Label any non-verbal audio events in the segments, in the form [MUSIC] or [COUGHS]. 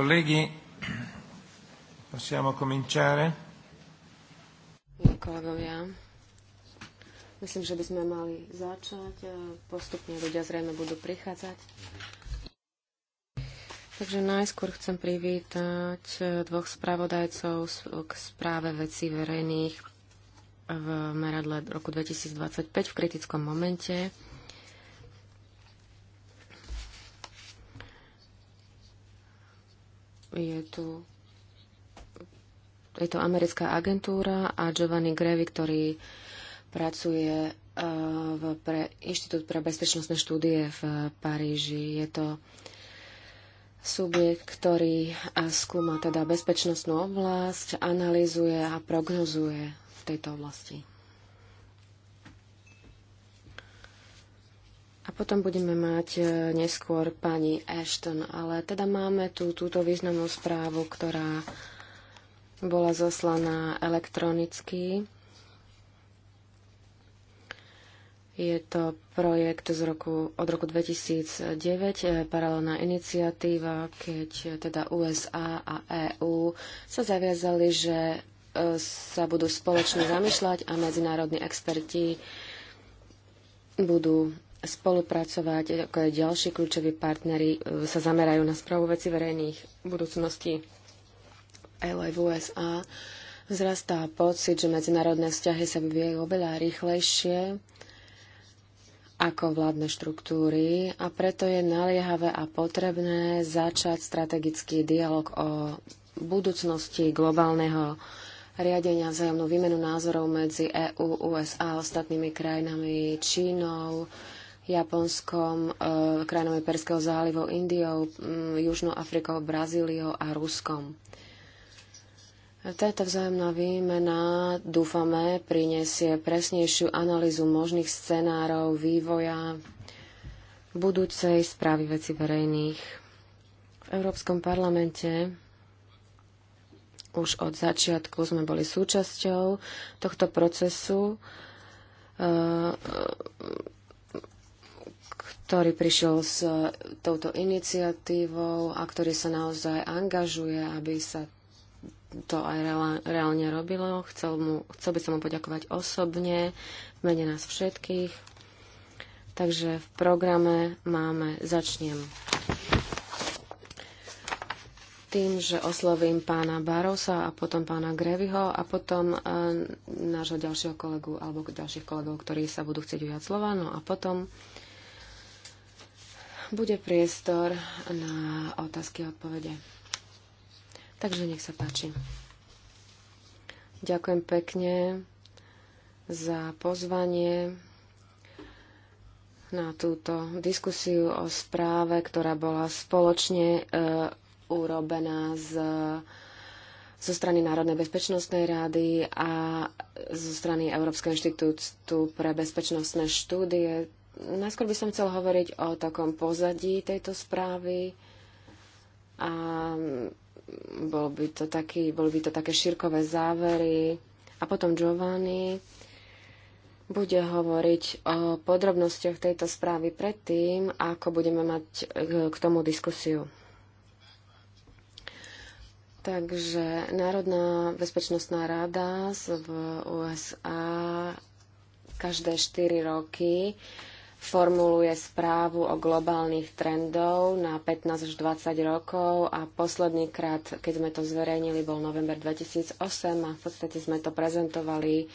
Colleghi, possiamo cominciare? Kolegovia, myslím, že by sme mali začať. E, Postupne ľudia zrejme budú prichádzať. Takže najskôr chcem privítať e, dvoch spravodajcov k správe vecí verejných v meradle roku 2025 v kritickom momente. je tu je to americká agentúra a Giovanni Grevy, ktorý pracuje eh, v pre Inštitút pre bezpečnostné štúdie v Paríži. Je to subjekt, ktorý eh, skúma teda bezpečnostnú oblasť, analizuje a prognozuje v tejto oblasti. A potom budeme mať e, neskôr pani Ashton. Ale teda máme tu túto významnú správu, ktorá bola zaslaná elektronicky. Je to projekt z roku, od roku 2009, e, paralelná iniciatíva, keď e, teda USA a EÚ sa zaviazali, že sa budú spoločne zamýšľať a medzinárodní experti budú spolupracovať, ako aj ďalší kľúčoví partnery e, sa zamerajú na správu veci verejných v budúcnosti EU aj v USA. Vzrastá pocit, že medzinárodné vzťahy sa vyvíjajú oveľa rýchlejšie ako vládne štruktúry a preto je naliehavé a potrebné začať strategický dialog o budúcnosti globálneho riadenia vzájomnú výmenu názorov medzi EÚ, USA a ostatnými krajinami, Čínou, Japonskom, e, krajinami Perského zálivu, Indiou, Južnou Afrikou, Brazíliou a Ruskom. Táto vzájomná výmena, dúfame, prinesie presnejšiu analýzu možných scenárov vývoja budúcej správy veci verejných. V Európskom parlamente už od začiatku sme boli súčasťou tohto procesu. E ktorý prišiel s e, touto iniciatívou a ktorý sa naozaj angažuje, aby sa to aj reálne robilo. Chcel, mu, chcel by som mu poďakovať osobne, v mene nás všetkých. Takže v programe máme, začnem tým, že oslovím pána Barosa a potom pána Greviho a potom e, nášho ďalšieho kolegu alebo ďalších kolegov, ktorí sa budú chcieť ujať slova. No a potom bude priestor na otázky a odpovede. Takže nech sa páči. Ďakujem pekne za pozvanie na túto diskusiu o správe, ktorá bola spoločne e, urobená z, zo strany Národnej bezpečnostnej rády a zo strany Európskeho inštitútu pre bezpečnostné štúdie. Najskôr by som chcel hovoriť o takom pozadí tejto správy a bol by to taký, boli by to také širkové závery. A potom Giovanni bude hovoriť o podrobnostiach tejto správy predtým, ako budeme mať k tomu diskusiu. Takže Národná bezpečnostná rada v USA každé 4 roky formuluje správu o globálnych trendov na 15 až 20 rokov a posledný krát, keď sme to zverejnili, bol november 2008 a v podstate sme to prezentovali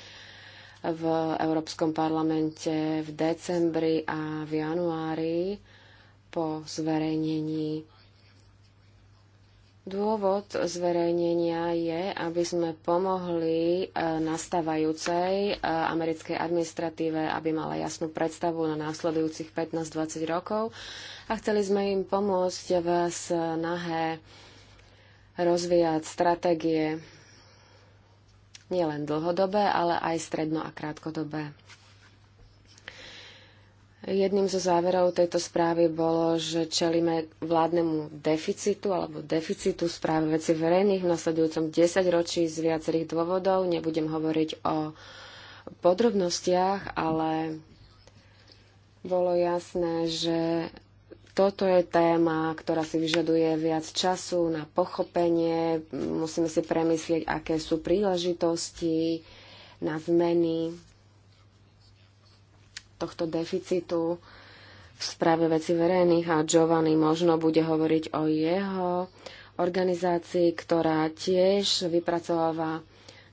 v Európskom parlamente v decembri a v januári po zverejnení Dôvod zverejnenia je, aby sme pomohli e, nastávajúcej e, americkej administratíve, aby mala jasnú predstavu na následujúcich 15-20 rokov a chceli sme im pomôcť v snahe rozvíjať stratégie nielen dlhodobé, ale aj stredno a krátkodobé. Jedným zo záverov tejto správy bolo, že čelíme vládnemu deficitu alebo deficitu správy veci verejných v nasledujúcom desaťročí z viacerých dôvodov. Nebudem hovoriť o podrobnostiach, ale bolo jasné, že toto je téma, ktorá si vyžaduje viac času na pochopenie. Musíme si premyslieť, aké sú príležitosti na zmeny tohto deficitu v správe veci verejných a Giovanni možno bude hovoriť o jeho organizácii, ktorá tiež vypracováva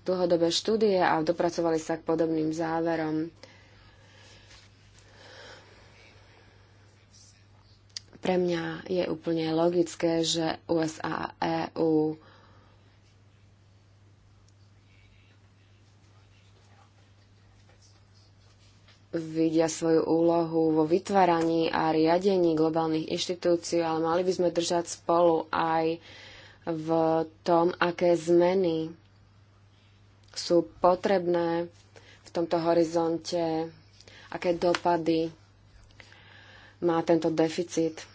dlhodobé štúdie a dopracovali sa k podobným záverom. Pre mňa je úplne logické, že USA a EU vidia svoju úlohu vo vytváraní a riadení globálnych inštitúcií, ale mali by sme držať spolu aj v tom, aké zmeny sú potrebné v tomto horizonte, aké dopady má tento deficit.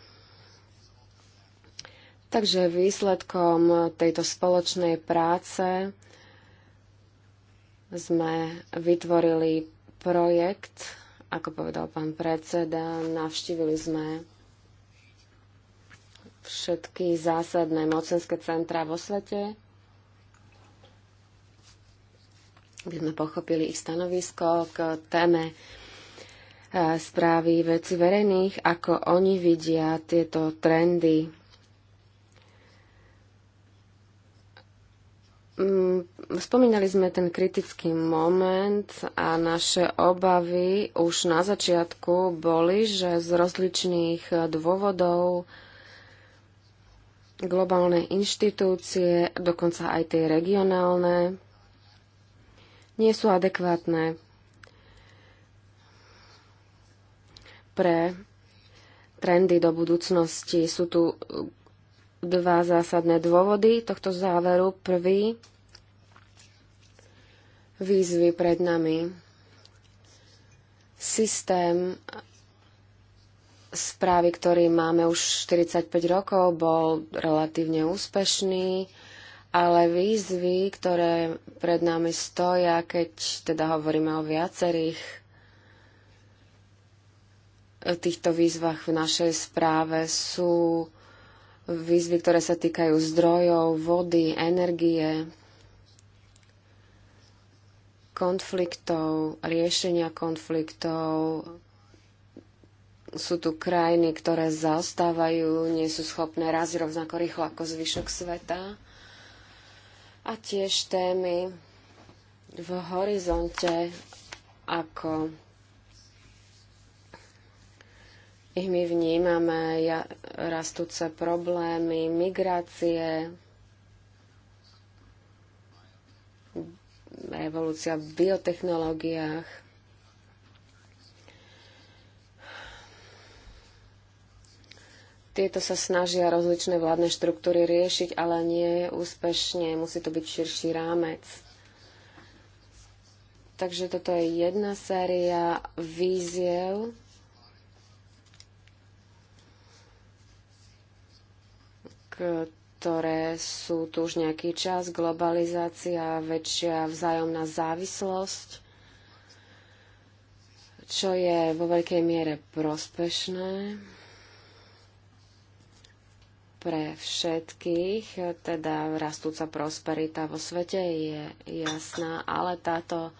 Takže výsledkom tejto spoločnej práce sme vytvorili projekt, ako povedal pán predseda, navštívili sme všetky zásadné mocenské centrá vo svete, aby sme pochopili ich stanovisko k téme eh, správy veci verejných, ako oni vidia tieto trendy Mm, spomínali sme ten kritický moment a naše obavy už na začiatku boli, že z rozličných dôvodov globálne inštitúcie, dokonca aj tie regionálne, nie sú adekvátne pre trendy do budúcnosti. Sú tu dva zásadné dôvody tohto záveru. Prvý, výzvy pred nami. Systém správy, ktorý máme už 45 rokov, bol relatívne úspešný, ale výzvy, ktoré pred nami stoja, keď teda hovoríme o viacerých týchto výzvach v našej správe, sú výzvy, ktoré sa týkajú zdrojov, vody, energie, konfliktov, riešenia konfliktov. Sú tu krajiny, ktoré zaostávajú, nie sú schopné raz rovnako rýchlo ako zvyšok sveta. A tiež témy v horizonte ako ich my vnímame rastúce problémy, migrácie, evolúcia v biotechnológiách. Tieto sa snažia rozličné vládne štruktúry riešiť, ale nie úspešne. Musí to byť širší rámec. Takže toto je jedna séria víziev, ktoré sú tu už nejaký čas, globalizácia, väčšia vzájomná závislosť, čo je vo veľkej miere prospešné pre všetkých, teda rastúca prosperita vo svete je jasná, ale táto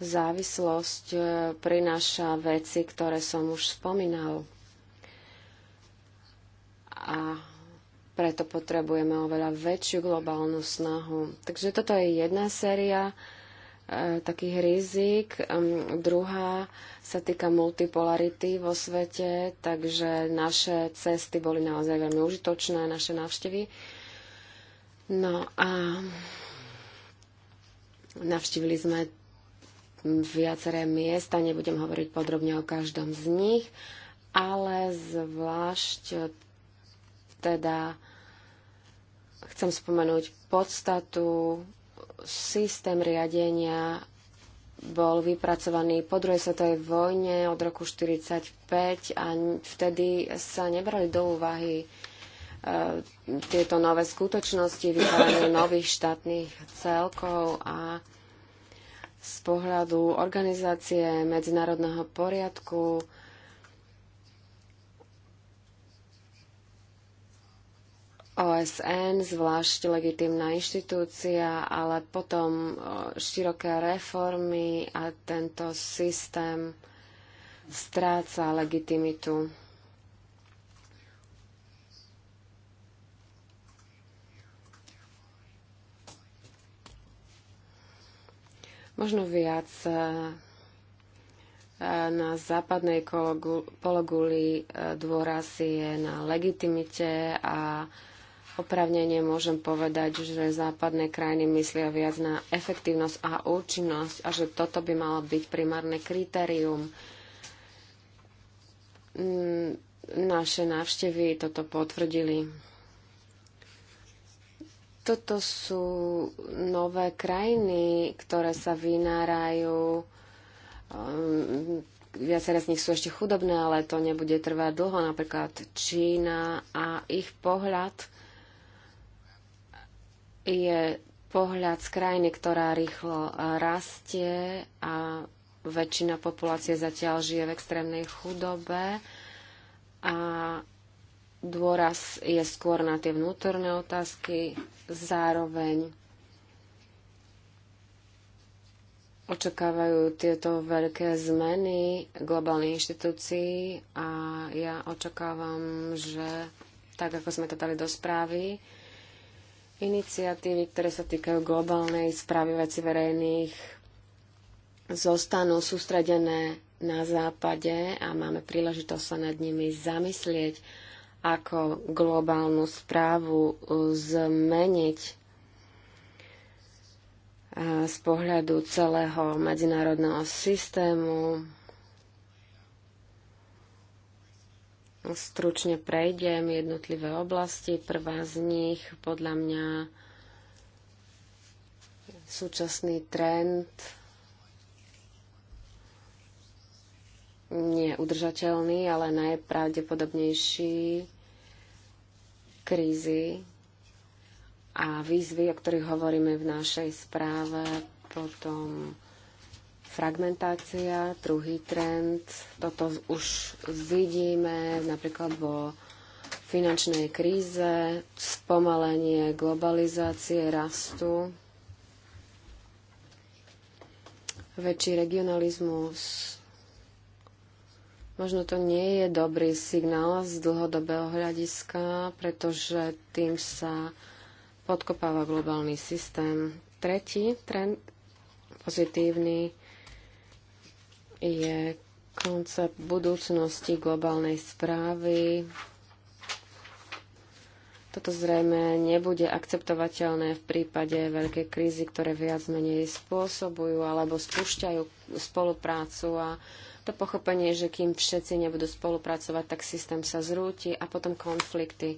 závislosť eh, prináša veci, ktoré som už spomínal. A preto potrebujeme oveľa väčšiu globálnu snahu. Takže toto je jedna séria e, takých rizik. druhá sa týka multipolarity vo svete, takže naše cesty boli naozaj veľmi užitočné, naše návštevy. No a navštívili sme viaceré miesta, nebudem hovoriť podrobne o každom z nich, ale zvlášť teda chcem spomenúť podstatu. Systém riadenia bol vypracovaný po druhej svetovej vojne od roku 1945 a vtedy sa nebrali do úvahy e, tieto nové skutočnosti, vytváranie nových štátnych celkov a z pohľadu organizácie medzinárodného poriadku OSN, zvlášť legitimná inštitúcia, ale potom široké reformy a tento systém stráca legitimitu. Možno viac e, e, na západnej pologuli e, dôraz je na legitimite a opravnenie môžem povedať, že západné krajiny myslia viac na efektívnosť a účinnosť a že toto by malo byť primárne kritérium. Mm, naše návštevy toto potvrdili. Toto sú nové krajiny, ktoré sa vynárajú um, viaceré z nich sú ešte chudobné, ale to nebude trvať dlho, napríklad Čína a ich pohľad je pohľad z krajiny, ktorá rýchlo rastie a väčšina populácie zatiaľ žije v extrémnej chudobe a dôraz je skôr na tie vnútorné otázky, zároveň očakávajú tieto veľké zmeny globálnych inštitúcií a ja očakávam, že tak, ako sme to dali do správy, Iniciatívy, ktoré sa týkajú globálnej správy veci verejných, zostanú sústredené na západe a máme príležitosť sa nad nimi zamyslieť, ako globálnu správu e, zmeniť e, z pohľadu celého medzinárodného systému Stručne prejdem jednotlivé oblasti. Prvá z nich podľa mňa súčasný trend nie udržateľný, ale najpravdepodobnejší krízy a výzvy, o ktorých hovoríme v našej správe, potom fragmentácia, druhý trend. Toto už vidíme napríklad vo finančnej kríze, spomalenie globalizácie, rastu, väčší regionalizmus. Možno to nie je dobrý signál z dlhodobého hľadiska, pretože tým sa podkopáva globálny systém. Tretí trend pozitívny je koncept budúcnosti globálnej správy. Toto zrejme nebude akceptovateľné v prípade veľkej krízy, ktoré viac menej spôsobujú alebo spúšťajú spoluprácu a to pochopenie, že kým všetci nebudú spolupracovať, tak systém sa zrúti a potom konflikty.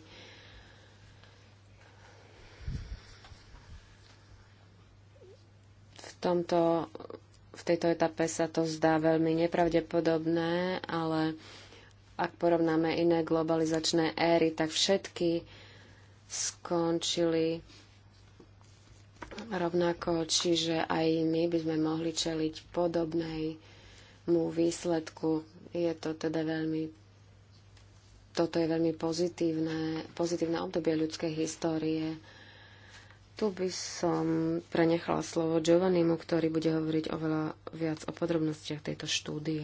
V tomto v tejto etape sa to zdá veľmi nepravdepodobné, ale ak porovnáme iné globalizačné éry, tak všetky skončili rovnako, čiže aj my by sme mohli čeliť podobnému výsledku. Je to teda veľmi toto je veľmi pozitívne, pozitívne obdobie ľudskej histórie. Tu by som prenechala slovo Giovannimu, ktorý bude hovoriť oveľa viac o podrobnostiach tejto štúdie.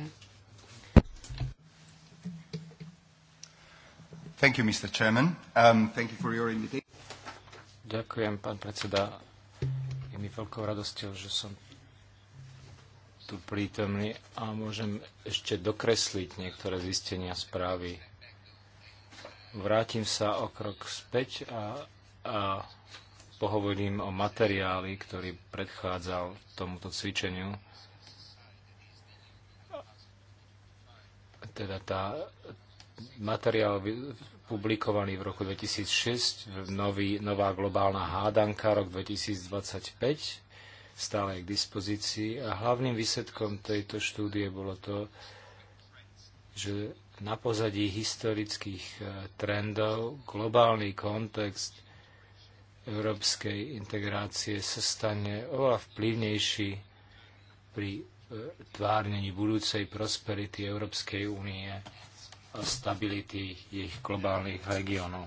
Thank you, Mr. Chairman. Um, thank you for your invitation. Ďakujem, pán predseda. Je mi veľkou radosťou, že som tu prítomný a môžem ešte dokresliť niektoré zistenia správy. Vrátim sa o krok späť a, a pohovorím o materiáli, ktorý predchádzal tomuto cvičeniu. Teda tá materiál publikovaný v roku 2006, nový, nová globálna hádanka, rok 2025, stále je k dispozícii. A hlavným výsledkom tejto štúdie bolo to, že na pozadí historických eh, trendov globálny kontext európskej integrácie sa stane oveľa vplyvnejší pri e, tvárnení budúcej prosperity Európskej únie a stability ich globálnych regiónov.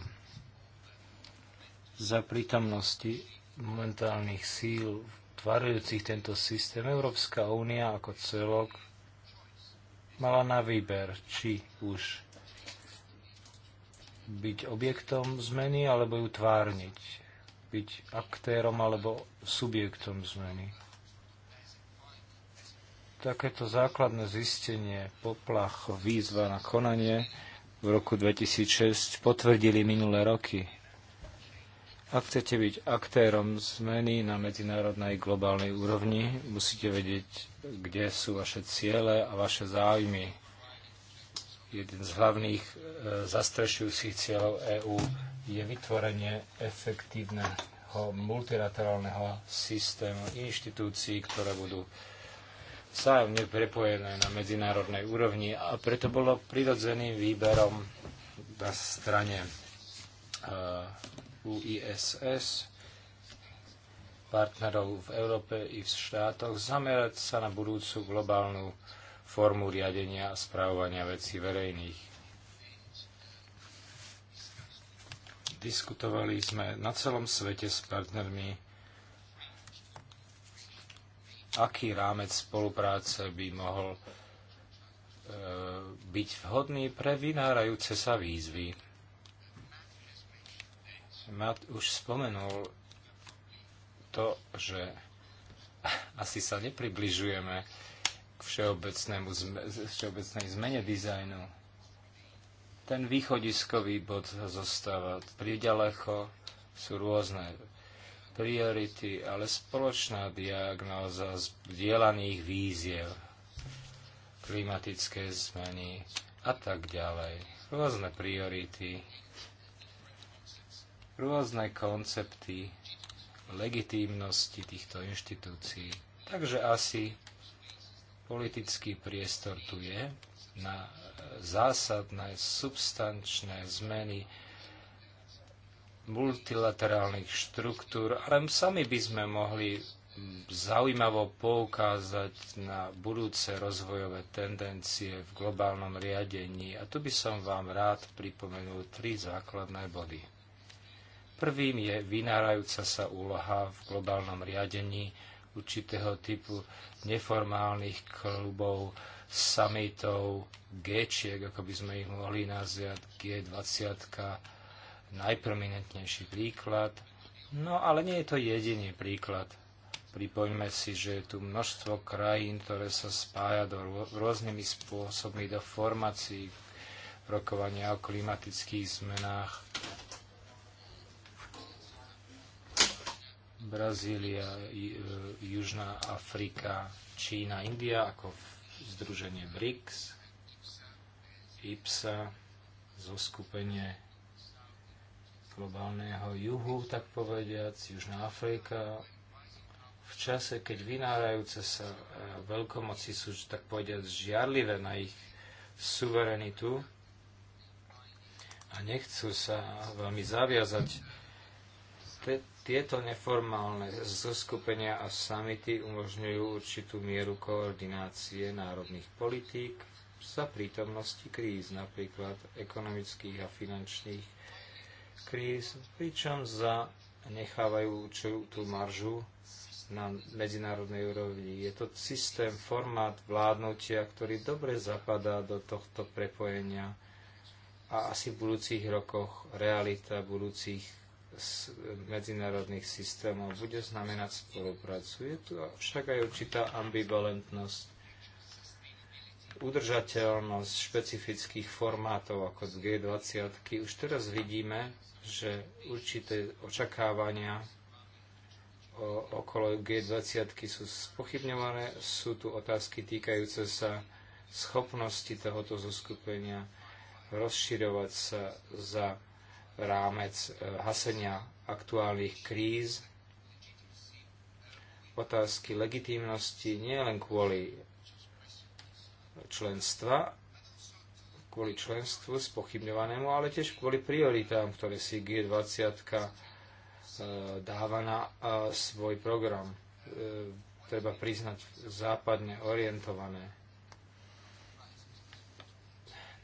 Za prítomnosti momentálnych síl tvarujúcich tento systém Európska únia ako celok mala na výber, či už byť objektom zmeny alebo ju tvárniť byť aktérom alebo subjektom zmeny. Takéto základné zistenie poplach výzva na konanie v roku 2006 potvrdili minulé roky. Ak chcete byť aktérom zmeny na medzinárodnej globálnej úrovni, musíte vedieť, kde sú vaše ciele a vaše záujmy. Jeden z hlavných e, zastrešujúcich cieľov EÚ je vytvorenie efektívneho multilaterálneho systému inštitúcií, ktoré budú vzájomne prepojené na medzinárodnej úrovni a preto bolo prirodzeným výberom na strane e, UISS partnerov v Európe i v štátoch zamerať sa na budúcu globálnu formu riadenia a správovania vecí verejných Diskutovali sme na celom svete s partnermi, aký rámec spolupráce by mohol e, byť vhodný pre vynárajúce sa výzvy. Mat už spomenul to, že [LAUGHS] asi sa nepribližujeme k všeobecnému, všeobecnej zmene dizajnu ten východiskový bod zostáva priďaleko, sú rôzne priority, ale spoločná diagnóza zdieľaných víziev, klimatické zmeny a tak ďalej. Rôzne priority, rôzne koncepty legitímnosti týchto inštitúcií. Takže asi politický priestor tu je na zásadné, substančné zmeny multilaterálnych štruktúr, ale sami by sme mohli zaujímavo poukázať na budúce rozvojové tendencie v globálnom riadení. A tu by som vám rád pripomenul tri základné body. Prvým je vynárajúca sa úloha v globálnom riadení určitého typu neformálnych klubov summitov G-čiek, ako by sme ich mohli nazvať, G20, najprominentnejší príklad. No ale nie je to jediný príklad. Pripoňme si, že je tu množstvo krajín, ktoré sa spája do rôznymi spôsobmi, do formácií rokovania o klimatických zmenách. Brazília, Južná Afrika, Čína, India ako združenie BRICS, IPSA, zo skupenie globálneho juhu, tak povediac, Južná Afrika, v čase, keď vynárajúce sa e, veľkomoci sú, tak povediac, žiarlivé na ich suverenitu a nechcú sa veľmi zaviazať, tieto neformálne zoskupenia a samity umožňujú určitú mieru koordinácie národných politík za prítomnosti kríz, napríklad ekonomických a finančných kríz, pričom za nechávajú tú maržu na medzinárodnej úrovni. Je to systém, formát vládnutia, ktorý dobre zapadá do tohto prepojenia a asi v budúcich rokoch realita budúcich medzinárodných systémov bude znamenať spoluprácu. Je tu však aj určitá ambivalentnosť, udržateľnosť špecifických formátov ako z G20. Už teraz vidíme, že určité očakávania okolo G20 sú spochybňované. Sú tu otázky týkajúce sa schopnosti tohoto zoskupenia rozširovať sa za rámec e, hasenia aktuálnych kríz, otázky legitímnosti nielen kvôli členstva, kvôli členstvu spochybňovanému, ale tiež kvôli prioritám, ktoré si G20 e, dáva na e, svoj program. Treba priznať západne orientované.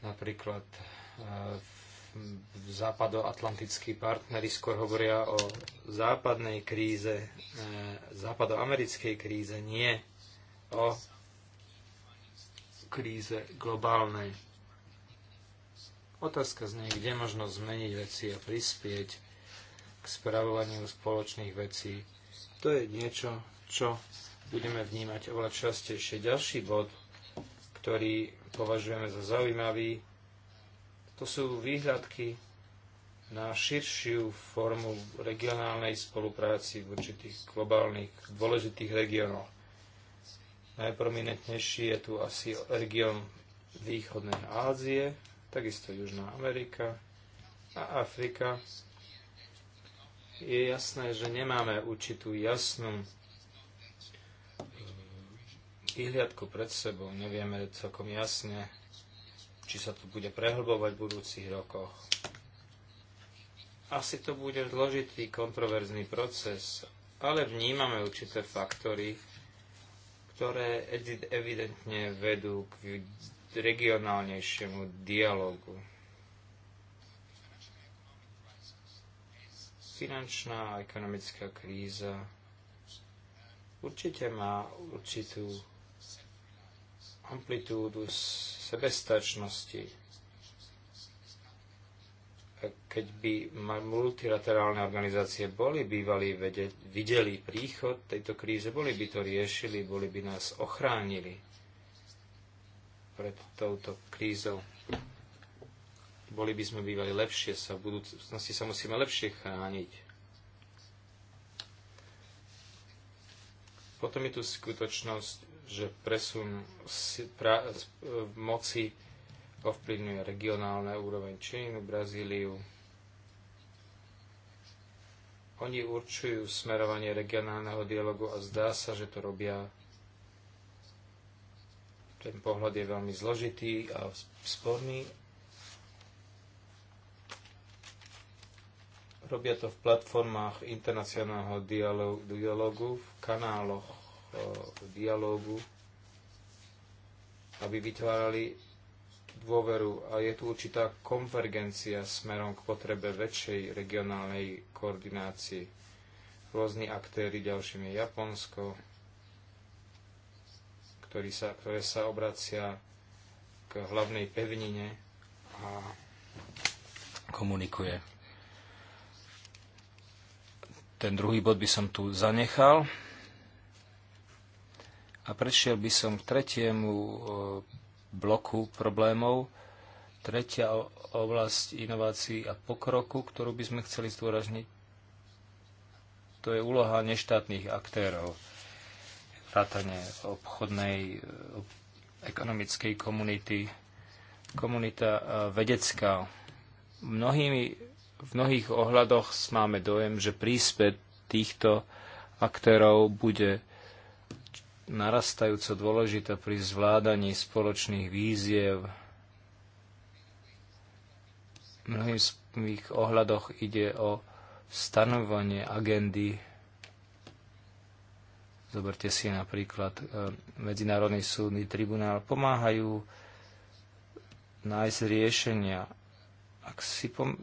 Napríklad v západoatlantickí partneri, skôr hovoria o západnej kríze, e, západoamerickej kríze, nie o kríze globálnej. Otázka znie, kde možno zmeniť veci a prispieť k spravovaniu spoločných vecí. To je niečo, čo budeme vnímať oveľa častejšie. Ďalší bod, ktorý považujeme za zaujímavý, to sú výhľadky na širšiu formu regionálnej spolupráci v určitých globálnych dôležitých regiónoch. Najprominentnejší je tu asi región východnej Ázie, takisto Južná Amerika a Afrika. Je jasné, že nemáme určitú jasnú e, výhľadku pred sebou, nevieme celkom jasne, či sa to bude prehlbovať v budúcich rokoch. Asi to bude zložitý, kontroverzný proces, ale vnímame určité faktory, ktoré evidentne vedú k regionálnejšiemu dialogu. Finančná a ekonomická kríza určite má určitú amplitúdu sebestačnosti, keď by multilaterálne organizácie boli bývali, videli príchod tejto kríze, boli by to riešili, boli by nás ochránili pred touto krízou. Boli by sme bývali lepšie sa, v budúcnosti sa musíme lepšie chrániť. Potom je tu skutočnosť, že presun moci ovplyvňuje regionálne úroveň Čínu, Brazíliu. Oni určujú smerovanie regionálneho dialogu a zdá sa, že to robia. Ten pohľad je veľmi zložitý a sporný. Robia to v platformách internacionálneho dialogu, v kanáloch dialógu, aby vytvárali dôveru a je tu určitá konvergencia smerom k potrebe väčšej regionálnej koordinácii. Rôzni aktéry, ďalším je Japonsko, ktorý sa, ktoré sa obracia k hlavnej pevnine a komunikuje. Ten druhý bod by som tu zanechal. A prešiel by som k tretiemu e, bloku problémov. Tretia oblasť inovácií a pokroku, ktorú by sme chceli zdôrazniť, to je úloha neštátnych aktérov, vrátane obchodnej, e, ekonomickej komunity, komunita e, vedecká. Mnohými, v mnohých ohľadoch máme dojem, že príspet týchto aktérov bude narastajúco dôležitá pri zvládaní spoločných víziev. V mnohých ohľadoch ide o stanovanie agendy. Zoberte si napríklad e, Medzinárodný súdny tribunál. Pomáhajú nájsť riešenia. Ak si pom- e,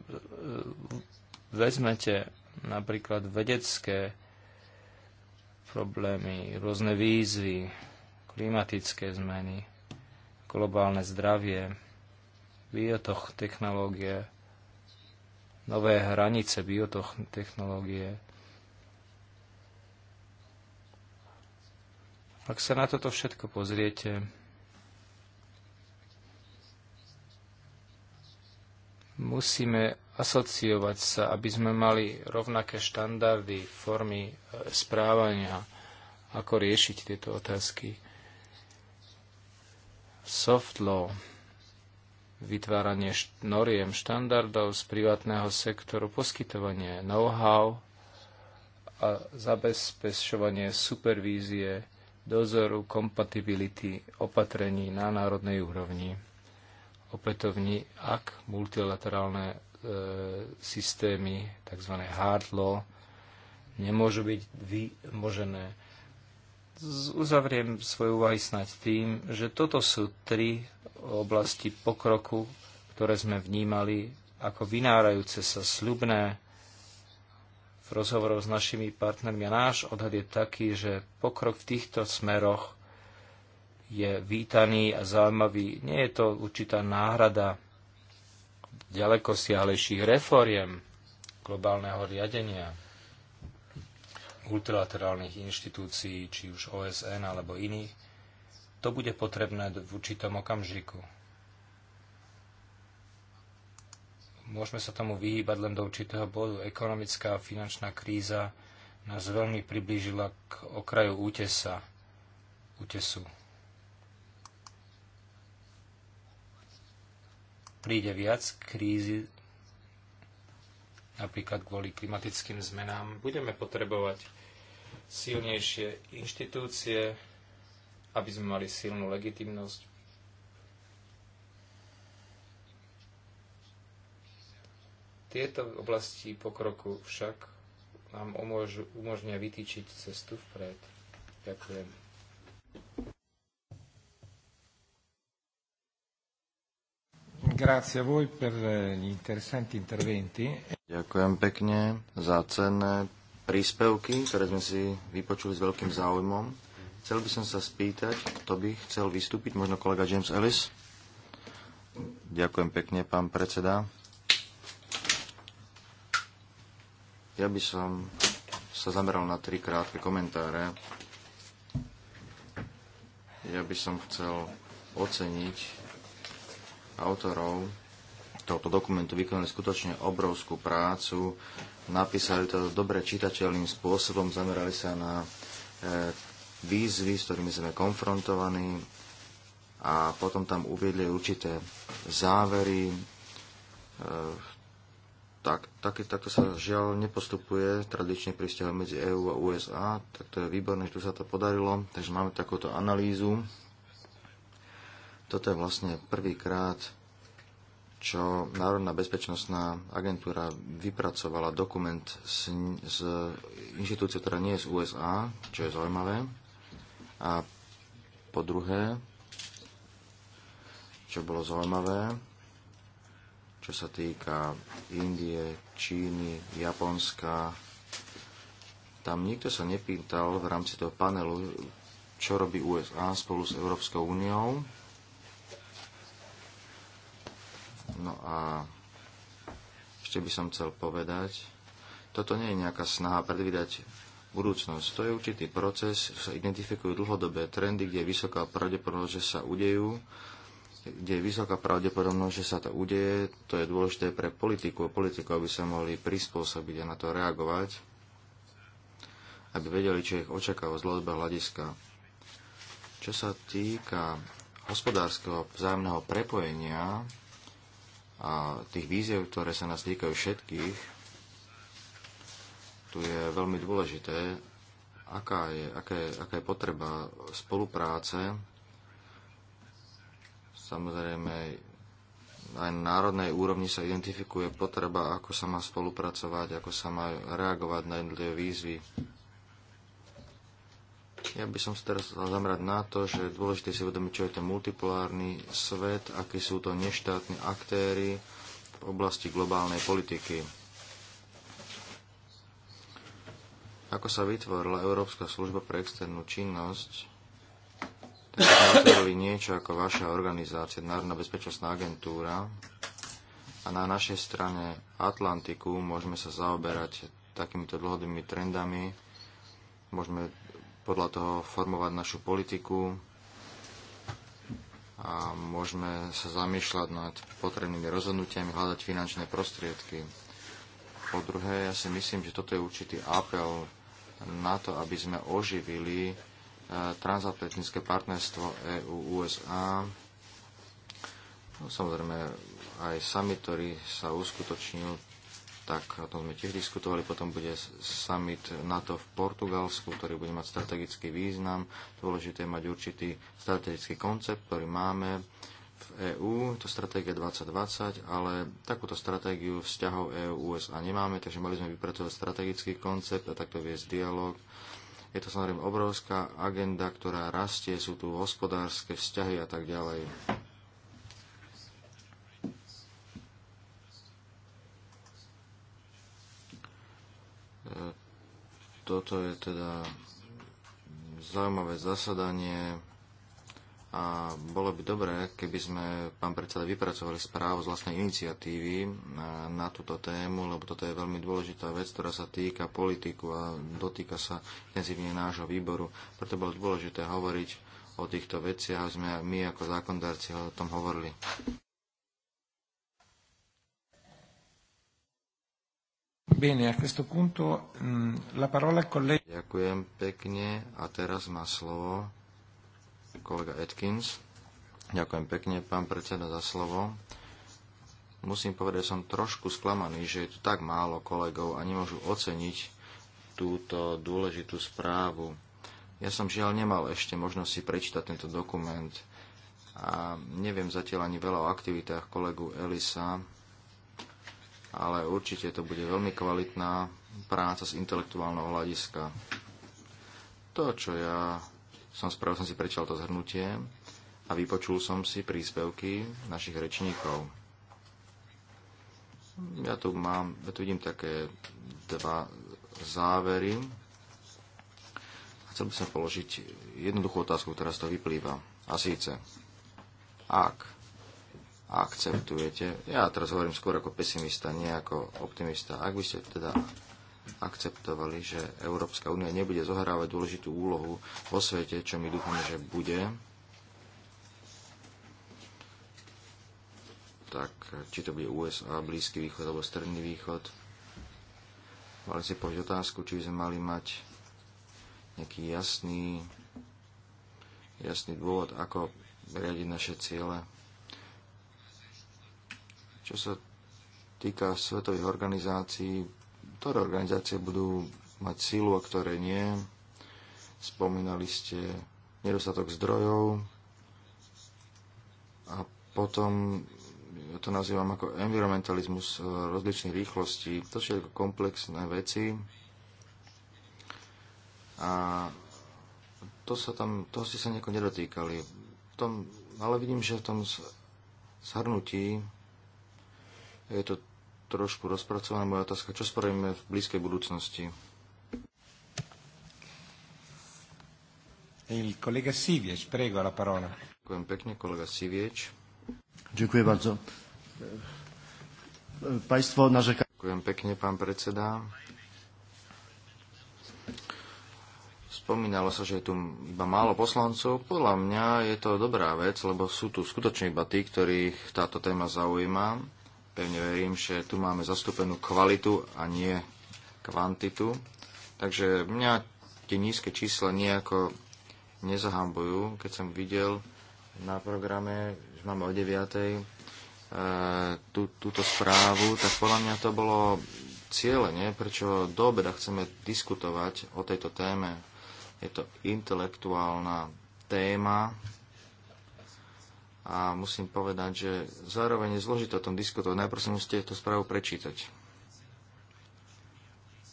vezmete napríklad vedecké problémy, rôzne výzvy, klimatické zmeny, globálne zdravie, biotoch technológie, nové hranice biotoch technológie. Ak sa na toto všetko pozriete, musíme asociovať sa, aby sme mali rovnaké štandardy, formy e, správania, ako riešiť tieto otázky. Soft law, vytváranie noriem štandardov z privátneho sektoru, poskytovanie know-how a zabezpečovanie supervízie, dozoru, kompatibility opatrení na národnej úrovni. Opätovni, ak multilaterálne E, systémy, tzv. hard law, nemôžu byť vymožené. Uzavriem svoje úvahy snáď tým, že toto sú tri oblasti pokroku, ktoré sme vnímali ako vynárajúce sa sľubné v rozhovoroch s našimi partnermi. A náš odhad je taký, že pokrok v týchto smeroch je vítaný a zaujímavý. Nie je to určitá náhrada ďaleko siahlejších reforiem globálneho riadenia multilaterálnych inštitúcií, či už OSN alebo iných, to bude potrebné v určitom okamžiku. Môžeme sa tomu vyhýbať len do určitého bodu. Ekonomická a finančná kríza nás veľmi priblížila k okraju útesa, útesu. príde viac krízy, napríklad kvôli klimatickým zmenám, budeme potrebovať silnejšie inštitúcie, aby sme mali silnú legitimnosť. Tieto oblasti pokroku však nám umožňuje vytýčiť cestu vpred. Ďakujem. Eh, Ďakujem pekne za cenné príspevky, ktoré sme si vypočuli s veľkým záujmom. Chcel by som sa spýtať, kto by chcel vystúpiť, možno kolega James Ellis. Ďakujem pekne, pán predseda. Ja by som sa zameral na tri krátke komentáre. Ja by som chcel oceniť autorov tohto dokumentu vykonali skutočne obrovskú prácu, napísali to dobre čitateľným spôsobom, zamerali sa na e, výzvy, s ktorými sme konfrontovaní a potom tam uviedli určité závery. E, tak, tak, takto sa žiaľ nepostupuje tradične pri vzťahu medzi EÚ a USA, tak to je výborné, že tu sa to podarilo, takže máme takúto analýzu toto je vlastne prvýkrát, čo Národná bezpečnostná agentúra vypracovala dokument z, z inštitúcie, ktorá nie je z USA, čo je zaujímavé. A po druhé, čo bolo zaujímavé, čo sa týka Indie, Číny, Japonska, tam nikto sa nepýtal v rámci toho panelu, čo robí USA spolu s Európskou úniou No a ešte by som chcel povedať, toto nie je nejaká snaha predvídať budúcnosť. To je určitý proces, sa identifikujú dlhodobé trendy, kde je vysoká pravdepodobnosť, že sa udejú, kde je vysoká pravdepodobnosť, že sa to udeje. To je dôležité pre politiku a politikov, aby sa mohli prispôsobiť a na to reagovať, aby vedeli, čo ich očakáva z dlhodobého hľadiska. Čo sa týka hospodárskeho vzájomného prepojenia a tých víziev, ktoré sa nás týkajú všetkých, tu je veľmi dôležité, aká je, aká je, aká je potreba spolupráce. Samozrejme, aj na národnej úrovni sa identifikuje potreba, ako sa má spolupracovať, ako sa má reagovať na jednotlivé výzvy ja by som sa teraz zamerať na to, že dôležité si uvedomiť, čo je ten multipolárny svet, akí sú to neštátni aktéry v oblasti globálnej politiky. Ako sa vytvorila Európska služba pre externú činnosť, tak sme niečo ako vaša organizácia, Národná bezpečnostná agentúra, a na našej strane Atlantiku môžeme sa zaoberať takýmito dlhodobými trendami, môžeme podľa toho formovať našu politiku a môžeme sa zamýšľať nad potrebnými rozhodnutiami, hľadať finančné prostriedky. Po druhé, ja si myslím, že toto je určitý apel na to, aby sme oživili e, transatlantické partnerstvo EU-USA. No, samozrejme aj sami, ktorý sa uskutočnil tak o tom sme tiež diskutovali. Potom bude summit NATO v Portugalsku, ktorý bude mať strategický význam. Dôležité je mať určitý strategický koncept, ktorý máme v EÚ, to stratégia 2020, ale takúto stratégiu vzťahov EÚ-USA nemáme, takže mali sme vypracovať strategický koncept a takto viesť dialog. Je to samozrejme obrovská agenda, ktorá rastie, sú tu hospodárske vzťahy a tak ďalej. E, toto je teda zaujímavé zasadanie a bolo by dobré, keby sme, pán predseda, vypracovali správu z vlastnej iniciatívy na, e, na túto tému, lebo toto je veľmi dôležitá vec, ktorá sa týka politiku a dotýka sa intenzívne nášho výboru. Preto bolo dôležité hovoriť o týchto veciach, aby sme my ako zákondárci o tom hovorili. Bene, a questo punto mm, la parola Ďakujem pekne a teraz má slovo kolega Atkins. Ďakujem pekne, pán predseda, za slovo. Musím povedať, že som trošku sklamaný, že je tu tak málo kolegov a nemôžu oceniť túto dôležitú správu. Ja som žiaľ nemal ešte možnosť si prečítať tento dokument a neviem zatiaľ ani veľa o aktivitách kolegu Elisa, ale určite to bude veľmi kvalitná práca z intelektuálneho hľadiska. To, čo ja som spravil, som si prečal to zhrnutie a vypočul som si príspevky našich rečníkov. Ja tu mám, ja tu vidím také dva závery. Chcel by som položiť jednoduchú otázku, ktorá z toho vyplýva. A síce, ak akceptujete, ja teraz hovorím skôr ako pesimista, nie ako optimista, ak by ste teda akceptovali, že Európska únia nebude zohrávať dôležitú úlohu vo svete, čo my dúfame, že bude, tak či to bude USA, Blízky východ alebo Stredný východ. Mali si povedať otázku, či by sme mali mať nejaký jasný, jasný dôvod, ako riadiť naše ciele čo sa týka svetových organizácií, ktoré organizácie budú mať sílu a ktoré nie. Spomínali ste nedostatok zdrojov a potom ja to nazývam ako environmentalizmus e, rozličných rýchlostí. To sú všetko komplexné veci a to sa tam, toho ste sa nejako nedotýkali. V tom, ale vidím, že v tom zhrnutí je to trošku rozpracovaná moja otázka. Čo spravíme v blízkej budúcnosti? Il kolega Sivieč, prego la parola. Ďakujem pekne, kolega Sivieč. Ďakujem bardzo. Państwo narzeka... Ďakujem pekne, pán predseda. Spomínalo sa, že je tu iba málo poslancov. Podľa mňa je to dobrá vec, lebo sú tu skutočne iba tí, ktorých táto téma zaujíma Pevne verím, že tu máme zastúpenú kvalitu a nie kvantitu. Takže mňa tie nízke čísla nejako nezahambujú. Keď som videl na programe, že máme o 9. E, tú, túto správu, tak podľa mňa to bolo nie? prečo do obeda chceme diskutovať o tejto téme. Je to intelektuálna téma, a musím povedať, že zároveň je zložité o tom diskutovať. Najprv si musíte tú správu prečítať.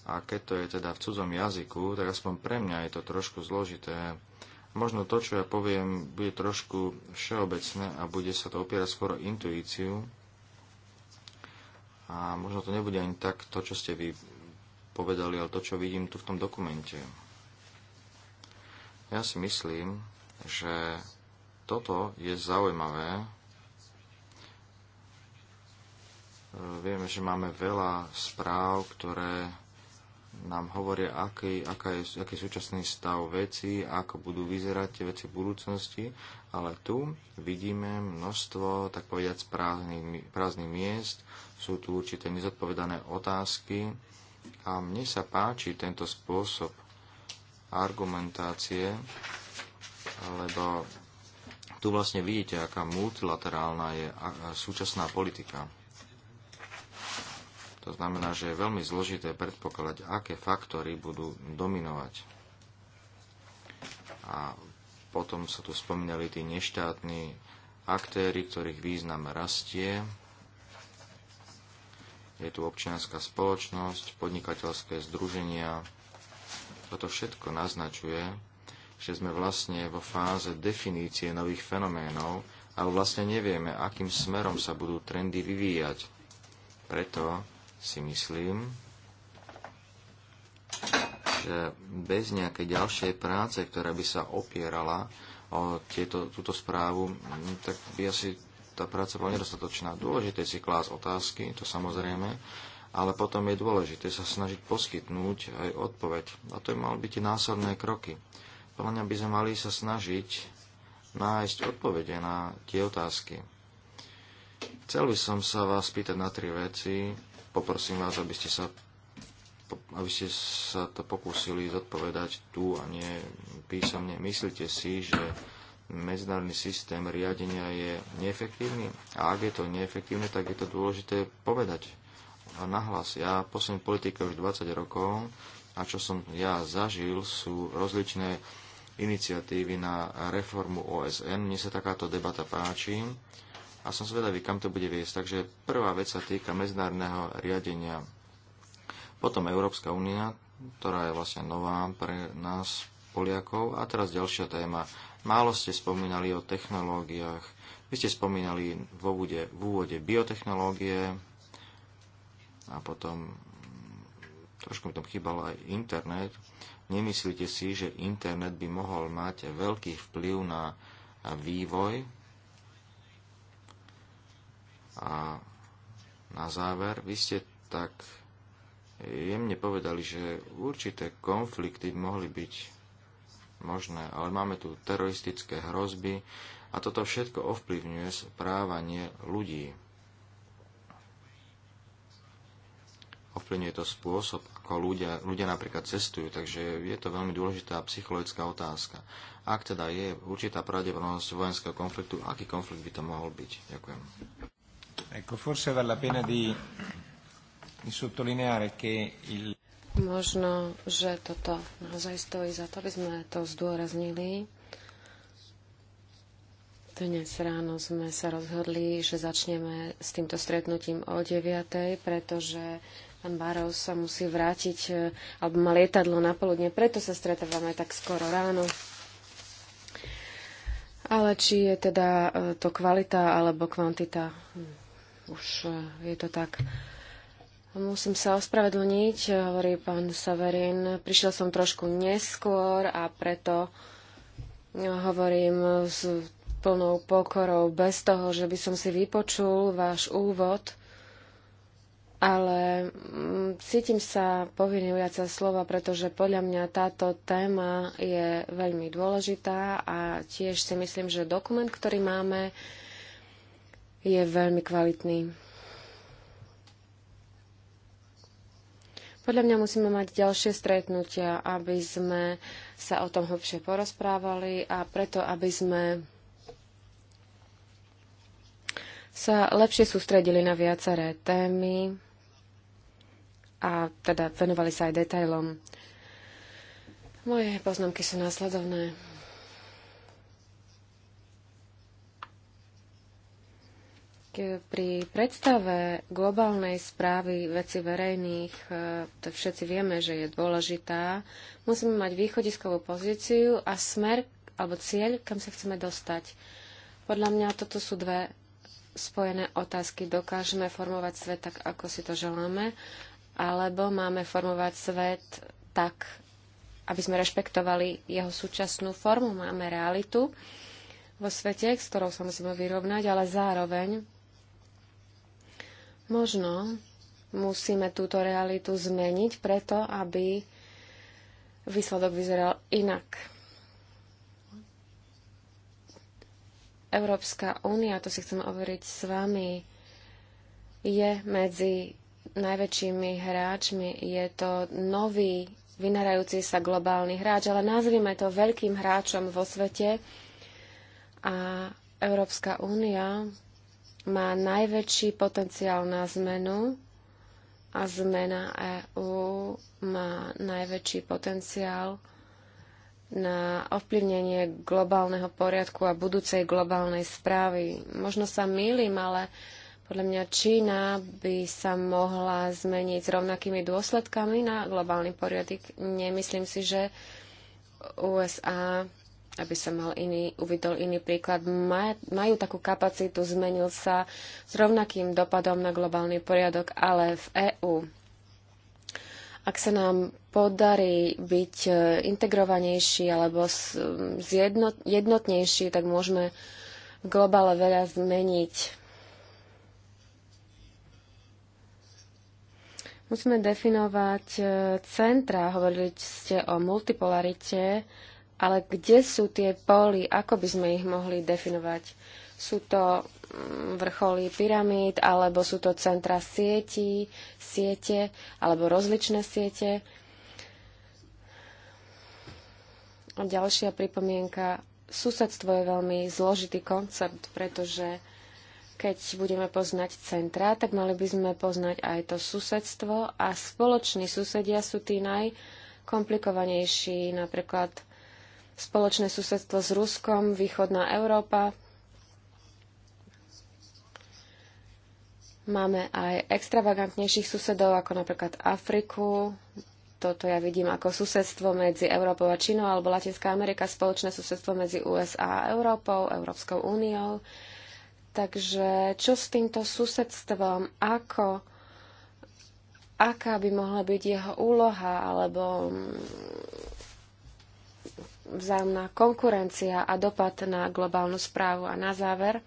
A keď to je teda v cudzom jazyku, tak aspoň pre mňa je to trošku zložité. Možno to, čo ja poviem, bude trošku všeobecné a bude sa to opierať skoro intuíciu. A možno to nebude ani tak to, čo ste vy povedali, ale to, čo vidím tu v tom dokumente. Ja si myslím, že toto je zaujímavé. E, vieme, že máme veľa správ, ktoré nám hovoria, aký, aká je, aký je súčasný stav veci, ako budú vyzerať tie veci v budúcnosti, ale tu vidíme množstvo, tak povediať, prázdnych, prázdnych miest, sú tu určité nezodpovedané otázky a mne sa páči tento spôsob argumentácie, lebo tu vlastne vidíte, aká multilaterálna je súčasná politika. To znamená, že je veľmi zložité predpokladať, aké faktory budú dominovať. A potom sa tu spomínali tí neštátni aktéry, ktorých význam rastie. Je tu občianská spoločnosť, podnikateľské združenia. Toto všetko naznačuje, že sme vlastne vo fáze definície nových fenoménov, ale vlastne nevieme, akým smerom sa budú trendy vyvíjať. Preto si myslím, že bez nejakej ďalšej práce, ktorá by sa opierala o tieto, túto správu, hm, tak by asi tá práca bola nedostatočná. Dôležité si klásť otázky, to samozrejme, ale potom je dôležité sa snažiť poskytnúť aj odpoveď. A to je mal byť následné kroky. Podľa mňa by sme mali sa snažiť nájsť odpovede na tie otázky. Chcel by som sa vás pýtať na tri veci. Poprosím vás, aby ste sa, aby ste sa to pokúsili zodpovedať tu a nie písomne. Myslíte si, že medzinárodný systém riadenia je neefektívny? A ak je to neefektívne, tak je to dôležité povedať a nahlas. Ja posledný politika už 20 rokov a čo som ja zažil, sú rozličné iniciatívy na reformu OSN. Mne sa takáto debata páči a som zvedavý, kam to bude viesť. Takže prvá vec sa týka medzinárodného riadenia. Potom Európska únia, ktorá je vlastne nová pre nás, Poliakov. A teraz ďalšia téma. Málo ste spomínali o technológiách. Vy ste spomínali v úvode, v úvode biotechnológie a potom trošku mi tam chýbal aj internet, Nemyslíte si, že internet by mohol mať veľký vplyv na vývoj? A na záver, vy ste tak jemne povedali, že určité konflikty mohli byť možné, ale máme tu teroristické hrozby a toto všetko ovplyvňuje správanie ľudí. Ovplyvňuje to spôsob, ako ľudia, ľudia napríklad cestujú, takže je to veľmi dôležitá psychologická otázka. Ak teda je určitá pravdepodobnosť vojenského konfliktu, aký konflikt by to mohol byť? Ďakujem. Ecco, forse vale la pena di, di sottolineare che il... Možno, že toto naozaj stojí za to, aby sme to zdôraznili. Dnes ráno sme sa rozhodli, že začneme s týmto stretnutím o 9, pretože Pán Barov sa musí vrátiť, e, alebo má lietadlo na poludne, preto sa stretávame tak skoro ráno. Ale či je teda e, to kvalita alebo kvantita, hm, už e, je to tak. Musím sa ospravedlniť, hovorí pán Saverin. Prišiel som trošku neskôr a preto hovorím s plnou pokorou, bez toho, že by som si vypočul váš úvod ale mm, cítim sa povinný ujať sa slova, pretože podľa mňa táto téma je veľmi dôležitá a tiež si myslím, že dokument, ktorý máme, je veľmi kvalitný. Podľa mňa musíme mať ďalšie stretnutia, aby sme sa o tom hlbšie porozprávali a preto, aby sme sa lepšie sústredili na viaceré témy a teda venovali sa aj detailom. Moje poznámky sú následovné. Pri predstave globálnej správy veci verejných, e, to všetci vieme, že je dôležitá, musíme mať východiskovú pozíciu a smer alebo cieľ, kam sa chceme dostať. Podľa mňa toto sú dve spojené otázky. Dokážeme formovať svet tak, ako si to želáme, alebo máme formovať svet tak, aby sme rešpektovali jeho súčasnú formu. Máme realitu vo svete, s ktorou sa musíme vyrovnať, ale zároveň možno musíme túto realitu zmeniť preto, aby výsledok vyzeral inak. Európska únia, to si chcem overiť s vami, je medzi najväčšími hráčmi. Je to nový vynárajúci sa globálny hráč, ale nazvime to veľkým hráčom vo svete. A Európska únia má najväčší potenciál na zmenu a zmena EÚ má najväčší potenciál na ovplyvnenie globálneho poriadku a budúcej globálnej správy. Možno sa mýlim, ale podľa mňa Čína by sa mohla zmeniť s rovnakými dôsledkami na globálny poriadok. Nemyslím si, že USA, aby sa mal iný, uvidol iný príklad, majú takú kapacitu, zmenil sa s rovnakým dopadom na globálny poriadok, ale v EÚ. Ak sa nám podarí byť e, integrovanejší alebo jednotnejší, tak môžeme v globále veľa zmeniť Musíme definovať e, centra, hovorili ste o multipolarite, ale kde sú tie póly, ako by sme ich mohli definovať? Sú to mm, vrcholy pyramíd, alebo sú to centra sietí, siete, alebo rozličné siete? A ďalšia pripomienka. Susedstvo je veľmi zložitý koncept, pretože keď budeme poznať centra, tak mali by sme poznať aj to susedstvo a spoloční susedia sú tí najkomplikovanejší, napríklad spoločné susedstvo s Ruskom, východná Európa, Máme aj extravagantnejších susedov, ako napríklad Afriku. Toto ja vidím ako susedstvo medzi Európou a Čínou alebo Latinská Amerika, spoločné susedstvo medzi USA a Európou, Európskou úniou. Takže čo s týmto susedstvom? Ako? Aká by mohla byť jeho úloha alebo mm, vzájomná konkurencia a dopad na globálnu správu? A na záver,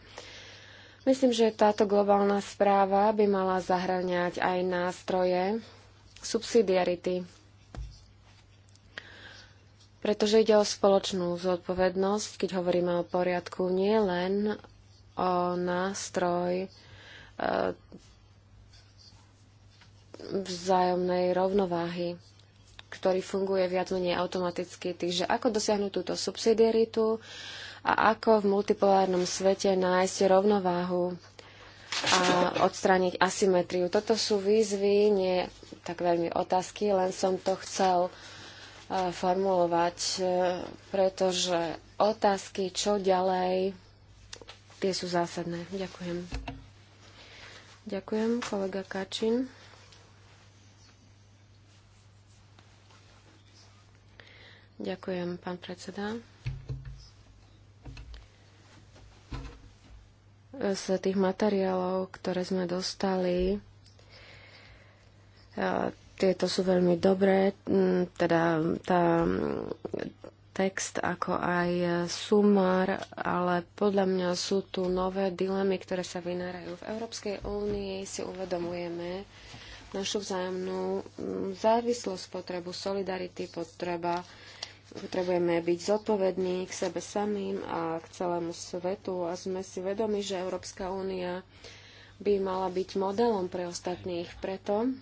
myslím, že táto globálna správa by mala zahraniať aj nástroje subsidiarity, pretože ide o spoločnú zodpovednosť, keď hovoríme o poriadku nie len o nástroj e, vzájomnej rovnováhy, ktorý funguje viac menej automaticky. Takže ako dosiahnuť túto subsidiaritu a ako v multipolárnom svete nájsť rovnováhu a odstrániť asymetriu. Toto sú výzvy, nie tak veľmi otázky, len som to chcel e, formulovať, e, pretože otázky, čo ďalej, tie sú zásadné. Ďakujem. Ďakujem, kolega Kačin. Ďakujem, pán predseda. Z tých materiálov, ktoré sme dostali, eh, tieto sú veľmi dobré. Mm, teda tá text, ako aj sumár, ale podľa mňa sú tu nové dilemy, ktoré sa vynárajú. V Európskej únii si uvedomujeme našu vzájomnú mm, závislosť, potrebu solidarity, potreba potrebujeme byť zodpovední k sebe samým a k celému svetu a sme si vedomi, že Európska únia by mala byť modelom pre ostatných. Preto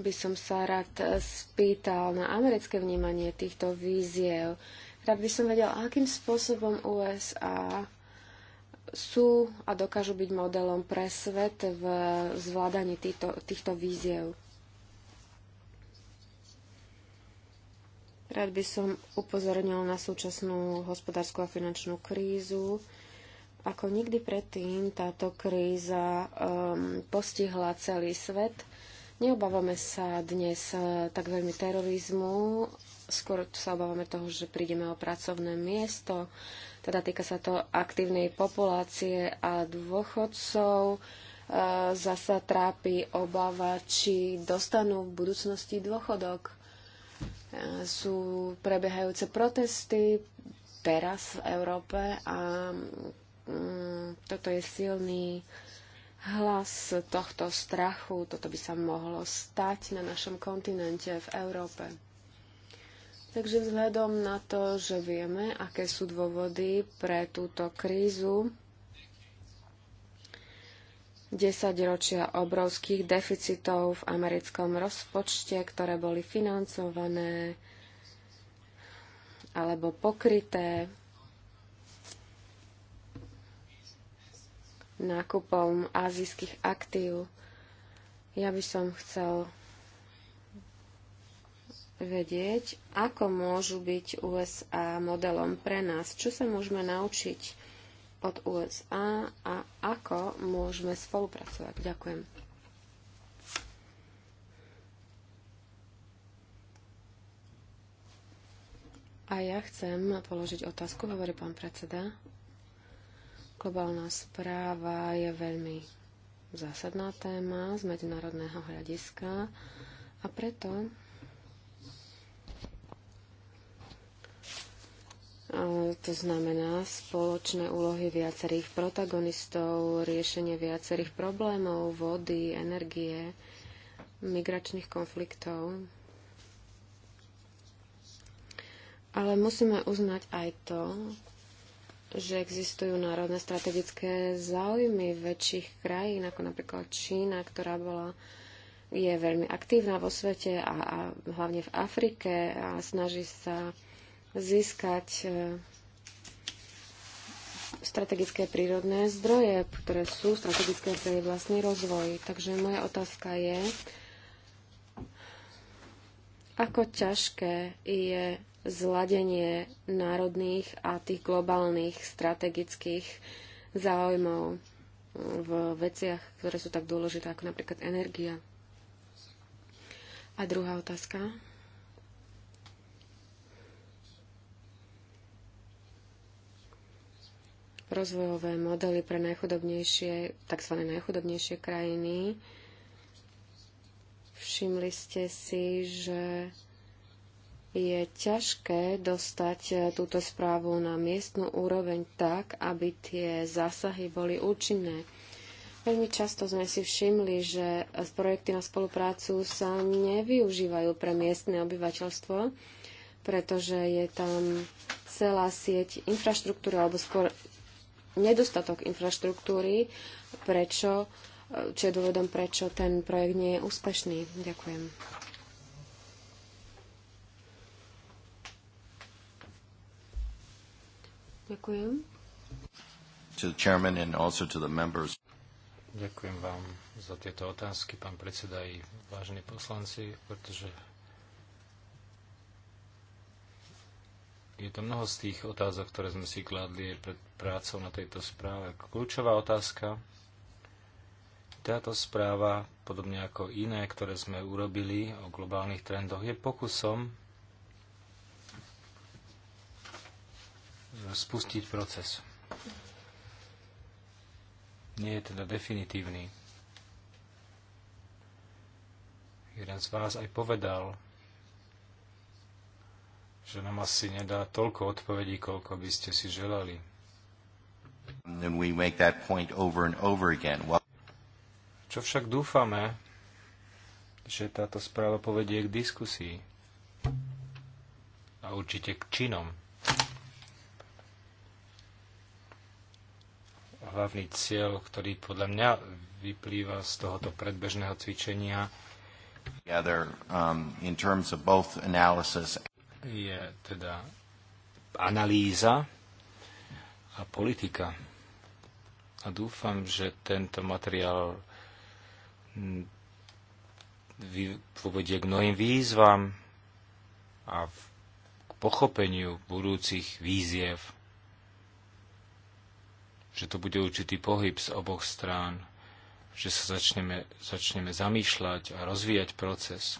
by som sa rád spýtal na americké vnímanie týchto víziev. Rád by som vedel, akým spôsobom USA sú a dokážu byť modelom pre svet v zvládaní týchto, týchto víziev. Rád by som upozornil na súčasnú hospodárskú a finančnú krízu. Ako nikdy predtým táto kríza um, postihla celý svet – Neobávame sa dnes e, tak veľmi terorizmu, skôr sa obávame toho, že prídeme o pracovné miesto, teda týka sa to aktívnej populácie a dôchodcov. E, zasa trápi obava, či dostanú v budúcnosti dôchodok. E, sú prebiehajúce protesty teraz v Európe a mm, toto je silný hlas tohto strachu. Toto by sa mohlo stať na našom kontinente, v Európe. Takže vzhľadom na to, že vieme, aké sú dôvody pre túto krízu, 10 ročia obrovských deficitov v americkom rozpočte, ktoré boli financované alebo pokryté nákupom azijských aktív. Ja by som chcel vedieť, ako môžu byť USA modelom pre nás, čo sa môžeme naučiť od USA a ako môžeme spolupracovať. Ďakujem. A ja chcem položiť otázku, hovorí pán predseda. Globálna správa je veľmi zásadná téma z medzinárodného hľadiska a preto to znamená spoločné úlohy viacerých protagonistov, riešenie viacerých problémov, vody, energie, migračných konfliktov. Ale musíme uznať aj to, že existujú národné strategické záujmy väčších krajín, ako napríklad Čína, ktorá bola je veľmi aktívna vo svete a, a hlavne v Afrike a snaží sa získať e, strategické prírodné zdroje, ktoré sú strategické pre jej vlastný rozvoj. Takže moja otázka je, ako ťažké je zladenie národných a tých globálnych strategických záujmov mm, v veciach, ktoré sú tak dôležité ako napríklad energia. A druhá otázka. rozvojové modely pre najchudobnejšie, tzv. najchudobnejšie krajiny. Všimli ste si, že je ťažké dostať e, túto správu na miestnu úroveň tak, aby tie zásahy boli účinné. Veľmi často sme si všimli, že projekty na spoluprácu sa nevyužívajú pre miestne obyvateľstvo, pretože je tam celá sieť infraštruktúry alebo skôr nedostatok infraštruktúry, prečo, e, čo je dôvodom, prečo ten projekt nie je úspešný. Ďakujem. Ďakujem. To the chairman and also to the members. Ďakujem vám za tieto otázky, pán predseda i vážení poslanci, pretože je to mnoho z tých otázok, ktoré sme si kladli pred prácou na tejto správe. Kľúčová otázka. Táto správa, podobne ako iné, ktoré sme urobili o globálnych trendoch, je pokusom spustiť proces. Nie je teda definitívny. Jeden z vás aj povedal, že nám asi nedá toľko odpovedí, koľko by ste si želali. Čo však dúfame, že táto správa povedie k diskusii a určite k činom. hlavný cieľ, ktorý podľa mňa vyplýva z tohoto predbežného cvičenia, um, je teda analýza a politika. A dúfam, že tento materiál mm, povedie k mnohým výzvam a k pochopeniu budúcich výziev že tu bude určitý pohyb z oboch strán, že sa začneme, začneme zamýšľať a rozvíjať proces.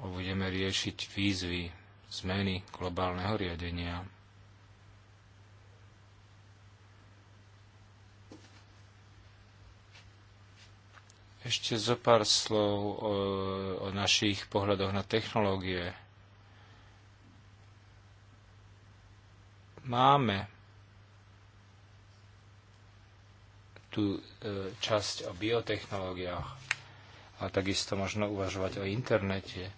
A budeme riešiť výzvy, zmeny globálneho riadenia. Ešte zo pár slov o, o našich pohľadoch na technológie. Máme tú e, časť o biotechnológiách a takisto možno uvažovať o internete.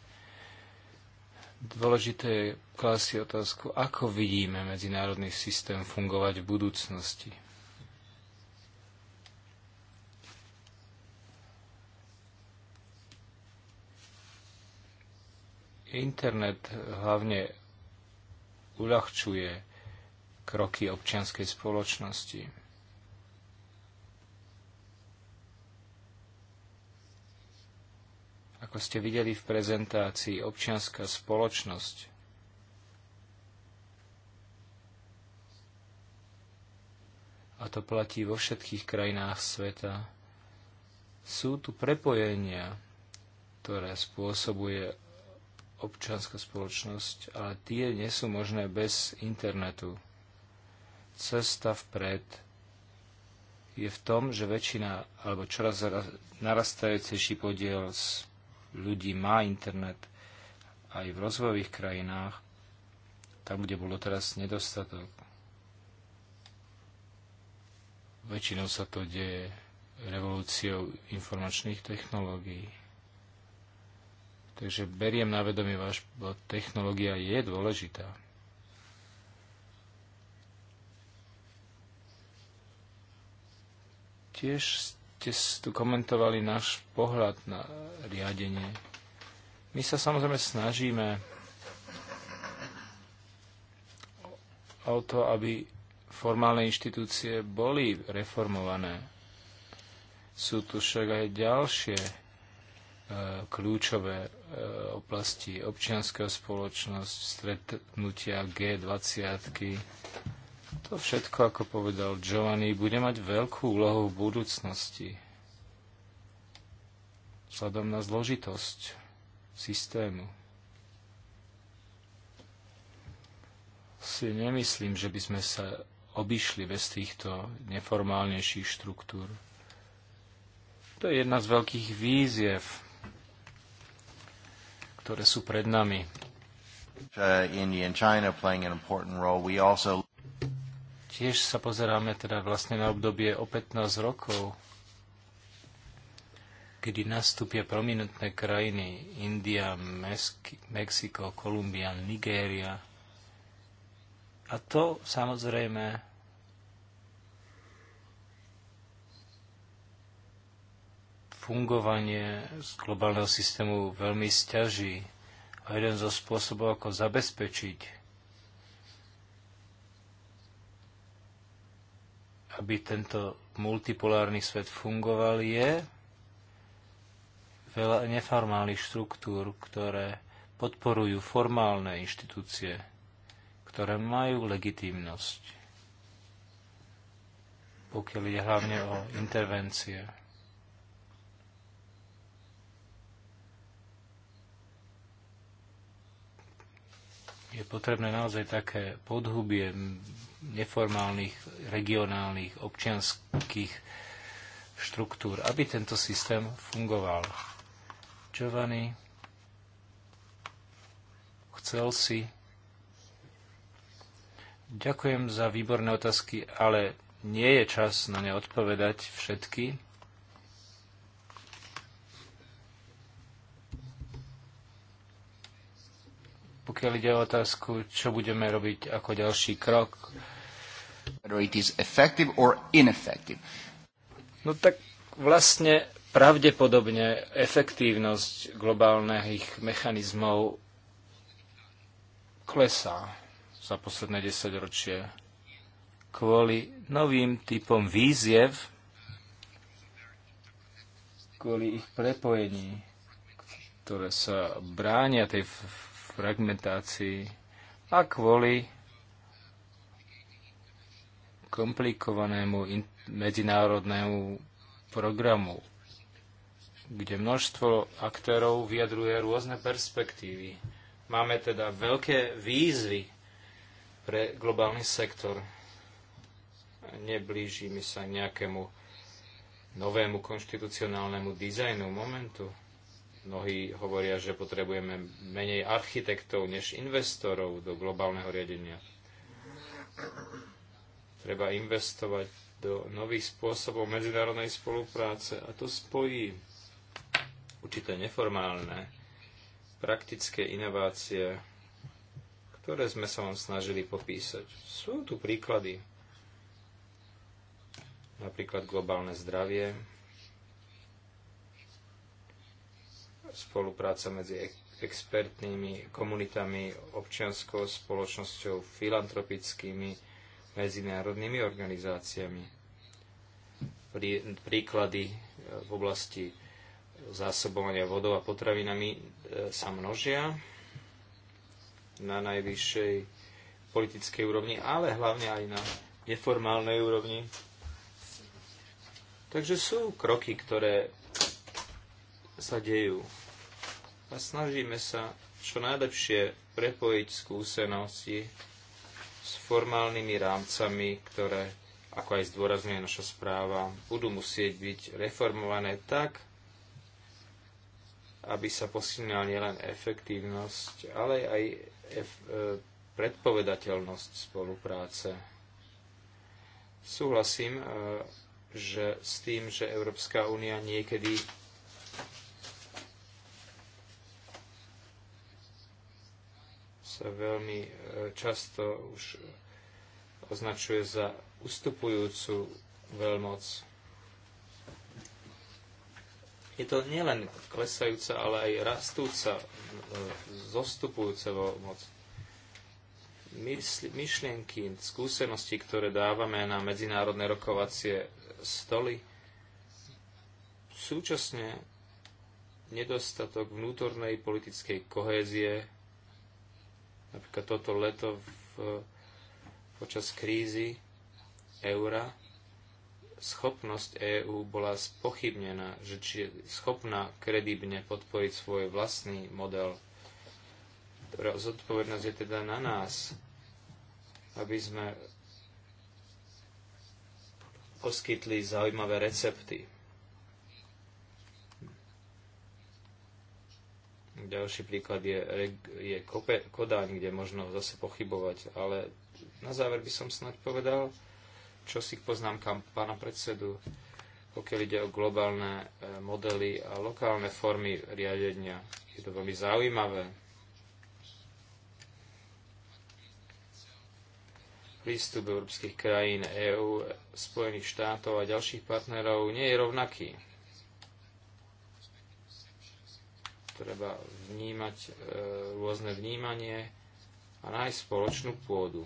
Dôležité je klásť si otázku, ako vidíme medzinárodný systém fungovať v budúcnosti. Internet hlavne uľahčuje kroky občianskej spoločnosti. Ako ste videli v prezentácii, občianská spoločnosť a to platí vo všetkých krajinách sveta, sú tu prepojenia, ktoré spôsobuje občianská spoločnosť, ale tie nie sú možné bez internetu. Cesta vpred je v tom, že väčšina alebo čoraz narastajúcejší podiel ľudí má internet aj v rozvojových krajinách, tam, kde bolo teraz nedostatok. Väčšinou sa to deje revolúciou informačných technológií. Takže beriem na vedomie váš bo technológia je dôležitá. Tiež ste tu komentovali náš pohľad na riadenie. My sa samozrejme snažíme o to, aby formálne inštitúcie boli reformované. Sú tu však aj ďalšie e, kľúčové e, oblasti občianského spoločnosť, stretnutia G20, to všetko, ako povedal Giovanni, bude mať veľkú úlohu v budúcnosti. Vzhľadom na zložitosť systému. Si nemyslím, že by sme sa obišli bez týchto neformálnejších štruktúr. To je jedna z veľkých víziev, ktoré sú pred nami. Uh, India and China playing an important role. We also Tiež sa pozeráme teda vlastne na obdobie o 15 rokov, kedy nastúpia prominentné krajiny India, Mexiko, Kolumbia, Nigéria. A to samozrejme fungovanie z globálneho systému veľmi stiaží a jeden zo spôsobov, ako zabezpečiť aby tento multipolárny svet fungoval, je veľa neformálnych štruktúr, ktoré podporujú formálne inštitúcie, ktoré majú legitímnosť, pokiaľ ide hlavne o intervencie. Je potrebné naozaj také podhubie neformálnych, regionálnych, občianských štruktúr, aby tento systém fungoval. Giovanni chcel si. Ďakujem za výborné otázky, ale nie je čas na ne odpovedať všetky. Pokiaľ ide o otázku, čo budeme robiť ako ďalší krok, No tak vlastne pravdepodobne efektívnosť globálnych mechanizmov klesá za posledné desaťročie kvôli novým typom víziev, kvôli ich prepojení, ktoré sa bránia tej fragmentácii a kvôli komplikovanému medzinárodnému programu, kde množstvo aktérov vyjadruje rôzne perspektívy. Máme teda veľké výzvy pre globálny sektor. Neblížime mi sa nejakému novému konštitucionálnemu dizajnu momentu. Mnohí hovoria, že potrebujeme menej architektov než investorov do globálneho riadenia. Treba investovať do nových spôsobov medzinárodnej spolupráce a to spojí určité neformálne praktické inovácie, ktoré sme sa vám snažili popísať. Sú tu príklady. Napríklad globálne zdravie, spolupráca medzi expertnými komunitami, občianskou spoločnosťou, filantropickými medzinárodnými organizáciami. Prí, príklady e, v oblasti zásobovania vodou a potravinami e, sa množia na najvyššej politickej úrovni, ale hlavne aj na neformálnej úrovni. Takže sú kroky, ktoré sa dejú. A snažíme sa čo najlepšie prepojiť skúsenosti s formálnymi rámcami, ktoré, ako aj zdôrazňuje naša správa, budú musieť byť reformované tak, aby sa posilnila nielen efektívnosť, ale aj ef- e, predpovedateľnosť spolupráce. Súhlasím, e, že s tým, že Európska únia niekedy sa veľmi e, často už označuje za ustupujúcu veľmoc. Je to nielen klesajúca, ale aj rastúca, e, zostupujúca veľmoc. Myšlienky, skúsenosti, ktoré dávame na medzinárodné rokovacie stoly, súčasne nedostatok vnútornej politickej kohézie Napríklad toto leto v, počas krízy eura schopnosť EÚ bola spochybnená, že či je schopná kredibne podporiť svoj vlastný model. Zodpovednosť je teda na nás, aby sme poskytli zaujímavé recepty. Ďalší príklad je, je Kodáň, kde možno zase pochybovať, ale na záver by som snad povedal, čo si k poznámkam pána predsedu, pokiaľ ide o globálne e, modely a lokálne formy riadenia. Je to veľmi zaujímavé. Prístup európskych krajín, EÚ, Spojených štátov a ďalších partnerov nie je rovnaký. Treba vnímať e, rôzne vnímanie a nájsť spoločnú pôdu.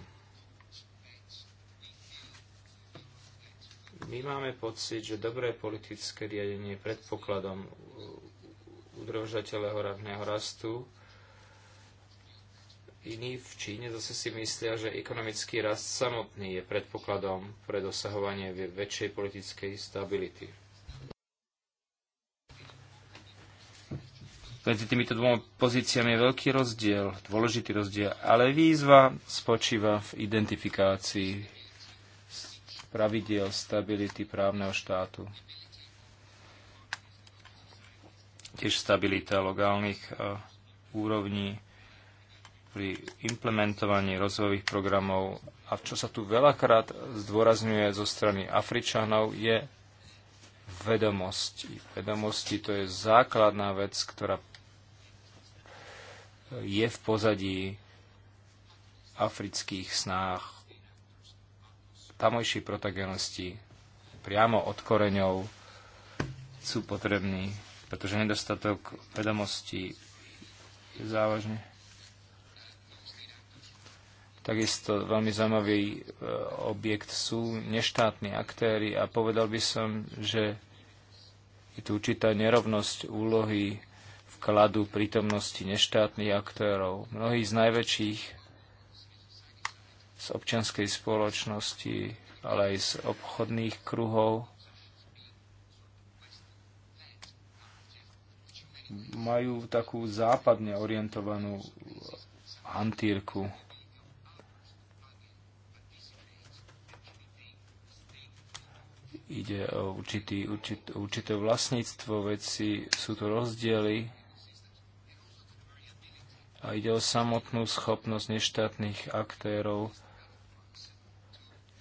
My máme pocit, že dobré politické riadenie je predpokladom udržateľného radného rastu. Iní v Číne zase si myslia, že ekonomický rast samotný je predpokladom pre dosahovanie väčšej politickej stability. Medzi týmito dvoma pozíciami je veľký rozdiel, dôležitý rozdiel, ale výzva spočíva v identifikácii pravidiel stability právneho štátu. Tiež stabilita lokálnych e, úrovní pri implementovaní rozvojových programov a čo sa tu veľakrát zdôrazňuje zo strany Afričanov je vedomosti. Vedomosti to je základná vec, ktorá je v pozadí afrických snách tamojší protagonisti priamo od koreňov sú potrební, pretože nedostatok vedomostí je závažný. Takisto veľmi zaujímavý e, objekt sú neštátni aktéry a povedal by som, že je tu určitá nerovnosť úlohy vkladu prítomnosti neštátnych aktérov. mnohých z najväčších z občianskej spoločnosti, ale aj z obchodných kruhov majú takú západne orientovanú hantírku. ide o určitý, určit, určité vlastníctvo veci, sú to rozdiely a ide o samotnú schopnosť neštátnych aktérov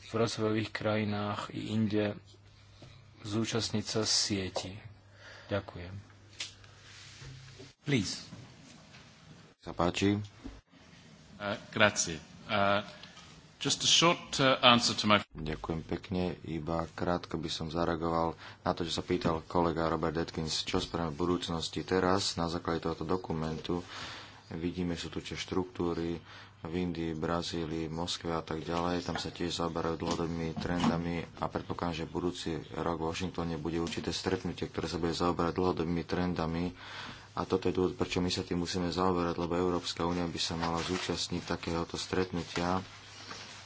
v rozvojových krajinách i inde zúčastniť sa sieti. Ďakujem. Please. Sa páči. Uh, grazie. Uh, just a short uh, answer to my... Ďakujem pekne, iba krátko by som zareagoval na to, čo sa pýtal kolega Robert Atkins, čo spravíme v budúcnosti teraz na základe tohoto dokumentu. Uh, Vidíme, sú tu tie štruktúry v Indii, Brazílii, Moskve a tak ďalej. Tam sa tiež zaoberajú dlhodobými trendami a predpokladám, že budúci rok v Washingtone bude určité stretnutie, ktoré sa bude zaoberať dlhodobými trendami. A toto je dôvod, prečo my sa tým musíme zaoberať, lebo Európska únia by sa mala zúčastniť takéhoto stretnutia.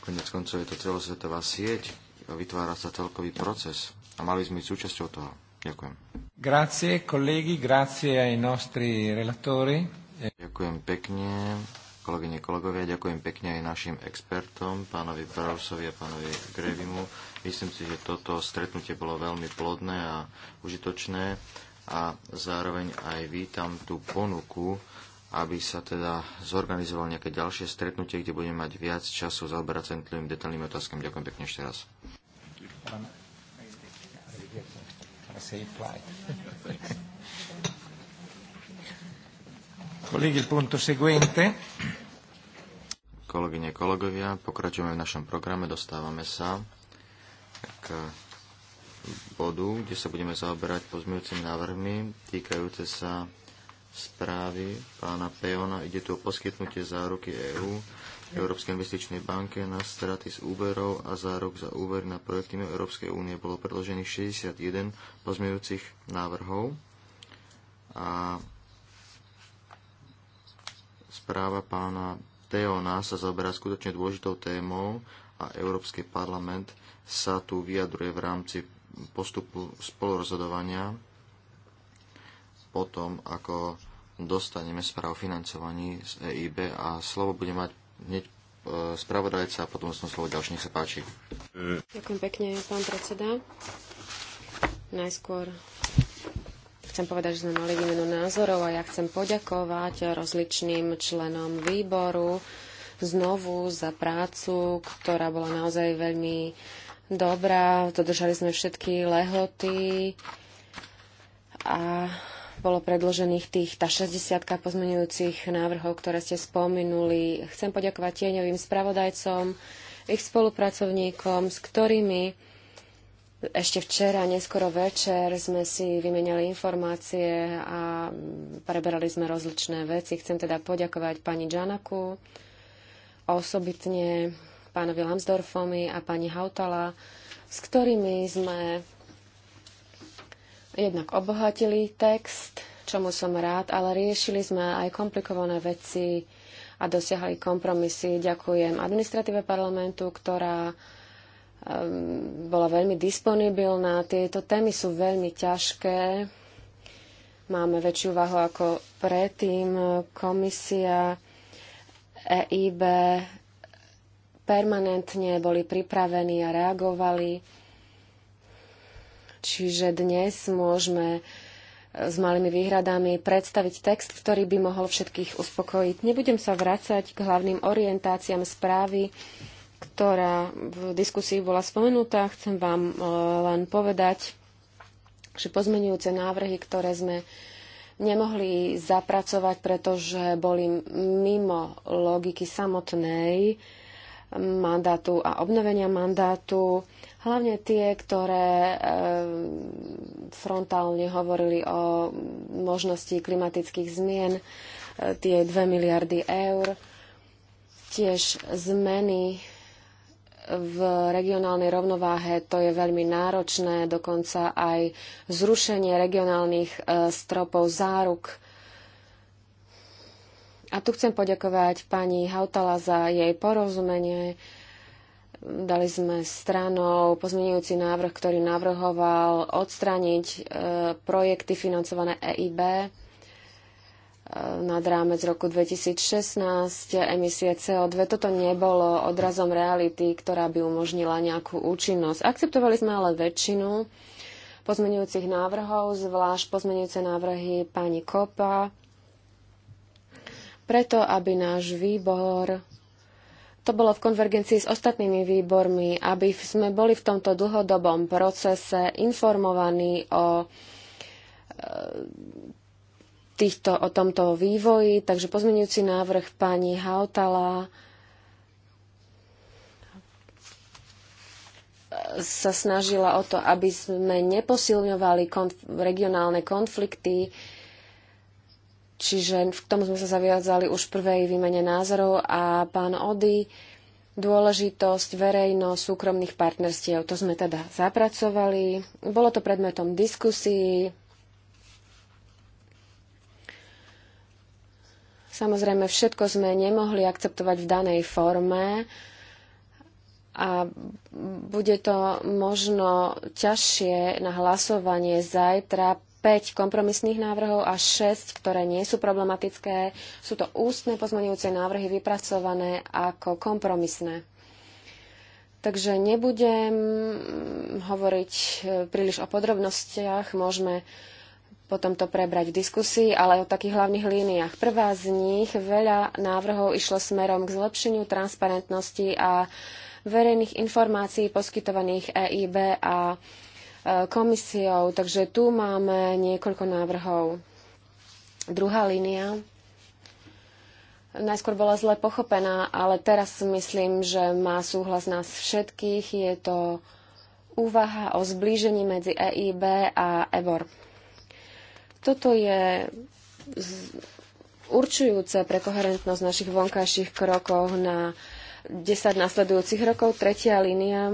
Konec koncov je to celosvetová sieť a vytvára sa celkový proces a mali sme byť súčasťou toho. Ďakujem. Grazie, colleghi, grazie ai nostri relatori. Ďakujem pekne, kolegyne, kolegovia, ďakujem pekne aj našim expertom, pánovi Brausovi a pánovi Grevimu. Myslím si, že toto stretnutie bolo veľmi plodné a užitočné a zároveň aj vítam tú ponuku, aby sa teda zorganizovalo nejaké ďalšie stretnutie, kde budeme mať viac času zaoberať sa detailným otázkam. Ďakujem pekne ešte raz. Thanks. Colleghi, il punto seguente. Kolegyne, kolegovia, pokračujeme v našom programe, dostávame sa k bodu, kde sa budeme zaoberať pozmeňujúcimi návrhmi týkajúce sa správy pána Peona. Ide tu o poskytnutie záruky EÚ Európskej investičnej banke na straty z úverov a zárok za úver na projekty Európskej únie. Bolo predložených 61 pozmeňujúcich návrhov a správa pána Teona sa zaoberá skutočne dôležitou témou a Európsky parlament sa tu vyjadruje v rámci postupu spolurozhodovania potom, ako dostaneme správu o financovaní z EIB a slovo bude mať hneď e, spravodajca a potom som slovo ďalší. Nech sa páči. Ďakujem pekne, pán predseda. Najskôr Chcem povedať, že sme mali výmenu názorov a ja chcem poďakovať rozličným členom výboru znovu za prácu, ktorá bola naozaj veľmi dobrá. Dodržali sme všetky lehoty a bolo predložených tých tá 60 pozmenujúcich návrhov, ktoré ste spomenuli. Chcem poďakovať tieňovým spravodajcom, ich spolupracovníkom, s ktorými ešte včera, neskoro večer, sme si vymenili informácie a preberali sme rozličné veci. Chcem teda poďakovať pani Džanaku, osobitne pánovi Lambsdorfovi a pani Hautala, s ktorými sme jednak obohatili text, čomu som rád, ale riešili sme aj komplikované veci a dosiahli kompromisy. Ďakujem administratíve parlamentu, ktorá Ehm, bola veľmi disponibilná. Tieto témy sú veľmi ťažké. Máme väčšiu váhu ako predtým. Komisia, EIB permanentne boli pripravení a reagovali. Čiže dnes môžeme e, s malými výhradami predstaviť text, ktorý by mohol všetkých uspokojiť. Nebudem sa vrácať k hlavným orientáciám správy ktorá v diskusii bola spomenutá. Chcem vám e, len povedať, že pozmenujúce návrhy, ktoré sme nemohli zapracovať, pretože boli mimo logiky samotnej mandátu a obnovenia mandátu, hlavne tie, ktoré e, frontálne hovorili o možnosti klimatických zmien, e, tie 2 miliardy eur, tiež zmeny v regionálnej rovnováhe to je veľmi náročné, dokonca aj zrušenie regionálnych e, stropov záruk. A tu chcem poďakovať pani Hautala za jej porozumenie. Dali sme stranou pozmenujúci návrh, ktorý navrhoval odstrániť e, projekty financované EIB nad rámec roku 2016 emisie CO2. Toto nebolo odrazom reality, ktorá by umožnila nejakú účinnosť. Akceptovali sme ale väčšinu pozmenujúcich návrhov, zvlášť pozmenujúce návrhy pani Kopa, preto aby náš výbor to bolo v konvergencii s ostatnými výbormi, aby sme boli v tomto dlhodobom procese informovaní o týchto, o tomto vývoji. Takže pozmeňujúci návrh pani Hautala sa snažila o to, aby sme neposilňovali konf- regionálne konflikty, čiže v tom sme sa zaviazali už v prvej výmene názorov a pán Ody dôležitosť verejno-súkromných partnerstiev. To sme teda zapracovali. Bolo to predmetom diskusí Samozrejme, všetko sme nemohli akceptovať v danej forme a bude to možno ťažšie na hlasovanie zajtra. 5 kompromisných návrhov a 6, ktoré nie sú problematické. Sú to ústne pozmenujúce návrhy vypracované ako kompromisné. Takže nebudem hovoriť eh, príliš o podrobnostiach. Môžeme potom to prebrať v diskusii, ale o takých hlavných líniách. Prvá z nich, veľa návrhov išlo smerom k zlepšeniu transparentnosti a verejných informácií poskytovaných EIB a e, komisiou, takže tu máme niekoľko návrhov. Druhá línia najskôr bola zle pochopená, ale teraz myslím, že má súhlas nás všetkých. Je to úvaha o zblížení medzi EIB a EBOR. Toto je určujúce pre koherentnosť našich vonkajších krokov na 10 nasledujúcich rokov. Tretia línia.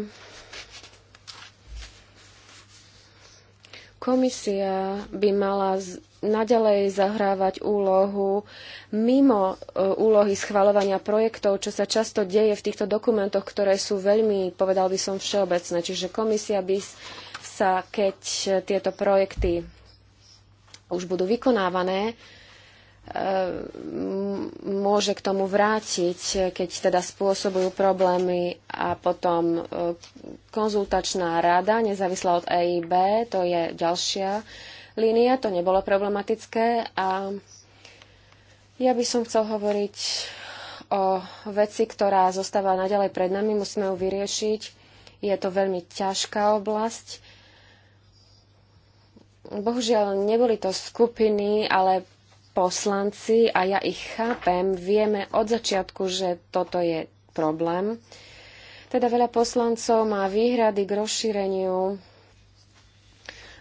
Komisia by mala naďalej zahrávať úlohu mimo e, úlohy schvalovania projektov, čo sa často deje v týchto dokumentoch, ktoré sú veľmi, povedal by som, všeobecné. Čiže komisia by sa, keď tieto projekty už budú vykonávané, e, môže k tomu vrátiť, keď teda spôsobujú problémy a potom e, konzultačná rada, nezávislá od EIB, to je ďalšia línia, to nebolo problematické a ja by som chcel hovoriť o veci, ktorá zostáva naďalej pred nami, musíme ju vyriešiť. Je to veľmi ťažká oblasť Bohužiaľ, neboli to skupiny, ale poslanci a ja ich chápem. Vieme od začiatku, že toto je problém. Teda veľa poslancov má výhrady k rozšíreniu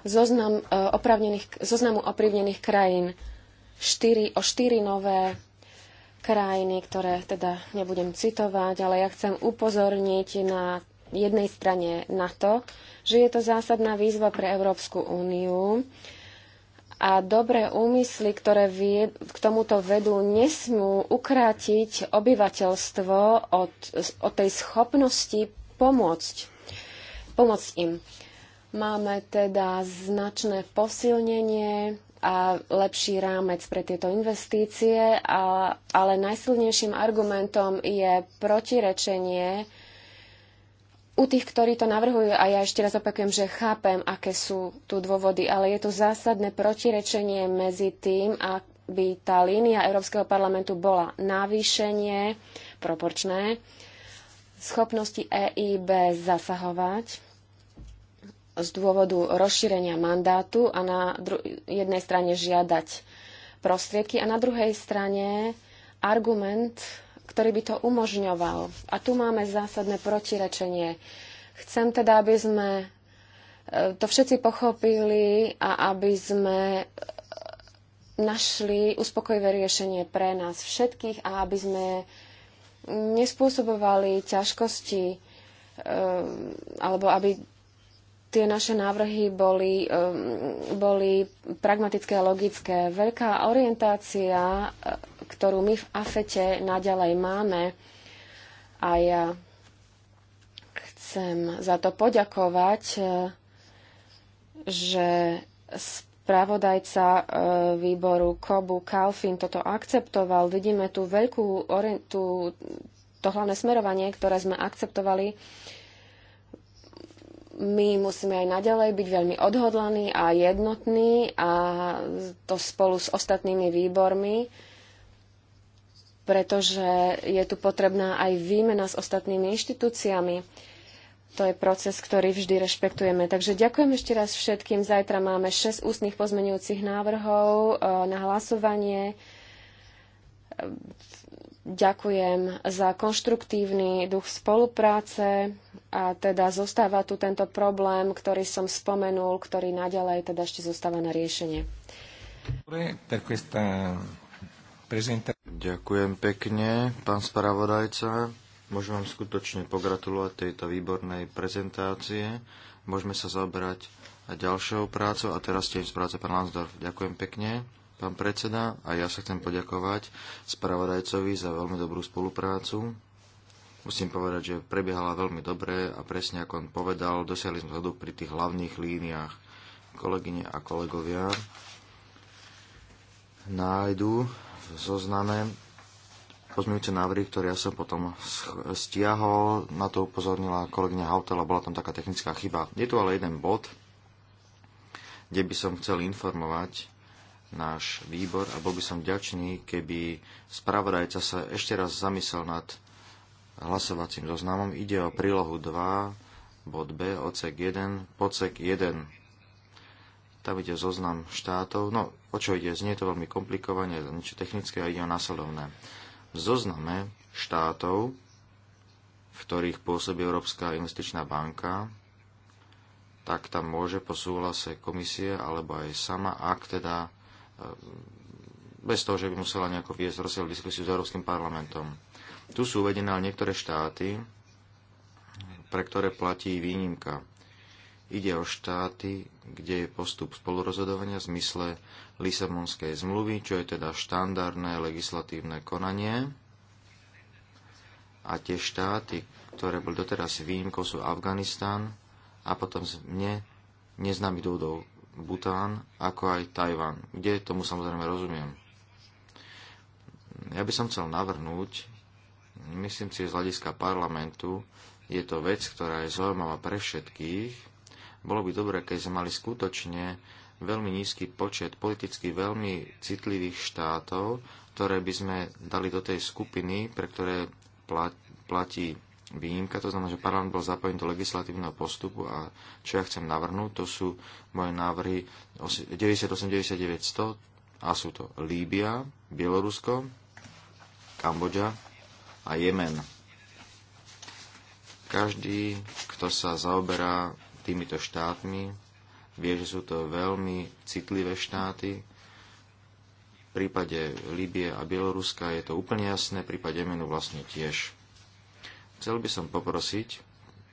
zoznam, e, opravnených, zoznamu oprivnených krajín 4, o štyri nové krajiny, ktoré teda nebudem citovať, ale ja chcem upozorniť na jednej strane na to, že je to zásadná výzva pre Európsku úniu a dobré úmysly, ktoré k tomuto vedú, nesmú ukrátiť obyvateľstvo od, od tej schopnosti pomôcť, pomôcť im. Máme teda značné posilnenie a lepší rámec pre tieto investície, a, ale najsilnejším argumentom je protirečenie u tých, ktorí to navrhujú, a ja ešte raz opakujem, že chápem, aké sú tu dôvody, ale je to zásadné protirečenie medzi tým, aby tá línia Európskeho parlamentu bola navýšenie proporčné schopnosti EIB zasahovať z dôvodu rozšírenia mandátu a na jednej strane žiadať prostriedky a na druhej strane argument ktorý by to umožňoval. A tu máme zásadné protirečenie. Chcem teda, aby sme e, to všetci pochopili a aby sme e, našli uspokojivé riešenie pre nás všetkých a aby sme nespôsobovali ťažkosti e, alebo aby tie naše návrhy boli, boli pragmatické a logické. Veľká orientácia ktorú my v AFETE naďalej máme. A ja chcem za to poďakovať, e, že spravodajca e, výboru Kobu Kalfin toto akceptoval. Vidíme tú veľkú orientu, to hlavné smerovanie, ktoré sme akceptovali. My musíme aj naďalej byť veľmi odhodlaní a jednotní a to spolu s ostatnými výbormi pretože je tu potrebná aj výmena s ostatnými inštitúciami. To je proces, ktorý vždy rešpektujeme. Takže ďakujem ešte raz všetkým. Zajtra máme 6 ústnych pozmenujúcich návrhov e, na hlasovanie. Ďakujem za konštruktívny duch spolupráce a teda zostáva tu tento problém, ktorý som spomenul, ktorý naďalej teda ešte zostáva na riešenie. Per questa Ďakujem pekne, pán spravodajca. Môžem vám skutočne pogratulovať tejto výbornej prezentácie. Môžeme sa zabrať a ďalšou prácou a teraz tiež z práce pán Lansdorf. Ďakujem pekne, pán predseda, a ja sa chcem poďakovať spravodajcovi za veľmi dobrú spoluprácu. Musím povedať, že prebiehala veľmi dobre a presne ako on povedal, dosiahli sme zhodu pri tých hlavných líniách. Kolegyne a kolegovia nájdu zozname pozmeňujúce návrhy, ktoré ja som potom stiahol. Na to upozornila kolegyňa Hautela, bola tam taká technická chyba. Je tu ale jeden bod, kde by som chcel informovať náš výbor a bol by som vďačný, keby spravodajca sa ešte raz zamyslel nad hlasovacím zoznamom. Ide o prílohu 2, bod B, odsek 1, podsek 1. Tam ide zoznam štátov. No, o čo ide? Znie to veľmi komplikovane, niečo technické a ide o následovné. V zozname štátov, v ktorých pôsobí Európska investičná banka, tak tam môže po súhlase komisie alebo aj sama, ak teda e, bez toho, že by musela nejako viesť rozsiaľu diskusiu s Európskym parlamentom. Tu sú uvedené niektoré štáty, pre ktoré platí výnimka. Ide o štáty, kde je postup spolurozhodovania v zmysle Lisabonskej zmluvy, čo je teda štandardné legislatívne konanie. A tie štáty, ktoré boli doteraz výnimkou, sú Afganistan a potom z mne neznámy dôvodov Bután, ako aj Tajván, kde tomu samozrejme rozumiem. Ja by som chcel navrhnúť, myslím si, že z hľadiska parlamentu je to vec, ktorá je zaujímavá pre všetkých, bolo by dobré, keď sme mali skutočne veľmi nízky počet politicky veľmi citlivých štátov, ktoré by sme dali do tej skupiny, pre ktoré platí výnimka, to znamená, že parlament bol zapojený do legislatívneho postupu a čo ja chcem navrhnúť, to sú moje návrhy 98, 99, 100 a sú to Líbia, Bielorusko, Kambodža a Jemen. Každý, kto sa zaoberá týmito štátmi. Vie, že sú to veľmi citlivé štáty. V prípade Libie a Bieloruska je to úplne jasné, v prípade Jemenu vlastne tiež. Chcel by som poprosiť,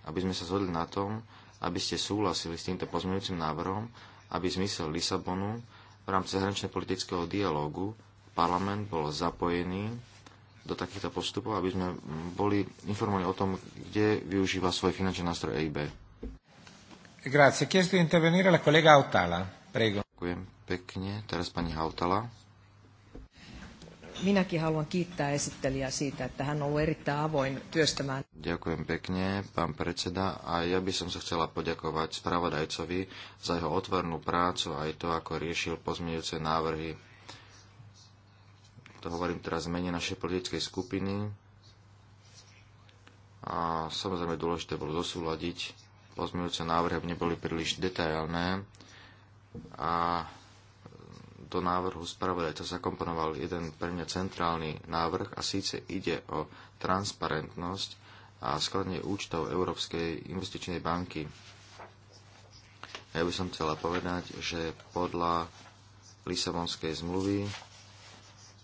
aby sme sa zhodli na tom, aby ste súhlasili s týmto pozmeňujúcim návrhom, aby zmysel Lisabonu v rámci zahraničného politického dialógu parlament bol zapojený do takýchto postupov, aby sme boli informovaní o tom, kde využíva svoj finančný nástroj EIB. Grazie. Chiesto di intervenire la collega Autala. Prego. Ďakujem pekne. Teraz pani Hautala. Minäkin haluan kiittää esittelijää siitä, että hän on ollut erittäin avoin työstämään. Ďakujem pekne, pán predseda. A ja by som sa chcela poďakovať spravodajcovi za jeho otvornú prácu aj to, ako riešil pozmeňujúce návrhy. To hovorím teraz z mene našej politickej skupiny. A samozrejme dôležité bolo zosúľadiť pozmeňujúce návrhy neboli príliš detailné a do návrhu spravodajca zakomponoval jeden pre mňa centrálny návrh a síce ide o transparentnosť a skladne účtov Európskej investičnej banky. Ja by som chcela povedať, že podľa Lisabonskej zmluvy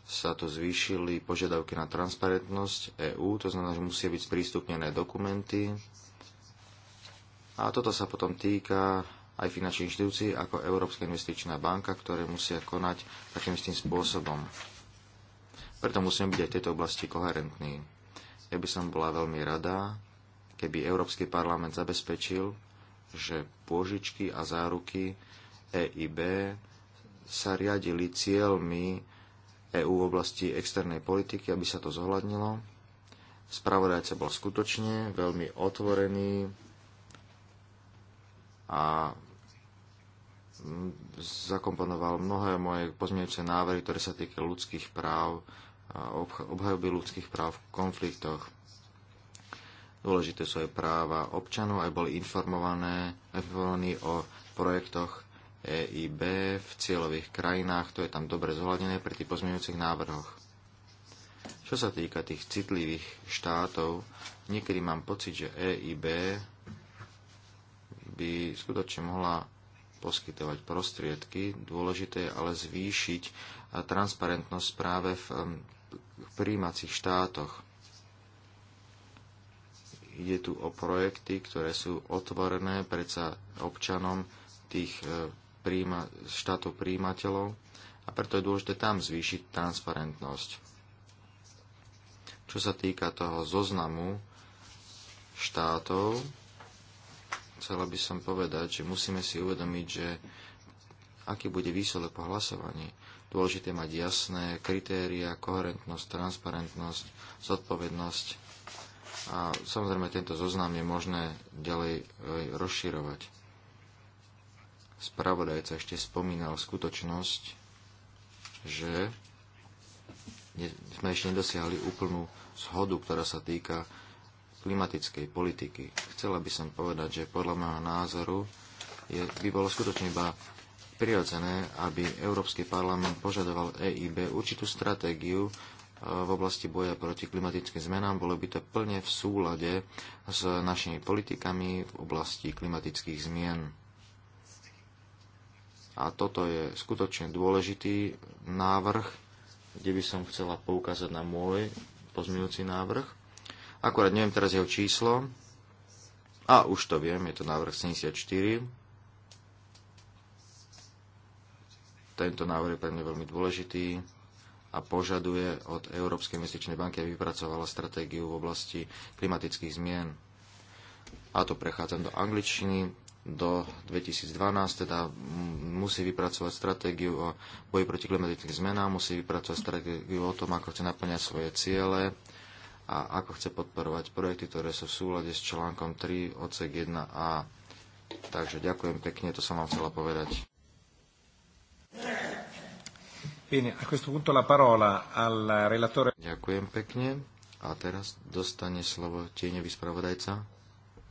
sa tu zvýšili požiadavky na transparentnosť EÚ, to znamená, že musia byť sprístupnené dokumenty, a toto sa potom týka aj finančných inštitúcií ako Európska investičná banka, ktoré musia konať takým istým spôsobom. Preto musíme byť aj v tejto oblasti koherentní. Ja by som bola veľmi rada, keby Európsky parlament zabezpečil, že pôžičky a záruky EIB sa riadili cieľmi EÚ v oblasti externej politiky, aby sa to zohľadnilo. Spravodajca bol skutočne veľmi otvorený, a mm, zakomponoval mnohé moje pozmeňujúce návrhy, ktoré sa týkajú ľudských práv, obhajoby ľudských práv v konfliktoch. Dôležité sú aj práva občanov, aj boli informované, informovaní o projektoch EIB v cieľových krajinách, to je tam dobre zohľadené pri tých pozmeňujúcich návrhoch. Čo sa týka tých citlivých štátov, niekedy mám pocit, že EIB by skutočne mohla poskytovať prostriedky. Dôležité je ale zvýšiť eh, transparentnosť práve v príjímacích štátoch. Ide tu o projekty, ktoré sú otvorené predsa občanom tých eh, príjma, štátov príjimateľov a preto je dôležité tam zvýšiť transparentnosť. Čo sa týka toho zoznamu štátov, chcela by som povedať, že musíme si uvedomiť, že aký bude výsledok po hlasovaní. Dôležité mať jasné kritéria, koherentnosť, transparentnosť, zodpovednosť. A samozrejme tento zoznam je možné ďalej eh, rozširovať. Spravodajca ešte spomínal skutočnosť, že sme ešte nedosiahli úplnú zhodu, ktorá sa týka klimatickej politiky. Chcela by som povedať, že podľa môjho názoru je, by bolo skutočne iba prirodzené, aby Európsky parlament požadoval EIB určitú stratégiu e, v oblasti boja proti klimatickým zmenám. Bolo by to plne v súlade s našimi politikami v oblasti klimatických zmien. A toto je skutočne dôležitý návrh, kde by som chcela poukázať na môj pozmiňujúci návrh. Akorát neviem teraz jeho číslo. A už to viem, je to návrh 74. Tento návrh je pre mňa veľmi dôležitý a požaduje od Európskej investičnej banky, aby vypracovala stratégiu v oblasti klimatických zmien. A to prechádzam do angličtiny. Do 2012 teda musí vypracovať stratégiu o boji proti klimatickým zmenám, musí vypracovať stratégiu o tom, ako chce naplňať svoje ciele, a ako chce podporovať projekty, ktoré sú v súlade s článkom 3 odsek 1a. Takže ďakujem pekne, to som vám chcela povedať. Bene, a questo punto la parola al relatore. Ďakujem pekne. A teraz dostane slovo tieňový spravodajca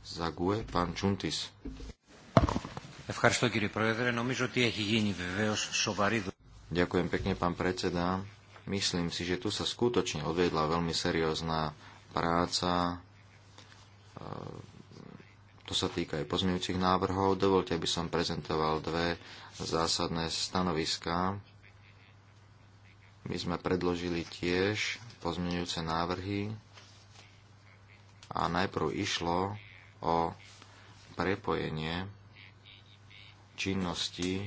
za GUE, pán Čuntis. Ďakujem pekne, pán predseda. Myslím si, že tu sa skutočne odvedla veľmi seriózna práca. E, to sa týka aj pozmeňujúcich návrhov. Dovolte, aby som prezentoval dve zásadné stanoviská. My sme predložili tiež pozmeňujúce návrhy a najprv išlo o prepojenie činnosti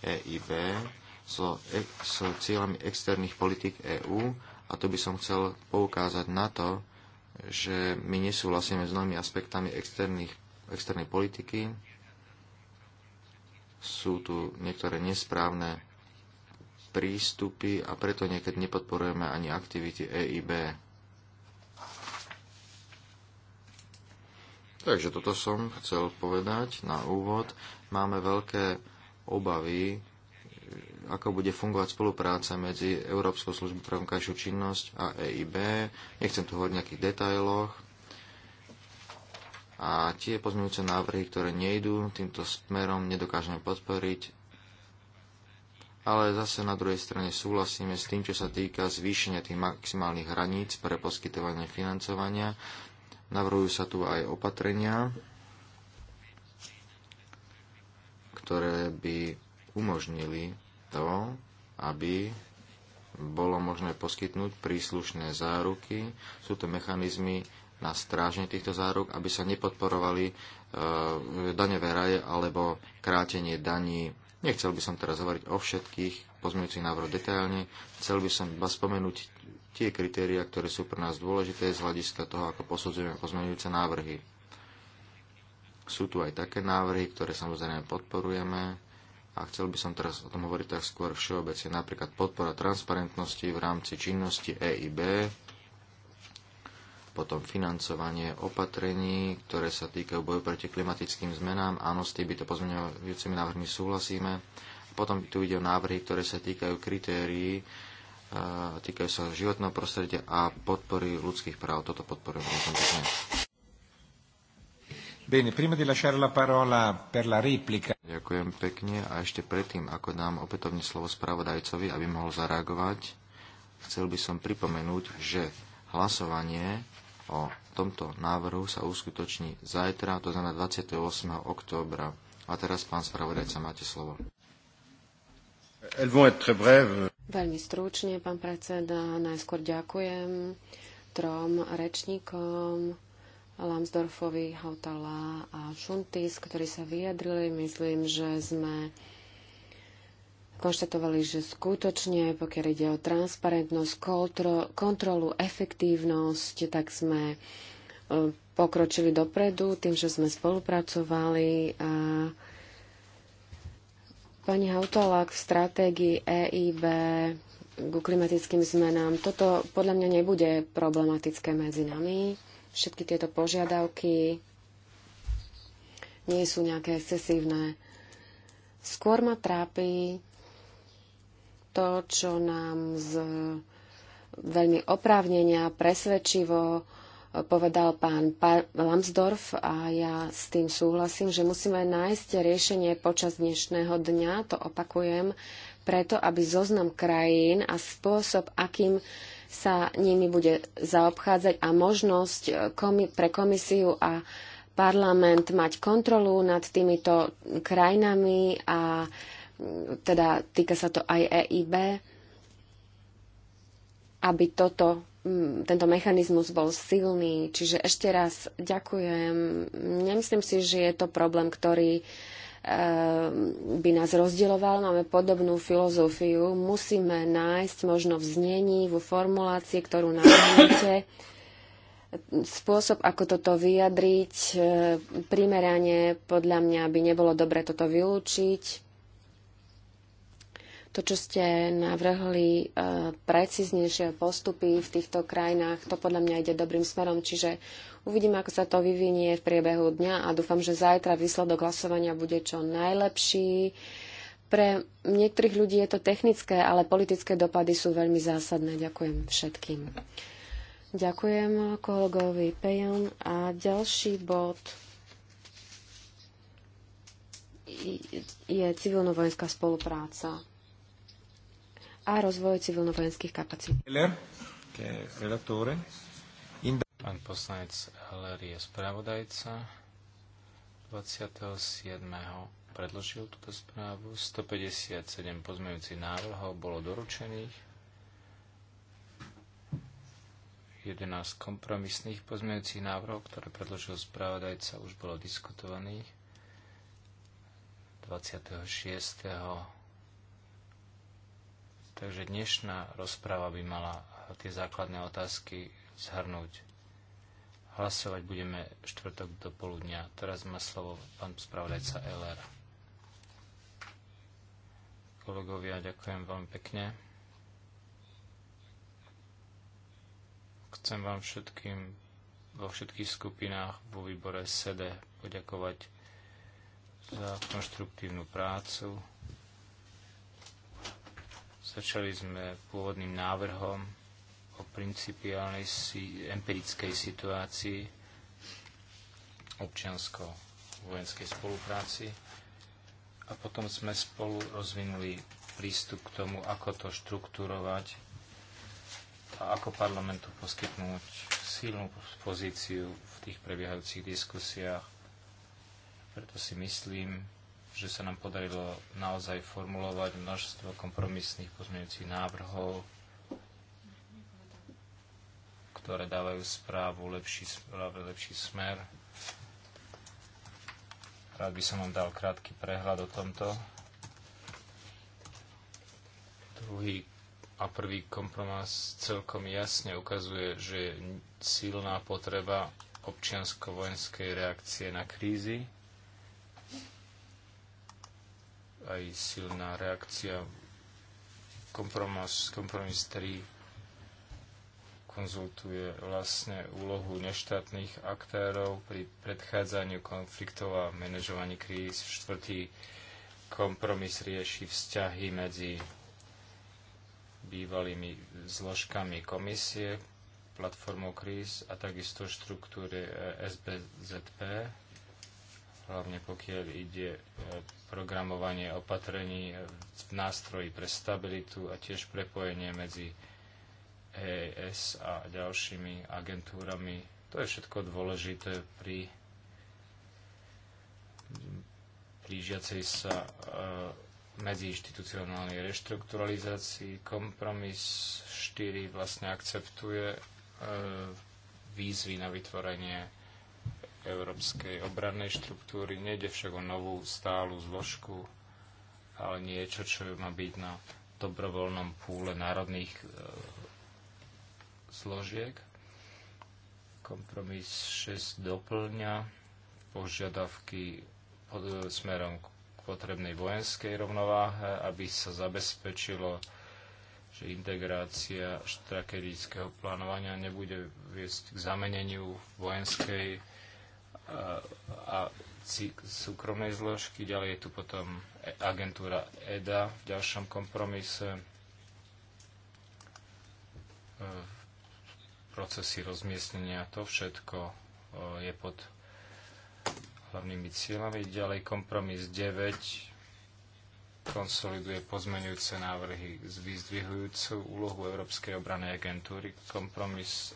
EIB so, e, so cieľami externých politik EÚ a to by som chcel poukázať na to, že my nesúhlasíme s mnohými aspektami externých, externej politiky. Sú tu niektoré nesprávne prístupy a preto niekedy nepodporujeme ani aktivity EIB. Takže toto som chcel povedať na úvod. Máme veľké obavy ako bude fungovať spolupráca medzi Európskou službou pre vonkajšiu činnosť a EIB. Nechcem tu hovoriť o nejakých detailoch. A tie pozmeňujúce návrhy, ktoré nejdú týmto smerom, nedokážeme podporiť. Ale zase na druhej strane súhlasíme s tým, čo sa týka zvýšenia tých maximálnych hraníc pre poskytovanie financovania. Navrhujú sa tu aj opatrenia, ktoré by umožnili to, aby bolo možné poskytnúť príslušné záruky. Sú to mechanizmy na stráženie týchto záruk, aby sa nepodporovali e, daňové raje alebo krátenie daní. Nechcel by som teraz hovoriť o všetkých pozmeňujúcich návrhoch detailne. Chcel by som iba spomenúť tie kritéria, ktoré sú pre nás dôležité z hľadiska toho, ako posudzujeme pozmeňujúce návrhy. Sú tu aj také návrhy, ktoré samozrejme podporujeme a chcel by som teraz o tom hovoriť tak skôr všeobecne, napríklad podpora transparentnosti v rámci činnosti EIB, potom financovanie opatrení, ktoré sa týkajú boju proti klimatickým zmenám. Áno, s to pozmeňujúcimi návrhmi súhlasíme. Potom tu ide o návrhy, ktoré sa týkajú kritérií, e, týkajú sa životného prostredia a podpory ľudských práv. Toto podporujem veľmi Bene, prima di lasciare la parola per la replica Ďakujem pekne a ešte predtým, ako dám opätovne slovo spravodajcovi, aby mohol zareagovať, chcel by som pripomenúť, že hlasovanie o tomto návrhu sa uskutoční zajtra, to znamená 28. októbra. A teraz, pán spravodajca, máte slovo. Veľmi stručne, pán predseda, najskôr ďakujem trom rečníkom, Lambsdorfovi, Hautala a Šuntis, ktorí sa vyjadrili. Myslím, že sme konštatovali, že skutočne, pokiaľ ide o transparentnosť, kontrolu, efektívnosť, tak sme e, pokročili dopredu tým, že sme spolupracovali a pani Hautala v stratégii EIB ku klimatickým zmenám. Toto podľa mňa nebude problematické medzi nami. Všetky tieto požiadavky nie sú nejaké excesívne. Skôr ma trápi to, čo nám z veľmi oprávnenia, presvedčivo povedal pán Lambsdorff a ja s tým súhlasím, že musíme nájsť riešenie počas dnešného dňa, to opakujem, preto aby zoznam krajín a spôsob, akým sa nimi bude zaobchádzať a možnosť eh, komi- pre komisiu a parlament mať kontrolu nad týmito krajinami a mm, teda týka sa to aj EIB, aby toto, mm, tento mechanizmus bol silný. Čiže ešte raz ďakujem. Nemyslím si, že je to problém, ktorý uh, Ehm, by nás rozdieloval. Máme podobnú filozofiu. Musíme nájsť možno v znení, vo formulácii, ktorú nájdete, spôsob, ako toto vyjadriť e, primerane, podľa mňa by nebolo dobre toto vylúčiť to, čo ste navrhli, e, preciznejšie postupy v týchto krajinách, to podľa mňa ide dobrým smerom, čiže uvidíme, ako sa to vyvinie v priebehu dňa a dúfam, že zajtra výsledok hlasovania bude čo najlepší. Pre niektorých ľudí je to technické, ale politické dopady sú veľmi zásadné. Ďakujem všetkým. Ďakujem kolegovi Pejon a ďalší bod je civilno-vojenská spolupráca a rozvoj civilno-vojenských kapacít. Pán poslanec Heller je spravodajca. 27. predložil túto správu. 157 pozmejúcich návrhov bolo doručených. 11 kompromisných pozmejúcich návrhov, ktoré predložil spravodajca, už bolo diskutovaných 26. Takže dnešná rozpráva by mala tie základné otázky zhrnúť. Hlasovať budeme štvrtok do poludnia. Teraz má slovo pán spravodajca LR. Kolegovia, ďakujem veľmi pekne. Chcem vám všetkým vo všetkých skupinách vo výbore SEDE poďakovať za konštruktívnu prácu. Začali sme pôvodným návrhom o principiálnej si, empirickej situácii občiansko-vojenskej spolupráci a potom sme spolu rozvinuli prístup k tomu, ako to štruktúrovať a ako parlamentu poskytnúť silnú pozíciu v tých prebiehajúcich diskusiách. Preto si myslím, že sa nám podarilo naozaj formulovať množstvo kompromisných pozmeňujúcich návrhov, ktoré dávajú správu lepší, správe lepší smer. Rád by som vám dal krátky prehľad o tomto. Druhý a prvý kompromis celkom jasne ukazuje, že je silná potreba občiansko-vojenskej reakcie na krízy, aj silná reakcia kompromis, kompromis 3 konzultuje vlastne úlohu neštátnych aktérov pri predchádzaniu konfliktov a manažovaní kríz. Štvrtý kompromis rieši vzťahy medzi bývalými zložkami komisie, platformou kríz a takisto štruktúry eh, SBZP hlavne pokiaľ ide e, programovanie opatrení v e, nástroji pre stabilitu a tiež prepojenie medzi EES a ďalšími agentúrami. To je všetko dôležité pri blížiacej sa e, medziinstitucionálnej reštrukturalizácii. Kompromis 4 vlastne akceptuje výzvy na vytvorenie európskej obrannej štruktúry. Nejde však o novú stálu zložku, ale niečo, čo má byť na dobrovoľnom púle národných e, zložiek. Kompromis 6 doplňa požiadavky pod, e, smerom k potrebnej vojenskej rovnováhe, aby sa zabezpečilo, že integrácia štrategického plánovania nebude viesť k zameneniu vojenskej a súkromnej zložky. Ďalej je tu potom e- agentúra EDA v ďalšom kompromise. E, procesy rozmiestnenia, to všetko e, je pod hlavnými cieľami. Ďalej kompromis 9 konsoliduje pozmenujúce návrhy z vyzdvihujúcu úlohu Európskej obranej agentúry. Kompromis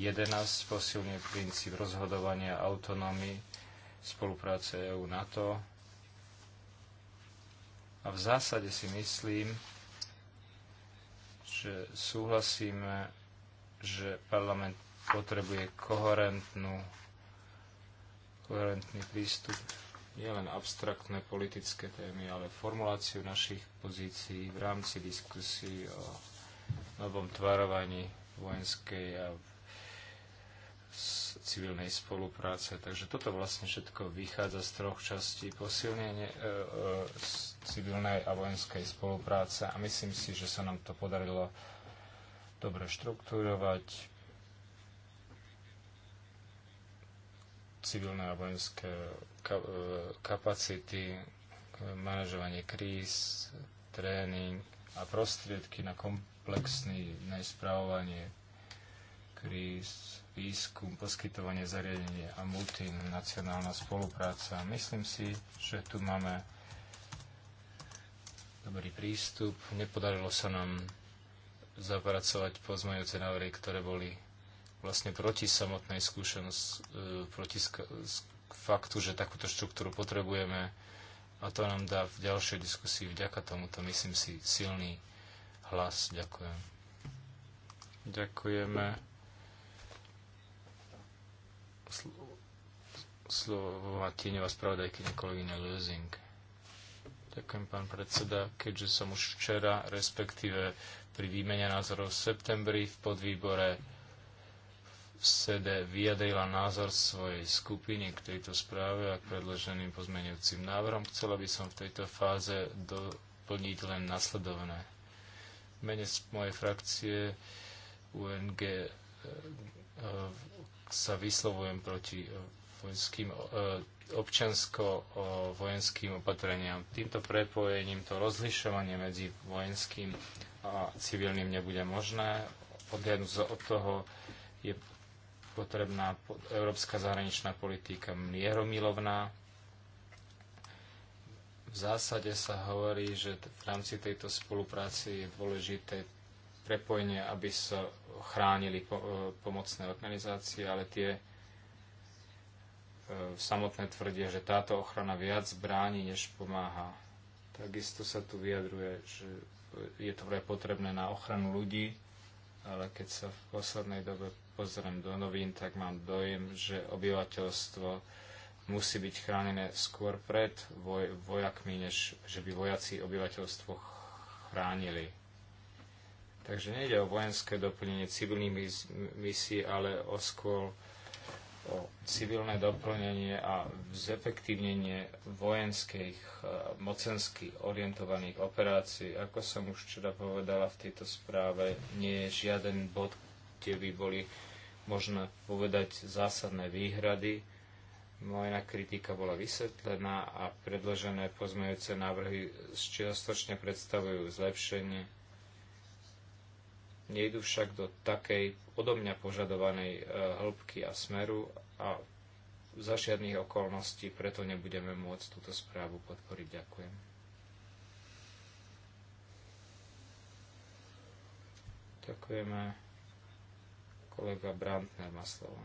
11 posilňuje princíp rozhodovania autonómy spolupráce EU-NATO. A v zásade si myslím, že súhlasíme, že parlament potrebuje koherentnú, koherentný prístup nielen abstraktné politické témy, ale formuláciu našich pozícií v rámci diskusí o novom tvarovaní vojenskej a z civilnej spolupráce. Takže toto vlastne všetko vychádza z troch častí. Posilnenie z e, e, civilnej a vojenskej spolupráce a myslím si, že sa nám to podarilo dobre štruktúrovať. civilné a vojenské e, kapacity, manažovanie kríz, tréning a prostriedky na komplexné správovanie kríz, výskum, poskytovanie zariadenie a multinacionálna spolupráca. Myslím si, že tu máme dobrý prístup. Nepodarilo sa nám zapracovať pozmajúce návrhy, ktoré boli vlastne proti samotnej skúsenosti, e, proti faktu, že takúto štruktúru potrebujeme a to nám dá v ďalšej diskusii vďaka tomuto, myslím si, silný hlas. Ďakujem. Ďakujeme slovo tieňová spravodajkyňa kolegyňa Lozing. Ďakujem, pán predseda. Keďže som už včera, respektíve pri výmene názorov v septembri v podvýbore v SEDE vyjadrila názor svojej skupiny k tejto správe a k predloženým pozmeňujúcim návrhom, chcela by som v tejto fáze doplniť len nasledovné. V mene mojej frakcie UNG eh, eh, sa vyslovujem proti e, vojenským, e, občansko-vojenským opatreniam. Týmto prepojením, to rozlišovanie medzi vojenským a civilným nebude možné. Odhľadnúť od toho je potrebná európska zahraničná politika mieromilovná. V zásade sa hovorí, že v rámci tejto spolupráce je dôležité prepojenie, aby sa chránili e, pomocné organizácie, ale tie e, samotné tvrdia, že táto ochrana viac bráni, než pomáha. Takisto sa tu vyjadruje, že je to vraj potrebné na ochranu ľudí, ale keď sa v poslednej dobe pozriem do novín, tak mám dojem, že obyvateľstvo musí byť chránené skôr pred voj- vojakmi, než že by vojaci obyvateľstvo chránili. Takže nejde o vojenské doplnenie civilných misí, misií, ale o skôr o civilné doplnenie a zefektívnenie vojenských, e, mocensky orientovaných operácií. Ako som už včera povedala v tejto správe, nie je žiaden bod, kde by boli možno povedať zásadné výhrady. Moja kritika bola vysvetlená a predložené pozmejúce návrhy čiastočne predstavujú zlepšenie Nejdu však do takej odo mňa požadovanej e, hĺbky a smeru a za žiadnych okolností preto nebudeme môcť túto správu podporiť. Ďakujem. Ďakujeme. Kolega Brandner má slovo.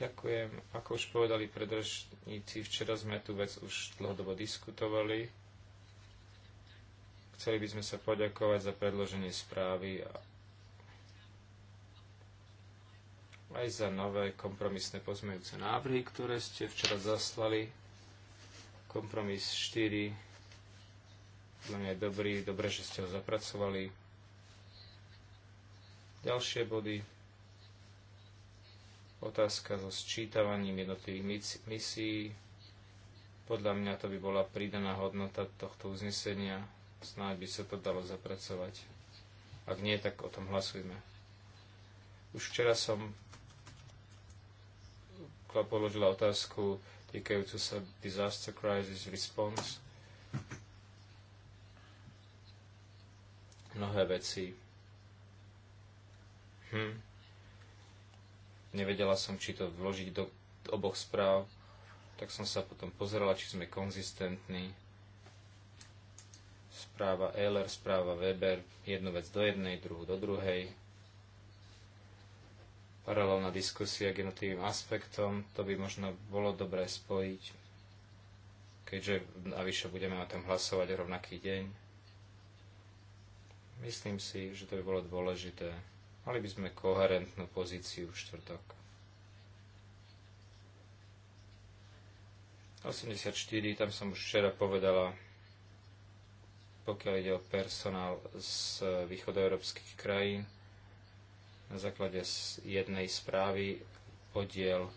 Ďakujem. Ako už povedali predržníci, včera sme tú vec už dlhodobo diskutovali Chceli by sme sa poďakovať za predloženie správy a aj za nové kompromisné pozmejúce návrhy, ktoré ste včera zaslali. Kompromis 4 podľa mňa je dobrý, dobre, že ste ho zapracovali. Ďalšie body. Otázka so sčítavaním jednotlivých misií. Podľa mňa to by bola pridaná hodnota tohto uznesenia. Snáď by sa to dalo zapracovať. Ak nie, tak o tom hlasujme. Už včera som položila otázku týkajúcu sa Disaster Crisis Response. Mnohé veci. Hm. Nevedela som, či to vložiť do oboch správ, tak som sa potom pozerala, či sme konzistentní správa Euler správa Weber, jednu vec do jednej, druhú do druhej. Paralelná diskusia k jednotlivým aspektom, to by možno bolo dobré spojiť, keďže navyše budeme o tom hlasovať rovnaký deň. Myslím si, že to by bolo dôležité. Mali by sme koherentnú pozíciu v štvrtok. 84, tam som už včera povedala, pokiaľ ide o personál z východoeurópskych krajín. Na základe jednej správy podiel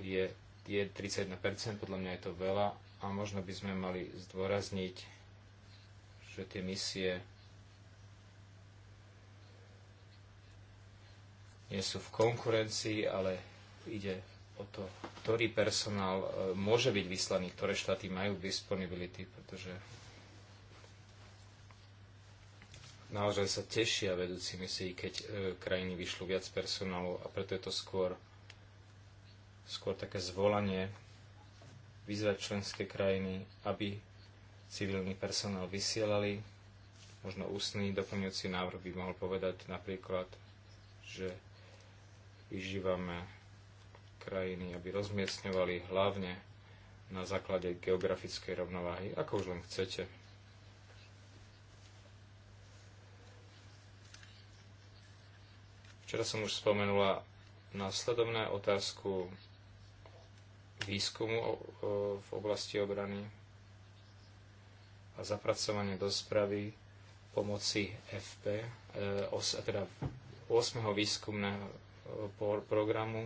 je, je 31%, podľa mňa je to veľa a možno by sme mali zdôrazniť, že tie misie nie sú v konkurencii, ale ide o to, ktorý personál e, môže byť vyslaný, ktoré štáty majú disponibility, pretože naozaj sa tešia vedúci misií, keď e, krajiny vyšlo viac personálu a preto je to skôr, skôr také zvolanie vyzvať členské krajiny, aby civilný personál vysielali. Možno ústny doplňujúci návrh by mohol povedať napríklad, že vyžívame krajiny, aby rozmiestňovali hlavne na základe geografickej rovnováhy, ako už len chcete. Včera som už spomenula následovné otázku výskumu v oblasti obrany a zapracovanie do správy pomoci FP, e, teda 8. výskumného e, programu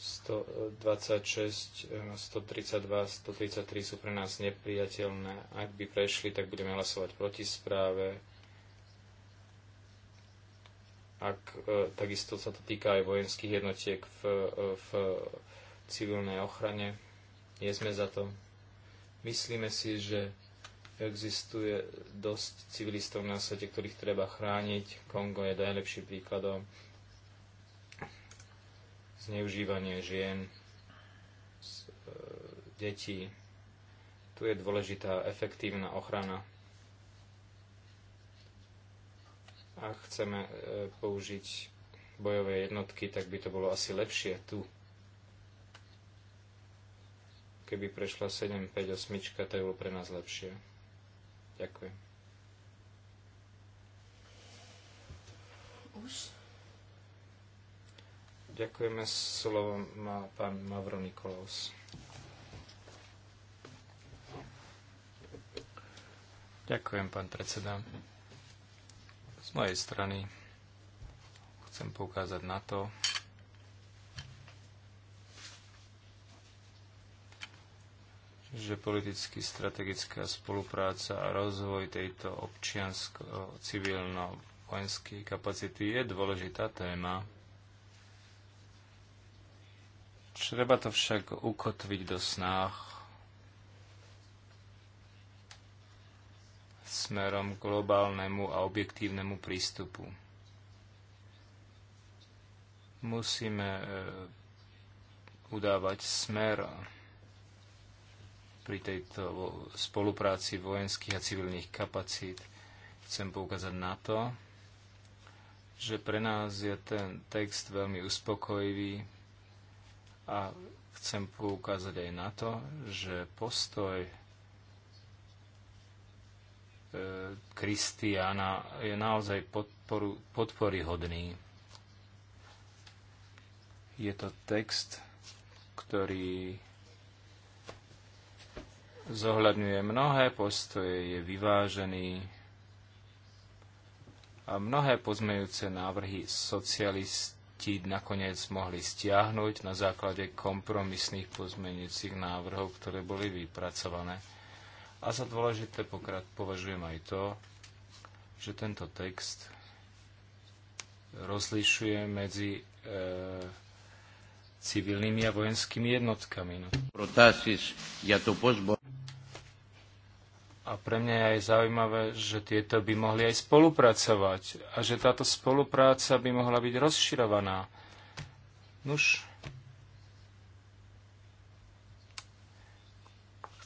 126, 132, 133 sú pre nás nepriateľné. Ak by prešli, tak budeme hlasovať proti správe ak, e, takisto sa to týka aj vojenských jednotiek v, e, v civilnej ochrane. Nie sme za to. Myslíme si, že existuje dosť civilistov na svete, ktorých treba chrániť. Kongo je najlepším príkladom. Zneužívanie žien, e, detí. Tu je dôležitá efektívna ochrana a chceme e, použiť bojové jednotky, tak by to bolo asi lepšie tu. Keby prešla 7-5 8, to je bolo pre nás lepšie. Ďakujem. Už? Ďakujeme, slovo má pán Mavro Nikolaus. Ďakujem, pán predseda. Z mojej strany chcem poukázať na to, že politicky strategická spolupráca a rozvoj tejto občiansko-civilno-vojenskej kapacity je dôležitá téma. Treba to však ukotviť do snách smerom k globálnemu a objektívnemu prístupu. Musíme e, udávať smer pri tejto spolupráci vojenských a civilných kapacít. Chcem poukázať na to, že pre nás je ten text veľmi uspokojivý a chcem poukázať aj na to, že postoj E, Kristiána je naozaj podporu, podporyhodný. Je to text, ktorý zohľadňuje mnohé postoje, je vyvážený a mnohé pozmejúce návrhy socialisti nakoniec mohli stiahnuť na základe kompromisných pozmejúcich návrhov, ktoré boli vypracované a za dôležité pokrát považujem aj to, že tento text rozlišuje medzi e, civilnými a vojenskými jednotkami. No. A pre mňa je aj zaujímavé, že tieto by mohli aj spolupracovať a že táto spolupráca by mohla byť rozširovaná. Nuž,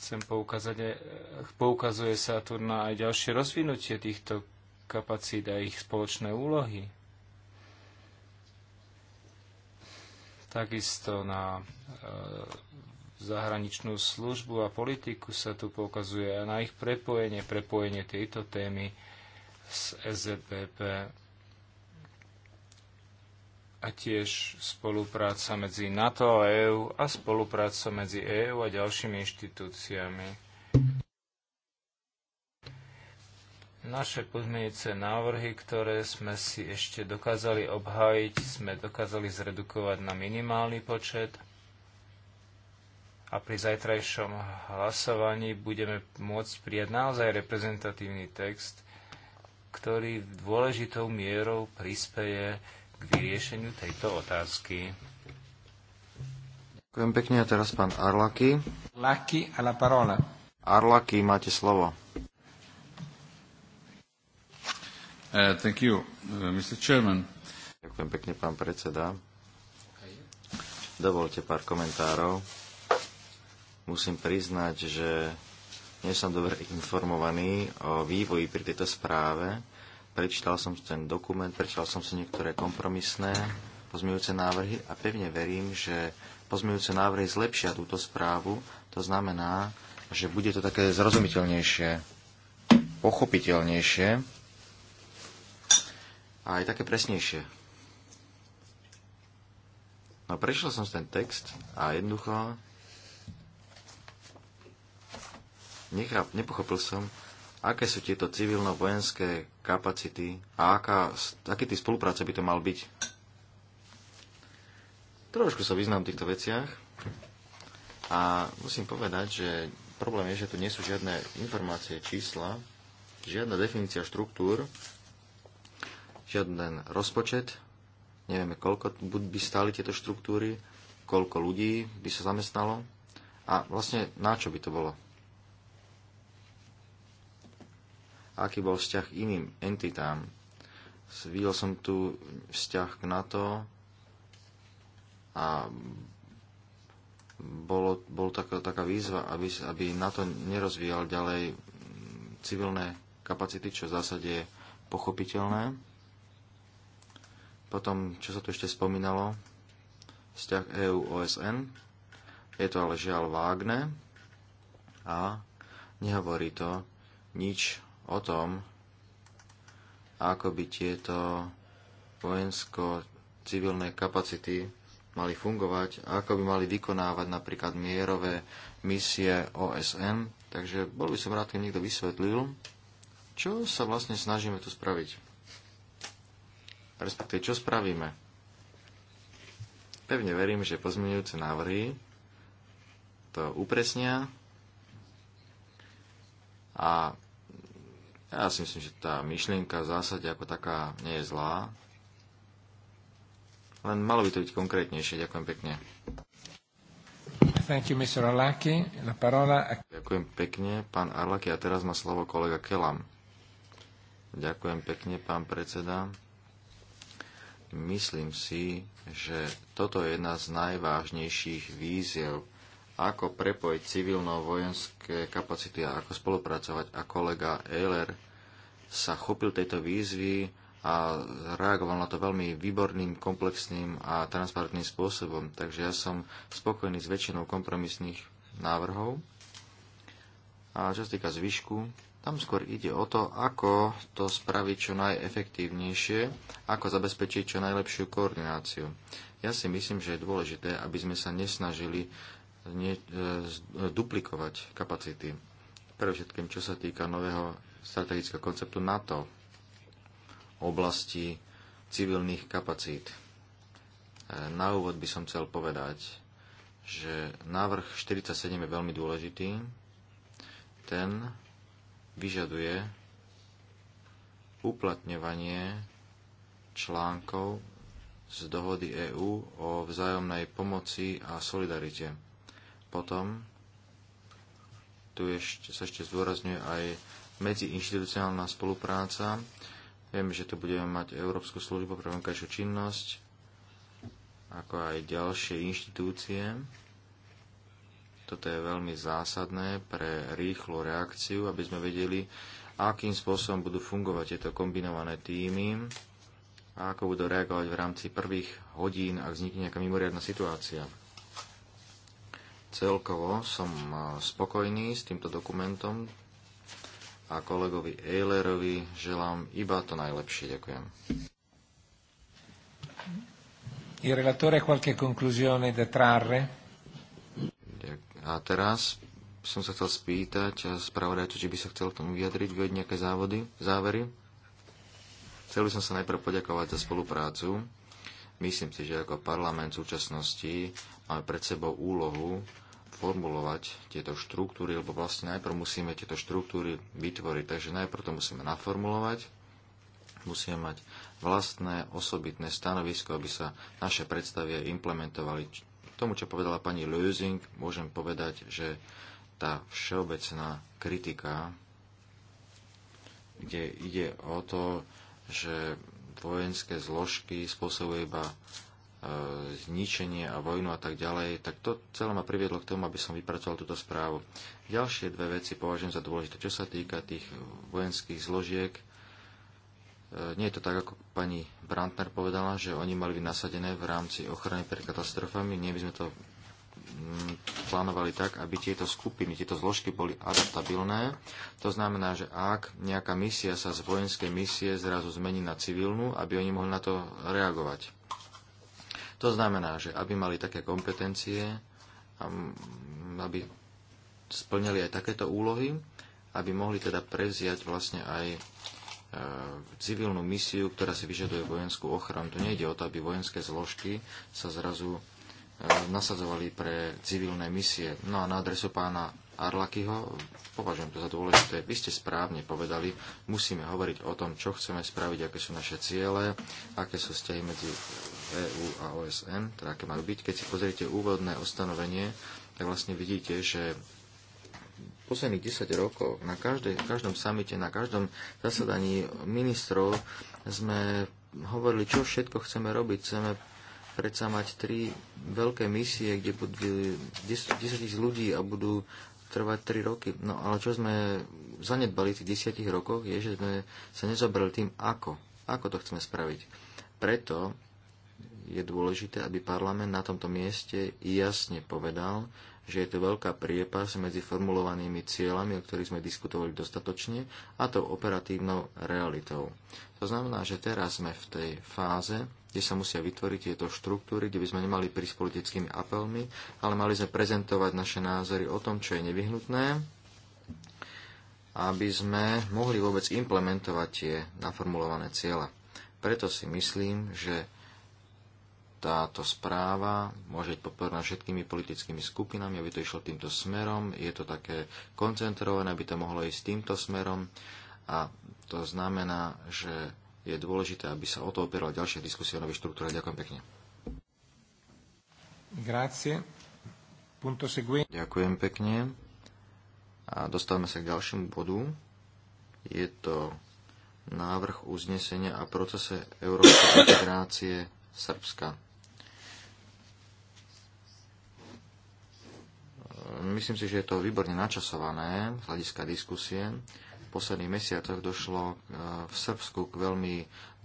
chcem poukázať, e, poukazuje sa tu na aj ďalšie rozvinutie týchto kapacít a ich spoločné úlohy. Takisto na e, zahraničnú službu a politiku sa tu poukazuje a na ich prepojenie, prepojenie tejto témy s SZPP a tiež spolupráca medzi NATO a EÚ a spolupráca medzi EÚ a ďalšími inštitúciami. Naše pozmeňujúce návrhy, ktoré sme si ešte dokázali obhájiť, sme dokázali zredukovať na minimálny počet a pri zajtrajšom hlasovaní budeme môcť prijať naozaj reprezentatívny text, ktorý dôležitou mierou prispeje k vyriešeniu tejto otázky. Ďakujem pekne a teraz pán Arlaky. Arlaky a la parola. Arlaky, máte slovo. Uh, thank you, uh, Mr. Chairman. Ďakujem pekne, pán predseda. Dovolte pár komentárov. Musím priznať, že nie som dobre informovaný o vývoji pri tejto správe prečítal som ten dokument, prečítal som si niektoré kompromisné pozmejúce návrhy a pevne verím, že pozmejúce návrhy zlepšia túto správu. To znamená, že bude to také zrozumiteľnejšie, pochopiteľnejšie a aj také presnejšie. No prešiel som ten text a jednoducho necháp, nepochopil som, aké sú tieto civilno-vojenské kapacity a aká, aký typ spolupráce by to mal byť. Trošku sa vyznám v týchto veciach a musím povedať, že problém je, že tu nie sú žiadne informácie, čísla, žiadna definícia štruktúr, žiaden rozpočet, nevieme, koľko by stáli tieto štruktúry, koľko ľudí by sa zamestnalo a vlastne na čo by to bolo. aký bol vzťah k iným entitám. Videl som tu vzťah k NATO a bolo, bol taká, taká výzva, aby, aby NATO nerozvíjal ďalej civilné kapacity, čo v zásade je pochopiteľné. Potom, čo sa tu ešte spomínalo, vzťah EU-OSN, je to ale žiaľ vágne a nehovorí to nič o tom, ako by tieto vojensko-civilné kapacity mali fungovať, ako by mali vykonávať napríklad mierové misie OSN. Takže bol by som rád, keď niekto vysvetlil, čo sa vlastne snažíme tu spraviť. Respektíve, čo spravíme. Pevne verím, že pozmeňujúce návrhy to upresnia a ja si myslím, že tá myšlienka v zásade ako taká nie je zlá. Len malo by to byť konkrétnejšie. Ďakujem pekne. Thank you, Mr. Arlaki. La parola... Ďakujem pekne, pán Arlaki. A teraz má slovo kolega Kelam. Ďakujem pekne, pán predseda. Myslím si, že toto je jedna z najvážnejších víziev, ako prepojiť civilno-vojenské kapacity a ako spolupracovať. A kolega Ehler sa chopil tejto výzvy a reagoval na to veľmi výborným, komplexným a transparentným spôsobom. Takže ja som spokojný s väčšinou kompromisných návrhov. A čo sa týka zvyšku, tam skôr ide o to, ako to spraviť čo najefektívnejšie, ako zabezpečiť čo najlepšiu koordináciu. Ja si myslím, že je dôležité, aby sme sa nesnažili ne, e, duplikovať kapacity. Pre všetkým, čo sa týka nového strategického konceptu NATO oblasti civilných kapacít. E, na úvod by som chcel povedať, že návrh 47 je veľmi dôležitý. Ten vyžaduje uplatňovanie článkov z dohody EÚ o vzájomnej pomoci a solidarite. Potom tu ešte, sa ešte zdôrazňuje aj medziinštitucionálna spolupráca. Viem, že tu budeme mať Európsku službu pre vonkajšiu činnosť, ako aj ďalšie inštitúcie. Toto je veľmi zásadné pre rýchlu reakciu, aby sme vedeli, akým spôsobom budú fungovať tieto kombinované týmy a ako budú reagovať v rámci prvých hodín, ak vznikne nejaká mimoriadná situácia. Celkovo som eh, spokojný s týmto dokumentom, a kolegovi Eilerovi želám iba to najlepšie. Ďakujem. Il relatore qualche conclusione da trarre? A teraz som sa chcel spýtať spravodajcu, či by sa chcel k tomu vyjadriť, vyjadriť nejaké závody, závery. Chcel by som sa najprv poďakovať za spoluprácu. Myslím si, že ako parlament v súčasnosti máme pred sebou úlohu formulovať tieto štruktúry, lebo vlastne najprv musíme tieto štruktúry vytvoriť. Takže najprv to musíme naformulovať, musíme mať vlastné osobitné stanovisko, aby sa naše predstavy implementovali. Tomu, čo povedala pani Lösing, môžem povedať, že tá všeobecná kritika, kde ide o to, že vojenské zložky spôsobujú iba E, zničenie a vojnu a tak ďalej, tak to celé ma priviedlo k tomu, aby som vypracoval túto správu. Ďalšie dve veci považujem za dôležité. Čo sa týka tých vojenských zložiek, e, nie je to tak, ako pani Brantner povedala, že oni mali byť nasadené v rámci ochrany pred katastrofami. Nie by sme to mm, plánovali tak, aby tieto skupiny, tieto zložky boli adaptabilné. To znamená, že ak nejaká misia sa z vojenskej misie zrazu zmení na civilnú, aby oni mohli na to reagovať. To znamená, že aby mali také kompetencie, aby splňali aj takéto úlohy, aby mohli teda prevziať vlastne aj e, civilnú misiu, ktorá si vyžaduje vojenskú ochranu. To nejde o to, aby vojenské zložky sa zrazu e, nasadzovali pre civilné misie. No a na adresu pána Arlakyho, považujem to za dôležité, vy ste správne povedali, musíme hovoriť o tom, čo chceme spraviť, aké sú naše ciele, aké sú vzťahy medzi EÚ a OSN, teda aké majú byť. Keď si pozriete úvodné ostanovenie, tak vlastne vidíte, že posledných 10 rokov na každej, každom samite, na každom zasadaní ministrov sme hovorili, čo všetko chceme robiť. Chceme predsa mať tri veľké misie, kde budú 10 tisíc ľudí a budú trvať 3 roky. No ale čo sme zanedbali v tých 10 rokoch, je, že sme sa nezobrali tým, ako. Ako to chceme spraviť. Preto je dôležité, aby parlament na tomto mieste jasne povedal, že je to veľká priepas medzi formulovanými cieľami, o ktorých sme diskutovali dostatočne, a tou operatívnou realitou. To znamená, že teraz sme v tej fáze, kde sa musia vytvoriť tieto štruktúry, kde by sme nemali prísť politickými apelmi, ale mali sme prezentovať naše názory o tom, čo je nevyhnutné, aby sme mohli vôbec implementovať tie naformulované ciele. Preto si myslím, že táto správa môže byť podporná všetkými politickými skupinami, aby to išlo týmto smerom. Je to také koncentrované, aby to mohlo ísť týmto smerom. A to znamená, že je dôležité, aby sa o to opierala ďalšia diskusia o nových štruktúrach. Ďakujem pekne. Grazie. Punto Ďakujem pekne. A dostávame sa k ďalšiemu bodu. Je to návrh uznesenia a procese európskej integrácie Srbska. myslím si, že je to výborne načasované z hľadiska diskusie. V posledných mesiacoch došlo e, v Srbsku k veľmi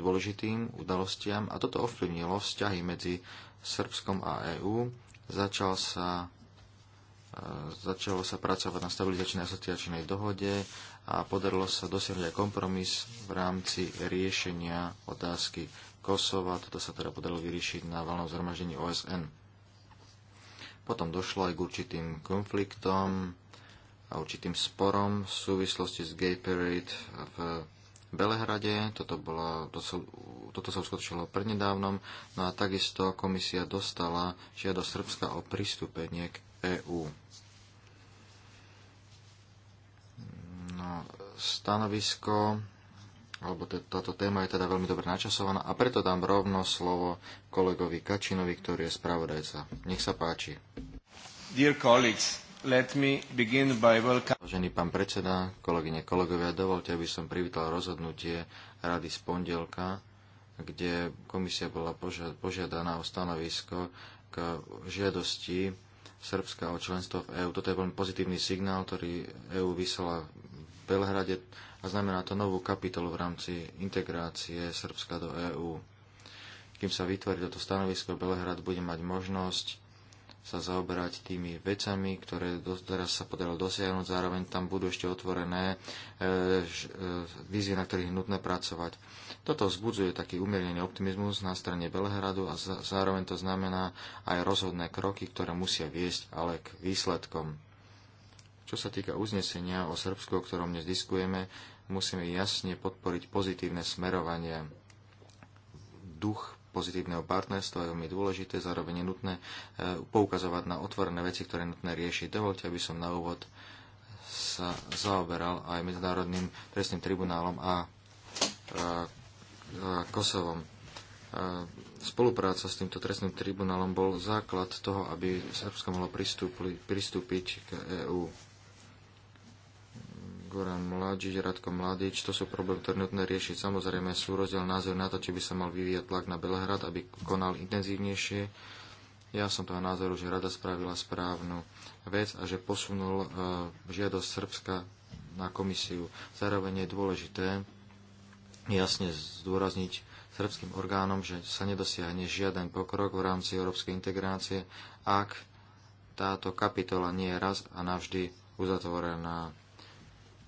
dôležitým udalostiam a toto ovplyvnilo vzťahy medzi Srbskom a EÚ. Začal sa, e, začalo sa pracovať na stabilizačnej asociačnej dohode a podarilo sa dosiahnuť aj kompromis v rámci riešenia otázky Kosova. Toto sa teda podarilo vyriešiť na valnom zhromaždení OSN. Potom došlo aj k určitým konfliktom a určitým sporom v súvislosti s Gay Parade v Belehrade. Toto, bola, sa, toto sa uskutočilo prednedávnom. No a takisto komisia dostala žiadosť Srbska o pristúpenie k EÚ. No, stanovisko alebo táto téma je teda veľmi dobre načasovaná a preto dám rovno slovo kolegovi Kačinovi, ktorý je spravodajca. Nech sa páči. Dear colleagues, let me begin by welcome... Vážený pán predseda, kolegyne, kolegovia, dovolte, aby som privítal rozhodnutie rady z pondelka, kde komisia bola požiadaná o stanovisko k žiadosti Srbska o členstvo v EÚ. Toto je veľmi pozitívny signál, ktorý EÚ vyslala v Belhrade a znamená to novú kapitolu v rámci integrácie Srbska do EÚ. Kým sa vytvorí toto stanovisko, Belehrad bude mať možnosť sa zaoberať tými vecami, ktoré teraz sa podarilo dosiahnuť. Zároveň tam budú ešte otvorené e, e, vízie, na ktorých je nutné pracovať. Toto vzbudzuje taký umiernený optimizmus na strane Belehradu a zároveň to znamená aj rozhodné kroky, ktoré musia viesť ale k výsledkom. Čo sa týka uznesenia o Srbsku, o ktorom dnes diskujeme, musíme jasne podporiť pozitívne smerovanie. Duch pozitívneho partnerstva je veľmi dôležité, zároveň je nutné eh, poukazovať na otvorené veci, ktoré je nutné riešiť. Dovolte, aby som na úvod sa zaoberal aj Medzinárodným trestným tribunálom a, eh, Kosovom. Eh, spolupráca s týmto trestným tribunálom bol základ toho, aby Srbsko mohlo pristúpiť k EÚ Goran Mladič, Radko Mladič, to sú problém ktoré nutné riešiť. Samozrejme sú rozdiel názor na to, či by sa mal vyvíjať tlak na Belehrad, aby konal intenzívnejšie. Ja som toho názoru, že rada spravila správnu vec a že posunul uh, žiadosť Srbska na komisiu. Zároveň je dôležité jasne zdôrazniť srbským orgánom, že sa nedosiahne žiaden pokrok v rámci európskej integrácie, ak táto kapitola nie je raz a navždy uzatvorená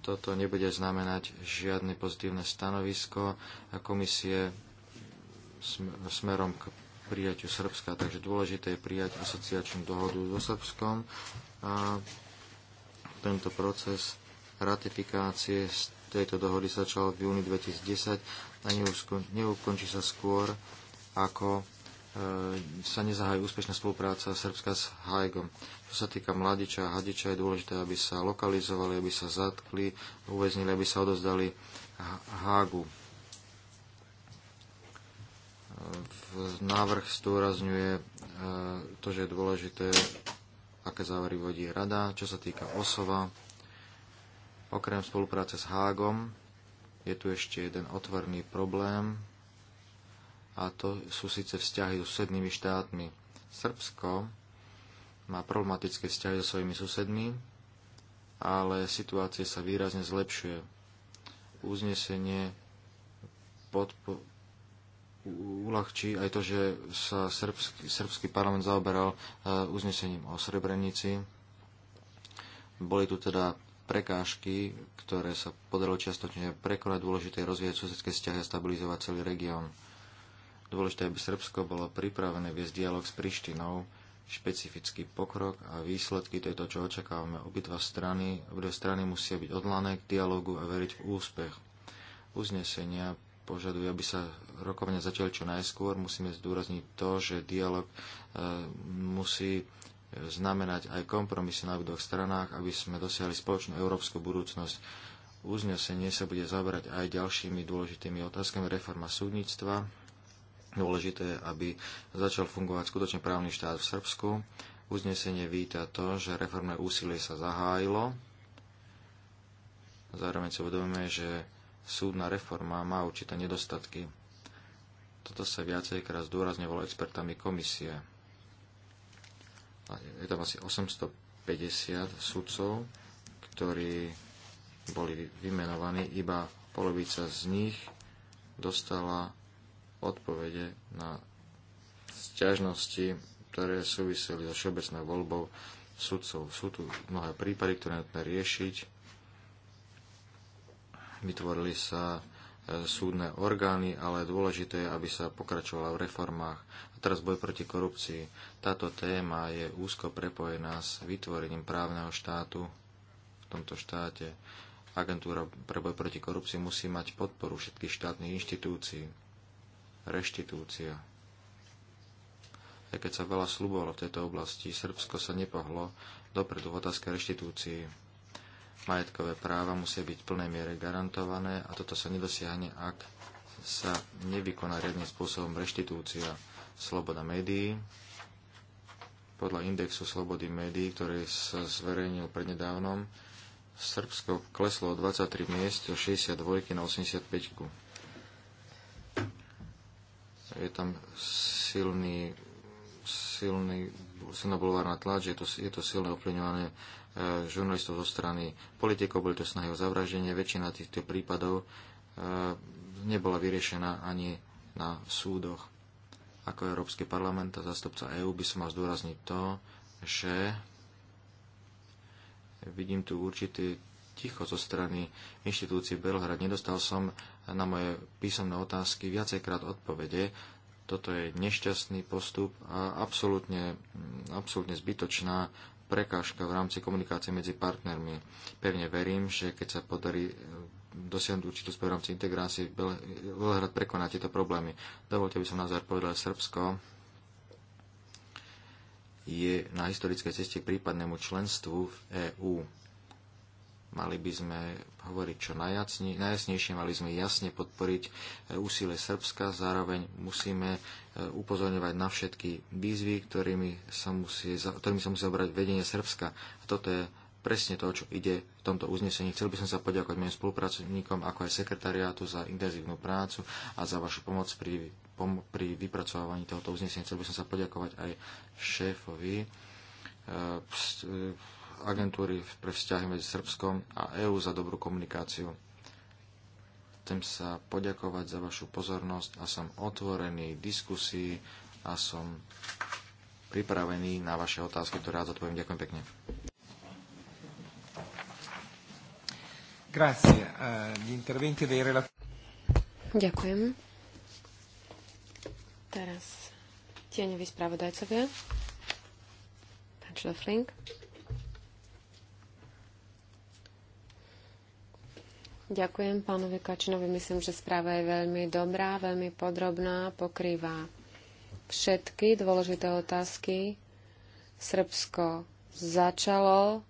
toto nebude znamenať žiadne pozitívne stanovisko a komisie smerom k prijaťu Srbska. Takže dôležité je prijať asociačnú dohodu so Srbskom a tento proces ratifikácie z tejto dohody začal v júni 2010 a neukončí sa skôr, ako e, sa nezahájí úspešná spolupráca Srbska s Hajgom. Čo sa týka mladiča a hadiča, je dôležité, aby sa lokalizovali, aby sa zatkli, uväznili, aby sa odozdali Hágu. Návrh zdôrazňuje e, to, že je dôležité, aké závery vodí rada, čo sa týka osova. Okrem spolupráce s Hágom je tu ešte jeden otvorný problém a to sú síce vzťahy s susednými štátmi. Srbsko má problematické vzťahy so svojimi susedmi, ale situácia sa výrazne zlepšuje. Uznesenie podpo- uľahčí aj to, že sa srbský, srbský parlament zaoberal e, uznesením o Srebrenici. Boli tu teda prekážky, ktoré sa podarilo čiastočne prekonať. Dôležité rozvíjať susedské vzťahy a stabilizovať celý región. Dôležité, aby Srbsko bolo pripravené viesť dialog s Prištinou, špecifický pokrok a výsledky, to je to, čo očakávame. Obidva strany, obidva strany musia byť odlané k dialogu a veriť v úspech. Uznesenia požaduje, aby sa rokovania začali čo najskôr. Musíme zdôrazniť to, že dialog e, musí znamenať aj kompromisy na obidvoch stranách, aby sme dosiahli spoločnú európsku budúcnosť. Uznesenie sa bude zaberať aj ďalšími dôležitými otázkami reforma súdnictva, Dôležité aby začal fungovať skutočne právny štát v Srbsku. Uznesenie víta to, že reformné úsilie sa zahájilo. Zároveň si uvedomíme, že súdna reforma má určité nedostatky. Toto sa viacejkrát zdôrazňovalo expertami komisie. Je tam asi 850 sudcov, ktorí boli vymenovaní. Iba polovica z nich dostala odpovede na sťažnosti, ktoré súviseli so všeobecnou voľbou sudcov. Sú tu mnohé prípady, ktoré nutné riešiť. Vytvorili sa e, súdne orgány, ale dôležité je, aby sa pokračovala v reformách. A teraz boj proti korupcii. Táto téma je úzko prepojená s vytvorením právneho štátu v tomto štáte. Agentúra pre boj proti korupcii musí mať podporu všetkých štátnych inštitúcií reštitúcia. Aj keď sa veľa slubovalo v tejto oblasti, Srbsko sa nepohlo dopredu v otázke reštitúcii. Majetkové práva musia byť v plnej miere garantované a toto sa nedosiahne, ak sa nevykoná riadným spôsobom reštitúcia sloboda médií. Podľa indexu slobody médií, ktorý sa zverejnil prednedávnom, Srbsko kleslo o 23 miest zo 62 na 85 je tam silný, silný, silná bulvárna tlač, je to, je to silné ovplyvňovanie e, žurnalistov zo strany politikov, boli to snahy o zavraždenie. Väčšina týchto prípadov e, nebola vyriešená ani na súdoch. Ako Európsky parlament a zastupca EÚ by som mal zdôrazniť to, že vidím tu určitý ticho zo strany inštitúcií Belhrad. Nedostal som na moje písomné otázky viacejkrát odpovede. Toto je nešťastný postup a absolútne, absolútne zbytočná prekážka v rámci komunikácie medzi partnermi. Pevne verím, že keď sa podarí e, dosiahnuť určitú v rámci integrácie, Belhrad prekoná tieto problémy. Dovolte, by som na záver povedal Srbsko je na historickej ceste k prípadnému členstvu v EÚ. Mali by sme hovoriť čo najjasne, najjasnejšie, mali sme jasne podporiť e, úsilie Srbska, zároveň musíme e, upozorňovať na všetky výzvy, ktorými sa musí, ktorými sa musí obrať vedenie Srbska. A toto je presne to, čo ide v tomto uznesení. Chcel by som sa poďakovať mojim spolupracovníkom, ako aj sekretariátu za intenzívnu prácu a za vašu pomoc pri, pom- pri vypracovaní tohoto uznesenia. Chcel by som sa poďakovať aj šéfovi e, agentúry pre vzťahy medzi Srbskom a EÚ za dobrú komunikáciu. Chcem sa poďakovať za vašu pozornosť a som otvorený diskusii a som pripravený na vaše otázky, ktoré rád odpoviem. Ďakujem pekne. Eh, Ďakujem. Teraz tieňoví spravodajcovia. Pán Šlefling. Ďakujem pánovi Kačinovi. Myslím, že správa je veľmi dobrá, veľmi podrobná, pokrýva všetky dôležité otázky. Srbsko začalo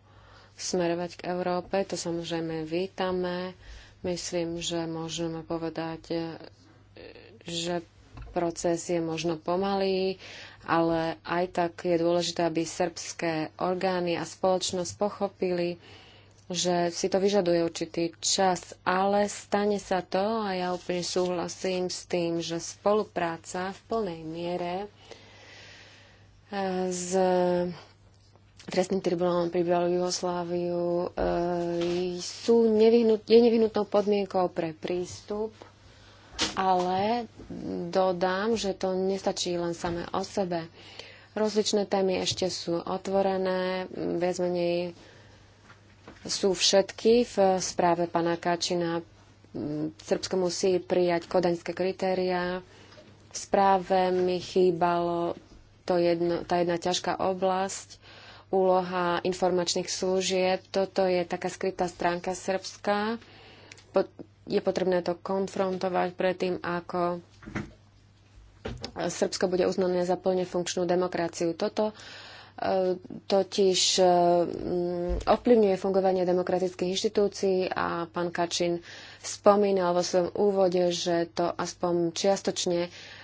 smerovať k Európe, to samozrejme vítame. Myslím, že môžeme povedať, že proces je možno pomalý, ale aj tak je dôležité, aby srbské orgány a spoločnosť pochopili, že si to vyžaduje určitý čas, ale stane sa to a ja úplne súhlasím s tým, že spolupráca v plnej miere e, s trestným tribunálom pri bývalú Jugosláviu e, sú nevyhnut, je nevyhnutnou podmienkou pre prístup, ale dodám, že to nestačí len samé o sebe. Rozličné témy ešte sú otvorené, viac menej sú všetky v správe pana Kačina. Srbsko musí prijať kodaňské kritéria. V správe mi chýbalo to jedno, tá jedna ťažká oblasť, úloha informačných služieb. Toto je taká skrytá stránka Srbska. je potrebné to konfrontovať predtým, ako Srbsko bude uznané za plne funkčnú demokraciu. Toto totiž eh, mm, ovplyvňuje fungovanie demokratických inštitúcií a pán Kačin spomínal vo svojom úvode, že to aspoň čiastočne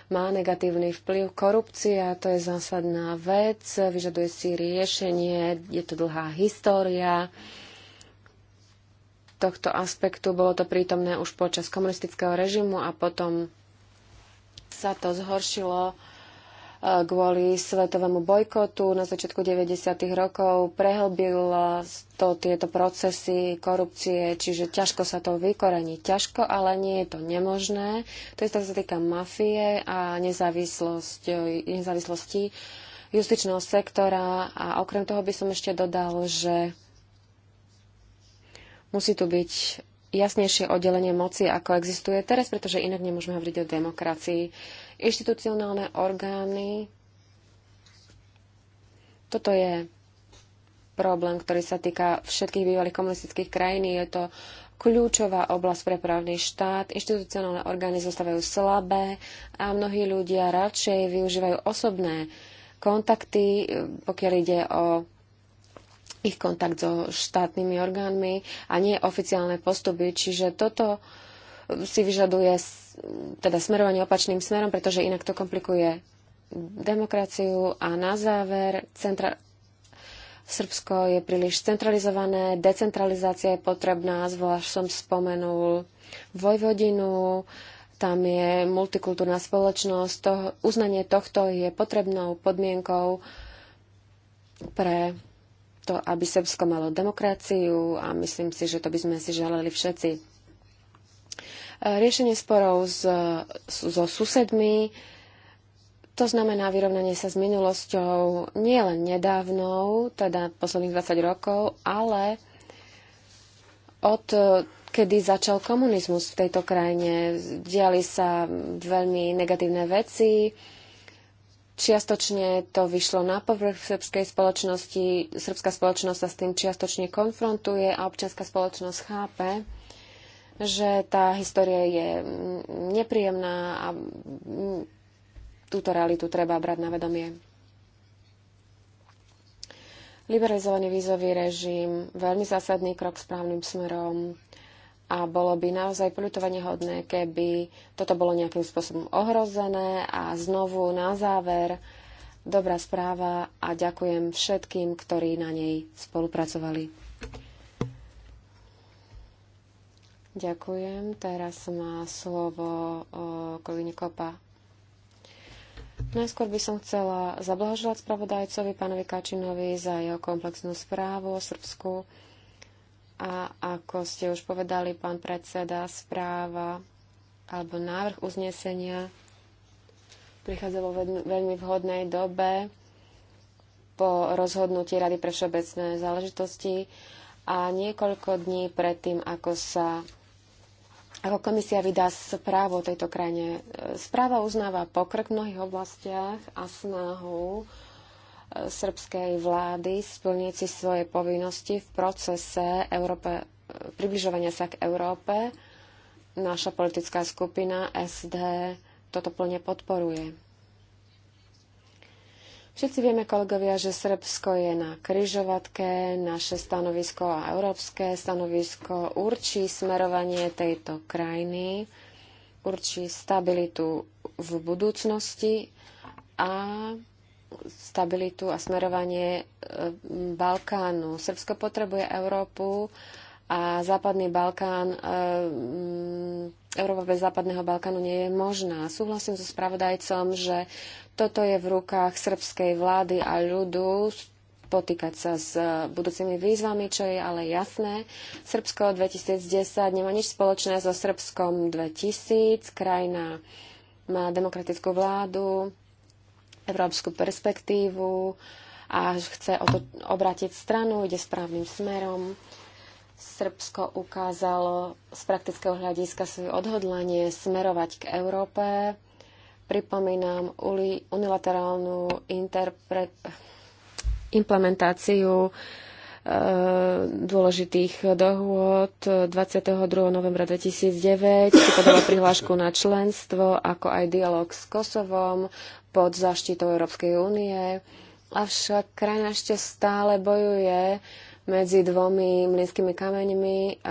má negatívny vplyv. Korupcia to je zásadná vec, vyžaduje si riešenie, je to dlhá história tohto aspektu. Bolo to prítomné už počas komunistického režimu a potom sa to zhoršilo kvôli svetovému bojkotu na začiatku 90. rokov prehlbil to tieto procesy korupcie, čiže ťažko sa to vykorení. Ťažko, ale nie je to nemožné. To je to, sa týka mafie a nezávislosť, nezávislosti justičného sektora a okrem toho by som ešte dodal, že musí tu byť jasnejšie oddelenie moci, ako existuje teraz, pretože inak nemôžeme hovoriť o demokracii inštitucionálne orgány. Toto je problém, ktorý sa týka všetkých bývalých komunistických krajín. Je to kľúčová oblasť pre právny štát, inštitucionálne orgány zostávajú slabé a mnohí ľudia radšej využívajú osobné kontakty, pokiaľ ide o ich kontakt so štátnymi orgánmi a nie oficiálne postupy. Čiže toto si vyžaduje teda smerovanie opačným smerom, pretože inak to komplikuje demokraciu a na záver centra... Srbsko je príliš centralizované, decentralizácia je potrebná, zvlášť som spomenul Vojvodinu, tam je multikultúrna spoločnosť, to, uznanie tohto je potrebnou podmienkou pre to, aby Srbsko malo demokraciu a myslím si, že to by sme si želeli všetci. E, riešenie sporov s, so susedmi, to znamená vyrovnanie sa s minulosťou nielen nedávnou, teda posledných 20 rokov, ale od e, kedy začal komunizmus v tejto krajine. Diali sa veľmi negatívne veci. Čiastočne to vyšlo na povrch srbskej spoločnosti. Srbská spoločnosť sa s tým čiastočne konfrontuje a občianská spoločnosť chápe, že tá história je nepríjemná a túto realitu treba brať na vedomie. Liberalizovaný vízový režim, veľmi zásadný krok správnym smerom a bolo by naozaj poľutovanie hodné, keby toto bolo nejakým spôsobom ohrozené a znovu na záver dobrá správa a ďakujem všetkým, ktorí na nej spolupracovali. Ďakujem. Teraz má slovo kolegyne Kopa. Najskôr by som chcela zablahoželať spravodajcovi pánovi Kačinovi za jeho komplexnú správu o Srbsku. A ako ste už povedali, pán predseda, správa alebo návrh uznesenia prichádza vo veľmi vhodnej dobe po rozhodnutí Rady pre všeobecné záležitosti a niekoľko dní predtým, ako sa ako komisia vydá správu o tejto krajine. E, správa uznáva pokrok v mnohých oblastiach a snahu e, srbskej vlády splniť si svoje povinnosti v procese Európe, e, približovania sa k Európe. Naša politická skupina SD toto plne podporuje. Všetci vieme, kolegovia, že Srbsko je na kryžovatke, naše stanovisko a európske stanovisko určí smerovanie tejto krajiny, určí stabilitu v budúcnosti a stabilitu a smerovanie e, Balkánu. Srbsko potrebuje Európu a Západný Balkán, e, Európa bez Západného Balkánu nie je možná. Súhlasím so spravodajcom, že toto je v rukách srbskej vlády a ľudu potýkať sa s eh, budúcimi výzvami, čo je ale jasné. Srbsko 2010 nemá nič spoločné so Srbskom 2000. Krajina má demokratickú vládu, európsku perspektívu a chce o to obrátiť stranu, ide správnym smerom. Srbsko ukázalo z praktického hľadiska svoje odhodlanie smerovať k Európe Pripomínam unilaterálnu interpre- implementáciu e, dôležitých dohôd 22. novembra 2009 si podala prihlášku na členstvo, ako aj dialog s Kosovom pod zaštitou Európskej únie. Avšak krajina ešte stále bojuje medzi dvomi mlinskými kameňmi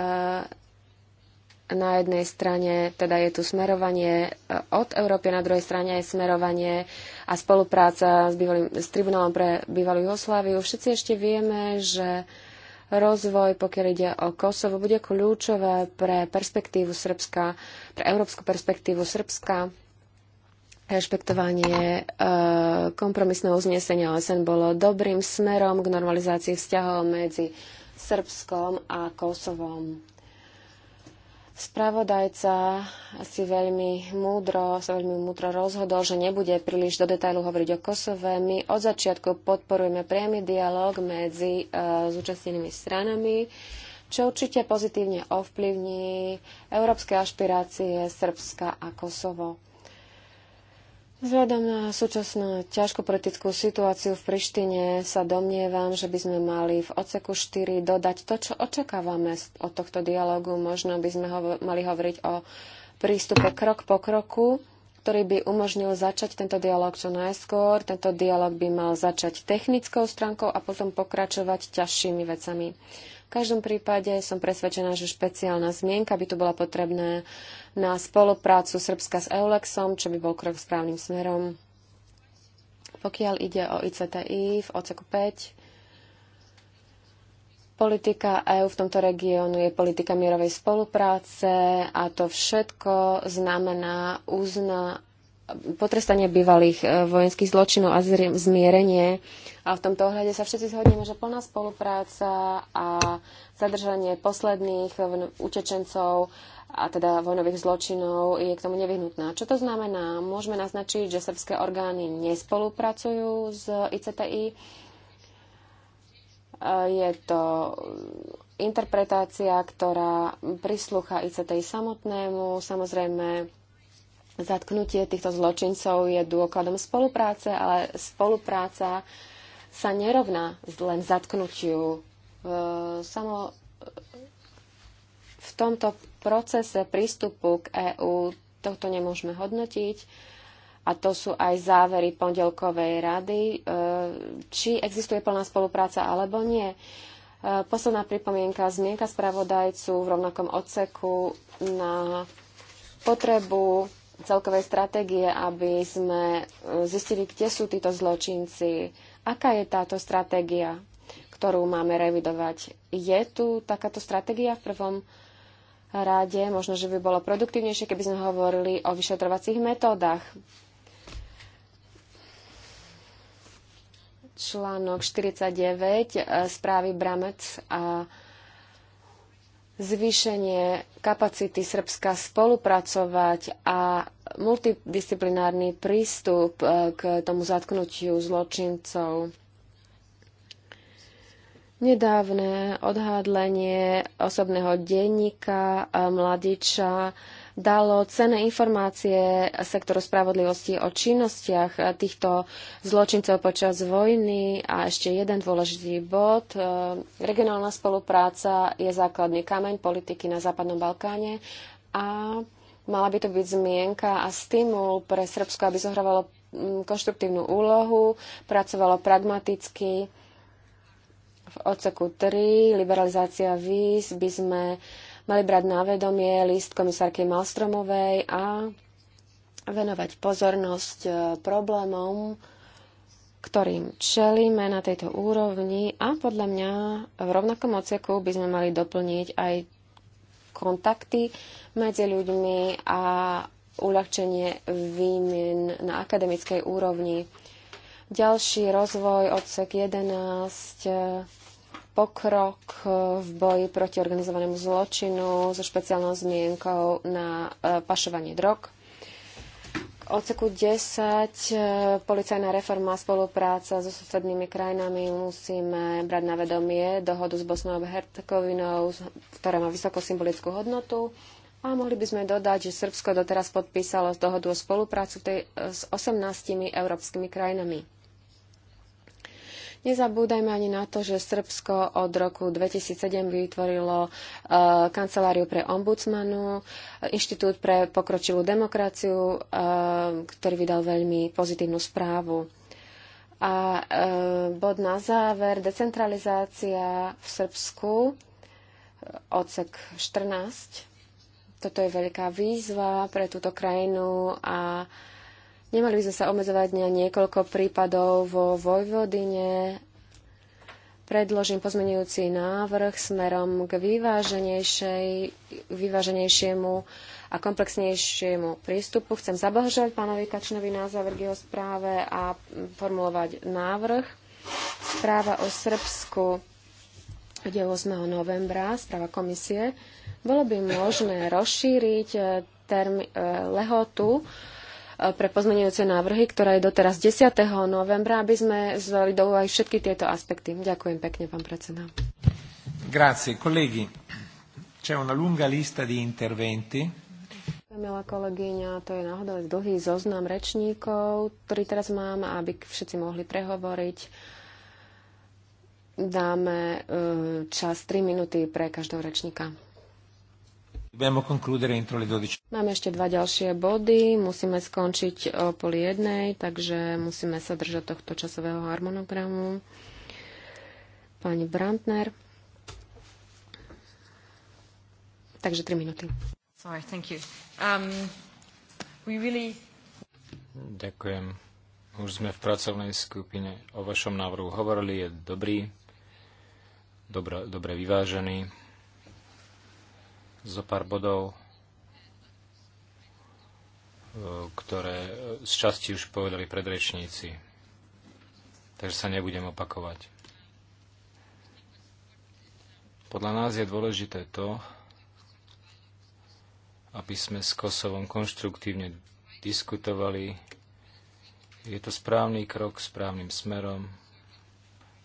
na jednej strane teda je tu smerovanie e, od Európy, na druhej strane je smerovanie a spolupráca s, bývalým, s Tribunálom pre bývalú Jugosláviu. Všetci ešte vieme, že rozvoj, pokiaľ ide o Kosovo, bude kľúčové pre perspektívu Srbska, pre európsku perspektívu Srbska. Rešpektovanie e, kompromisného uznesenia OSN bolo dobrým smerom k normalizácii vzťahov medzi Srbskom a Kosovom. Spravodajca si veľmi múdro, sa veľmi múdro rozhodol, že nebude príliš do detailu hovoriť o Kosove. My od začiatku podporujeme priamy dialog medzi uh, zúčastnenými stranami, čo určite pozitívne ovplyvní európske ašpirácie Srbska a Kosovo. Vzhľadom na súčasnú ťažkú politickú situáciu v Prištine sa domnievam, že by sme mali v oceku 4 dodať to, čo očakávame od tohto dialogu. Možno by sme hovo- mali hovoriť o prístupe krok po kroku, ktorý by umožnil začať tento dialog čo najskôr. Tento dialog by mal začať technickou stránkou a potom pokračovať ťažšími vecami. V každom prípade som presvedčená, že špeciálna zmienka by tu bola potrebná na spoluprácu Srbska s Eulexom, čo by bol krok správnym smerom. Pokiaľ ide o ICTI v oceku 5, politika EÚ v tomto regiónu je politika mierovej spolupráce a to všetko znamená uzna, potrestanie bývalých e, vojenských zločinov a zmierenie. A v tomto ohľade sa všetci zhodneme, že plná spolupráca a zadržanie posledných utečencov a teda vojnových zločinov je k tomu nevyhnutná. Čo to znamená? Môžeme naznačiť, že srbské orgány nespolupracujú s ICTI. E, je to interpretácia, ktorá prislúcha ICTI samotnému. Samozrejme, Zatknutie týchto zločincov je dôkladom spolupráce, ale spolupráca sa nerovná len zatknutiu. E, samo v tomto procese prístupu k EÚ tohto nemôžeme hodnotiť a to sú aj závery pondelkovej rady, e, či existuje plná spolupráca alebo nie. E, posledná pripomienka, zmienka spravodajcu v rovnakom odseku na potrebu celkovej stratégie, aby sme e, zistili, kde sú títo zločinci, aká je táto stratégia, ktorú máme revidovať. Je tu takáto stratégia v prvom rade? Možno, že by bolo produktívnejšie, keby sme hovorili o vyšetrovacích metódach. Článok 49 e, správy Bramec a zvýšenie kapacity Srbska spolupracovať a multidisciplinárny prístup e, k tomu zatknutiu zločincov. Nedávne odhádlenie osobného denníka e, mladiča dalo cenné informácie sektoru spravodlivosti o činnostiach týchto zločincov počas vojny. A ešte jeden dôležitý bod. E, regionálna spolupráca je základný kameň politiky na Západnom Balkáne a mala by to byť zmienka a stimul pre Srbsko, aby zohrávalo konštruktívnu úlohu, pracovalo pragmaticky. V odseku 3, liberalizácia víz, by sme uh, mali brať na vedomie list komisárky Malstromovej a venovať pozornosť e, problémom, ktorým čelíme na tejto úrovni a podľa mňa v rovnakom oceku by sme mali doplniť aj kontakty medzi ľuďmi a uľahčenie výmien na akademickej úrovni. Ďalší rozvoj, odsek 11, pokrok eh, v boji proti organizovanému zločinu so špeciálnou zmienkou na eh, pašovanie drog. K odseku 10 eh, policajná reforma a spolupráca so susednými krajinami musíme brať na vedomie dohodu s Bosnou a Hercegovinou, ktorá má vysokú symbolickú hodnotu. A mohli by sme dodať, že Srbsko doteraz podpísalo dohodu o spoluprácu tej, s 18 európskymi krajinami. Nezabúdajme ani na to, že Srbsko od roku 2007 vytvorilo eh, kanceláriu pre ombudsmanu, Inštitút pre pokročilú demokraciu, eh, ktorý vydal veľmi pozitívnu správu. A eh, bod na záver, decentralizácia v Srbsku, odsek 14. Toto je veľká výzva pre túto krajinu a Nemali by sme sa obmedzovať na niekoľko prípadov vo Vojvodine. Predložím pozmenujúci návrh smerom k vyváženejšiemu a komplexnejšiemu prístupu. Chcem zablahoželať pánovi Kačnovi na záver jeho správe a formulovať návrh. Správa o Srbsku 8. novembra, správa komisie. Bolo by možné rozšíriť term, eh, lehotu pre pozmenujúce návrhy, ktorá je doteraz 10. novembra, aby sme zvali do úvahy všetky tieto aspekty. Ďakujem pekne, pán predseda. Grazie, kolegi. C'è una lunga lista di interventi. Milá kolegyňa, to je náhodou dlhý zoznam rečníkov, ktorý teraz mám, aby všetci mohli prehovoriť. Dáme e, čas 3 minúty pre každého rečníka. Máme ešte dva ďalšie body, musíme skončiť e, o pol jednej, takže musíme sa držať tohto časového harmonogramu. Pani Brandner. Takže 3 minúty. Sorry, thank you. Um, we really... Ďakujem. Už sme v pracovnej skupine o vašom návrhu hovorili, je dobrý, dobre, dobre vyvážený zo pár bodov, e, ktoré z časti už povedali predrečníci. Takže sa nebudem opakovať. Podľa nás je dôležité to, aby sme s Kosovom konštruktívne diskutovali. Je to správny krok správnym smerom.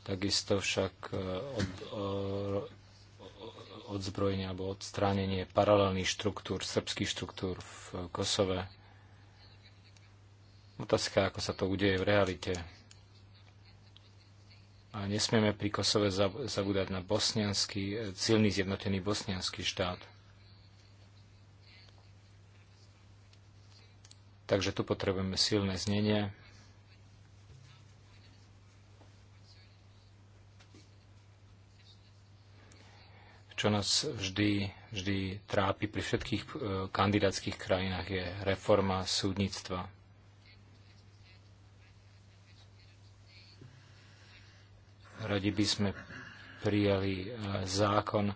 Takisto však e, od, od, odzbrojenie alebo odstránenie paralelných štruktúr, srbských štruktúr v Kosove. Otázka, ako sa to udeje v realite. A nesmieme pri Kosove zabúdať na bosnianský, silný zjednotený bosnianský štát. Takže tu potrebujeme silné znenie, čo nás vždy, vždy trápi pri všetkých e, kandidátskych krajinách, je reforma súdnictva. Radi by sme prijali e, zákon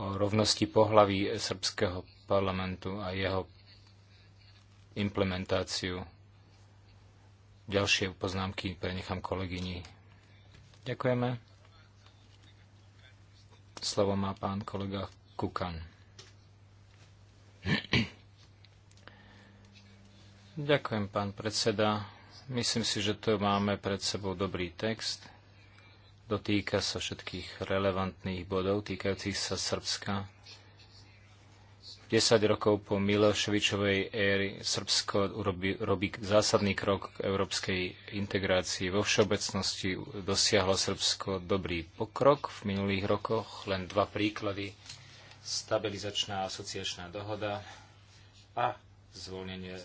o rovnosti pohlaví srbského parlamentu a jeho implementáciu. Ďalšie poznámky prenechám kolegyni. Ďakujeme. Slovo má pán kolega Kukan. Ďakujem, pán predseda. Myslím si, že tu máme pred sebou dobrý text. Dotýka sa všetkých relevantných bodov týkajúcich sa Srbska. 10 rokov po Miloševičovej éry Srbsko robí, robí zásadný krok k európskej integrácii. Vo všeobecnosti dosiahlo Srbsko dobrý pokrok v minulých rokoch. Len dva príklady. Stabilizačná asociačná dohoda a zvolnenie e, e,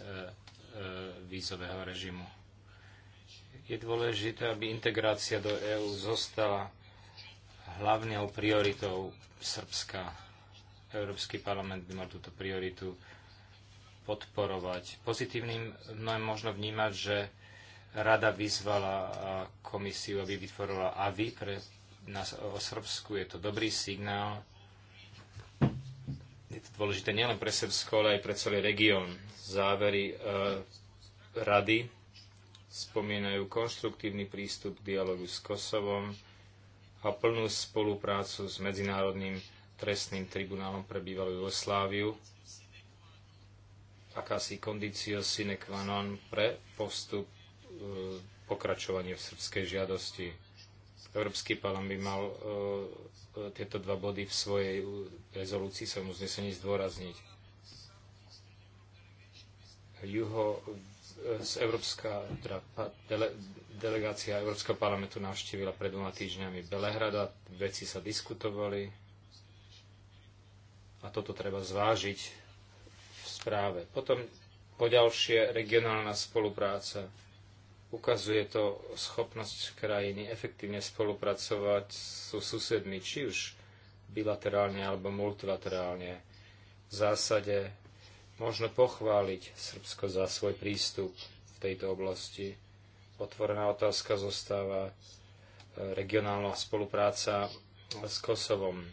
vízového režimu. Je dôležité, aby integrácia do EÚ zostala hlavnou prioritou Srbska Európsky parlament by mal túto prioritu podporovať. Pozitívnym no možno vnímať, že rada vyzvala komisiu, aby vytvorila AVI pre nás o Srbsku. Je to dobrý signál. Je to dôležité nielen pre Srbsko, ale aj pre celý región. Závery e, rady spomínajú konštruktívny prístup k dialogu s Kosovom a plnú spoluprácu s medzinárodným trestným tribunálom pre bývalú Jugosláviu, akási kondicio sine qua non pre postup e, pokračovanie v srbskej žiadosti. Európsky parlament by mal e, e, tieto dva body v svojej rezolúcii som uznesení zdôrazniť. Juho z Európska, teda dele, delegácia Európskeho parlamentu navštívila pred dvoma týždňami Belehrada, veci sa diskutovali, a toto treba zvážiť v správe. Potom poďalšie regionálna spolupráca. Ukazuje to schopnosť krajiny efektívne spolupracovať so susedmi, či už bilaterálne alebo multilaterálne. V zásade možno pochváliť Srbsko za svoj prístup v tejto oblasti. Otvorená otázka zostáva e, regionálna spolupráca s Kosovom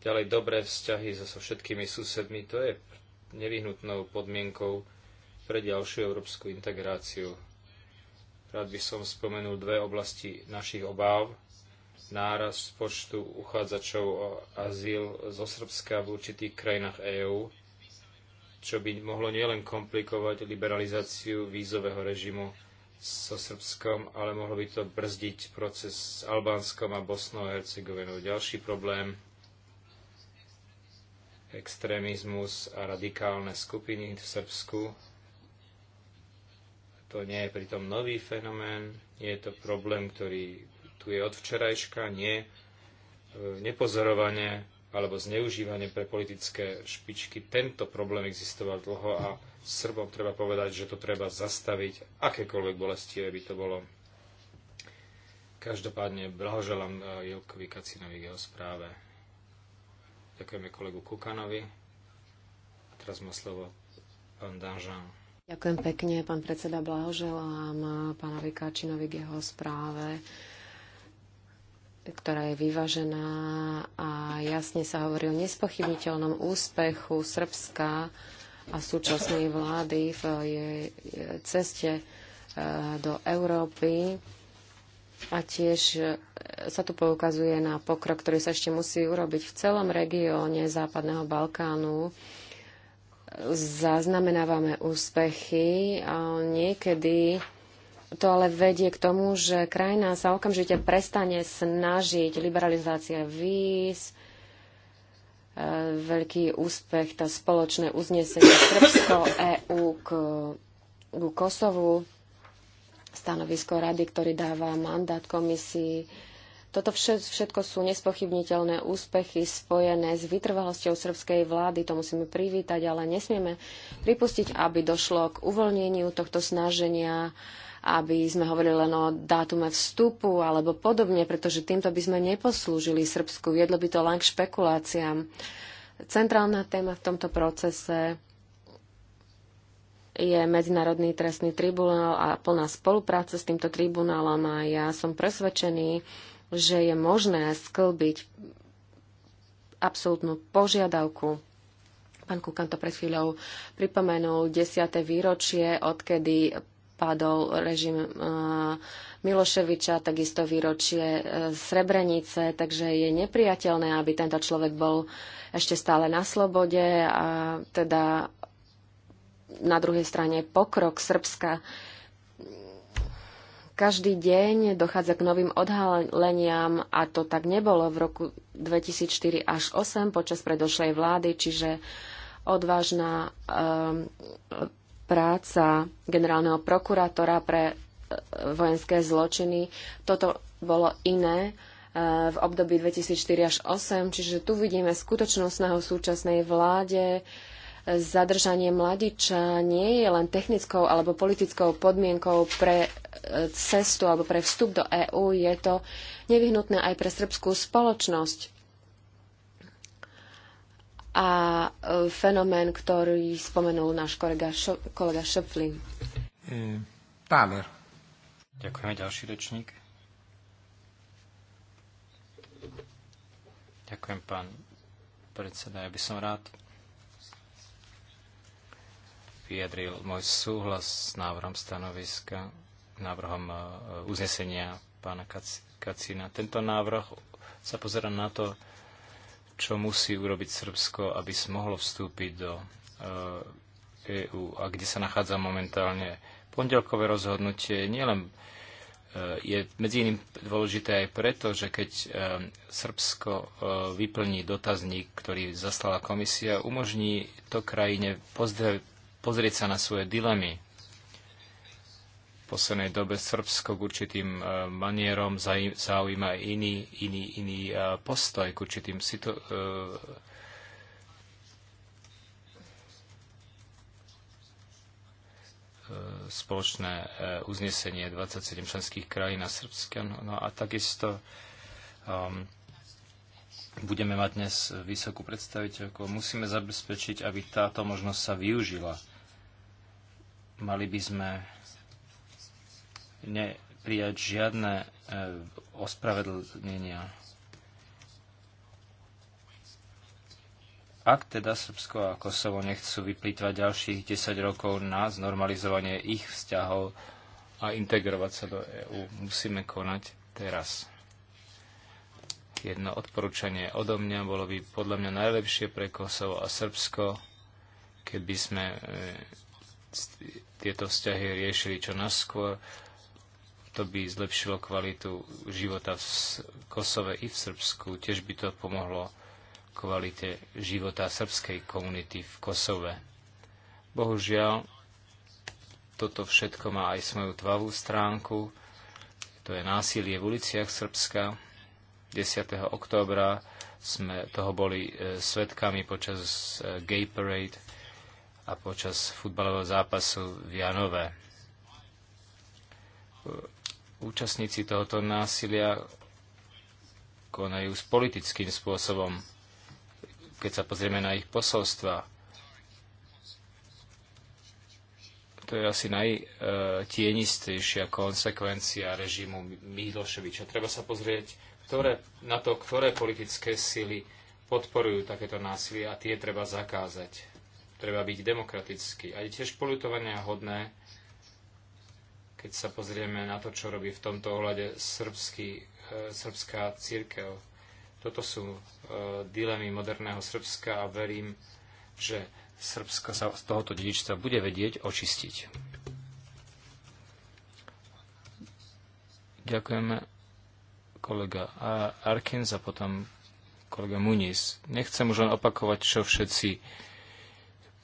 Ďalej dobré vzťahy so všetkými susedmi, to je nevyhnutnou podmienkou pre ďalšiu európsku integráciu. Rád by som spomenul dve oblasti našich obáv. Náraz počtu uchádzačov o azyl zo Srbska v určitých krajinách EÚ, čo by mohlo nielen komplikovať liberalizáciu vízového režimu so Srbskom, ale mohlo by to brzdiť proces s Albánskom a Bosnou a Hercegovinou. Ďalší problém extrémizmus a radikálne skupiny v Srbsku. To nie je pritom nový fenomén, je to problém, ktorý tu je od včerajška, nie e, nepozorovanie alebo zneužívanie pre politické špičky. Tento problém existoval dlho a Srbom treba povedať, že to treba zastaviť, akékoľvek bolestie by to bolo. Každopádne blahoželám Jilkovi e, Kacinovi k jeho správe. Ďakujeme kolegu Kukanovi. A teraz má slovo pán Danžan. Ďakujem pekne, pán predseda. Blahoželám pánovi Káčinovi k jeho správe ktorá je vyvážená a jasne sa hovorí o nespochybniteľnom úspechu Srbska a súčasnej vlády v jej ceste eh, do Európy. A tiež e, sa tu poukazuje na pokrok, ktorý sa ešte musí urobiť v celom regióne Západného Balkánu. Zaznamenávame úspechy a niekedy to ale vedie k tomu, že krajina sa okamžite prestane snažiť liberalizácia víz, e, veľký úspech, tá spoločné uznesenie Srbsko-EU k, k Kosovu stanovisko rady, ktorý dáva mandát komisii. Toto všetko sú nespochybniteľné úspechy spojené s vytrvalosťou srbskej vlády, to musíme privítať, ale nesmieme pripustiť, aby došlo k uvoľneniu tohto snaženia, aby sme hovorili len o dátume vstupu alebo podobne, pretože týmto by sme neposlúžili Srbsku, viedlo by to len k špekuláciám. Centrálna téma v tomto procese je Medzinárodný trestný tribunál a plná spolupráca s týmto tribunálom a ja som presvedčený, že je možné sklbiť absolútnu požiadavku. Pán Kukan to pred chvíľou pripomenul, 10. výročie, odkedy padol režim eh, Miloševiča, takisto výročie eh, Srebrenice, takže je nepriateľné, aby tento človek bol ešte stále na slobode a teda na druhej strane pokrok Srbska. Každý deň dochádza k novým odhaleniam a to tak nebolo v roku 2004 až 2008 počas predošlej vlády, čiže odvážna um, práca generálneho prokurátora pre e, vojenské zločiny. Toto bolo iné e, v období 2004 až 2008, čiže tu vidíme skutočnú snahu súčasnej vláde uh, zadržanie mladiča nie je len technickou alebo politickou podmienkou pre e, cestu alebo pre vstup do EÚ, je to nevyhnutné aj pre srbskú spoločnosť. A e, fenomén, ktorý spomenul náš kolega, šo- kolega Šöpflin. E, Táler. Ďakujeme, ďalší rečník. Ďakujem, pán predseda. Ja by som rád vyjadril môj súhlas s návrhom stanoviska, návrhom e, uznesenia pána Kacina. Tento návrh sa pozera na to, čo musí urobiť Srbsko, aby mohlo vstúpiť do EÚ e a kde sa nachádza momentálne. Pondelkové rozhodnutie nielen e, je medzi iným dôležité aj preto, že keď Srbsko vyplní dotazník, ktorý zaslala komisia, umožní to krajine pozrieť sa na svoje dilemy. V poslednej dobe Srbsko k určitým e, manierom zaujíma iný, iný, iný e, postoj k určitým situ- e, spoločné uznesenie 27 členských krajín na Srbsku. No, no a takisto um, budeme mať dnes vysokú predstaviteľku. Musíme zabezpečiť, aby táto možnosť sa využila. Mali by sme neprijať žiadne e, ospravedlnenia. Ak teda Srbsko a Kosovo nechcú vyplýtvať ďalších 10 rokov na znormalizovanie ich vzťahov a integrovať sa do EÚ, musíme konať teraz. Jedno odporúčanie odo mňa bolo by podľa mňa najlepšie pre Kosovo a Srbsko, keby sme e, tieto vzťahy riešili čo naskôr. To by zlepšilo kvalitu života v Kosove i v Srbsku. Tiež by to pomohlo kvalite života srbskej komunity v Kosove. Bohužiaľ, toto všetko má aj svoju tvavú stránku. To je násilie v uliciach Srbska. 10. októbra sme toho boli e, svetkami počas e, gay parade a počas futbalového zápasu v Janove. Účastníci tohoto násilia konajú s politickým spôsobom, keď sa pozrieme na ich posolstva. To je asi najtienistejšia konsekvencia režimu Miloševiča. Treba sa pozrieť ktoré, na to, ktoré politické sily podporujú takéto násilie a tie treba zakázať treba byť demokratický. A je tiež polutovania hodné, keď sa pozrieme na to, čo robí v tomto ohľade srbský, e, srbská církev. Toto sú e, dilemy moderného Srbska a verím, že Srbsko sa z tohoto dedičstva bude vedieť očistiť. Ďakujeme kolega Arkins a potom kolega Muniz. Nechcem už len opakovať, čo všetci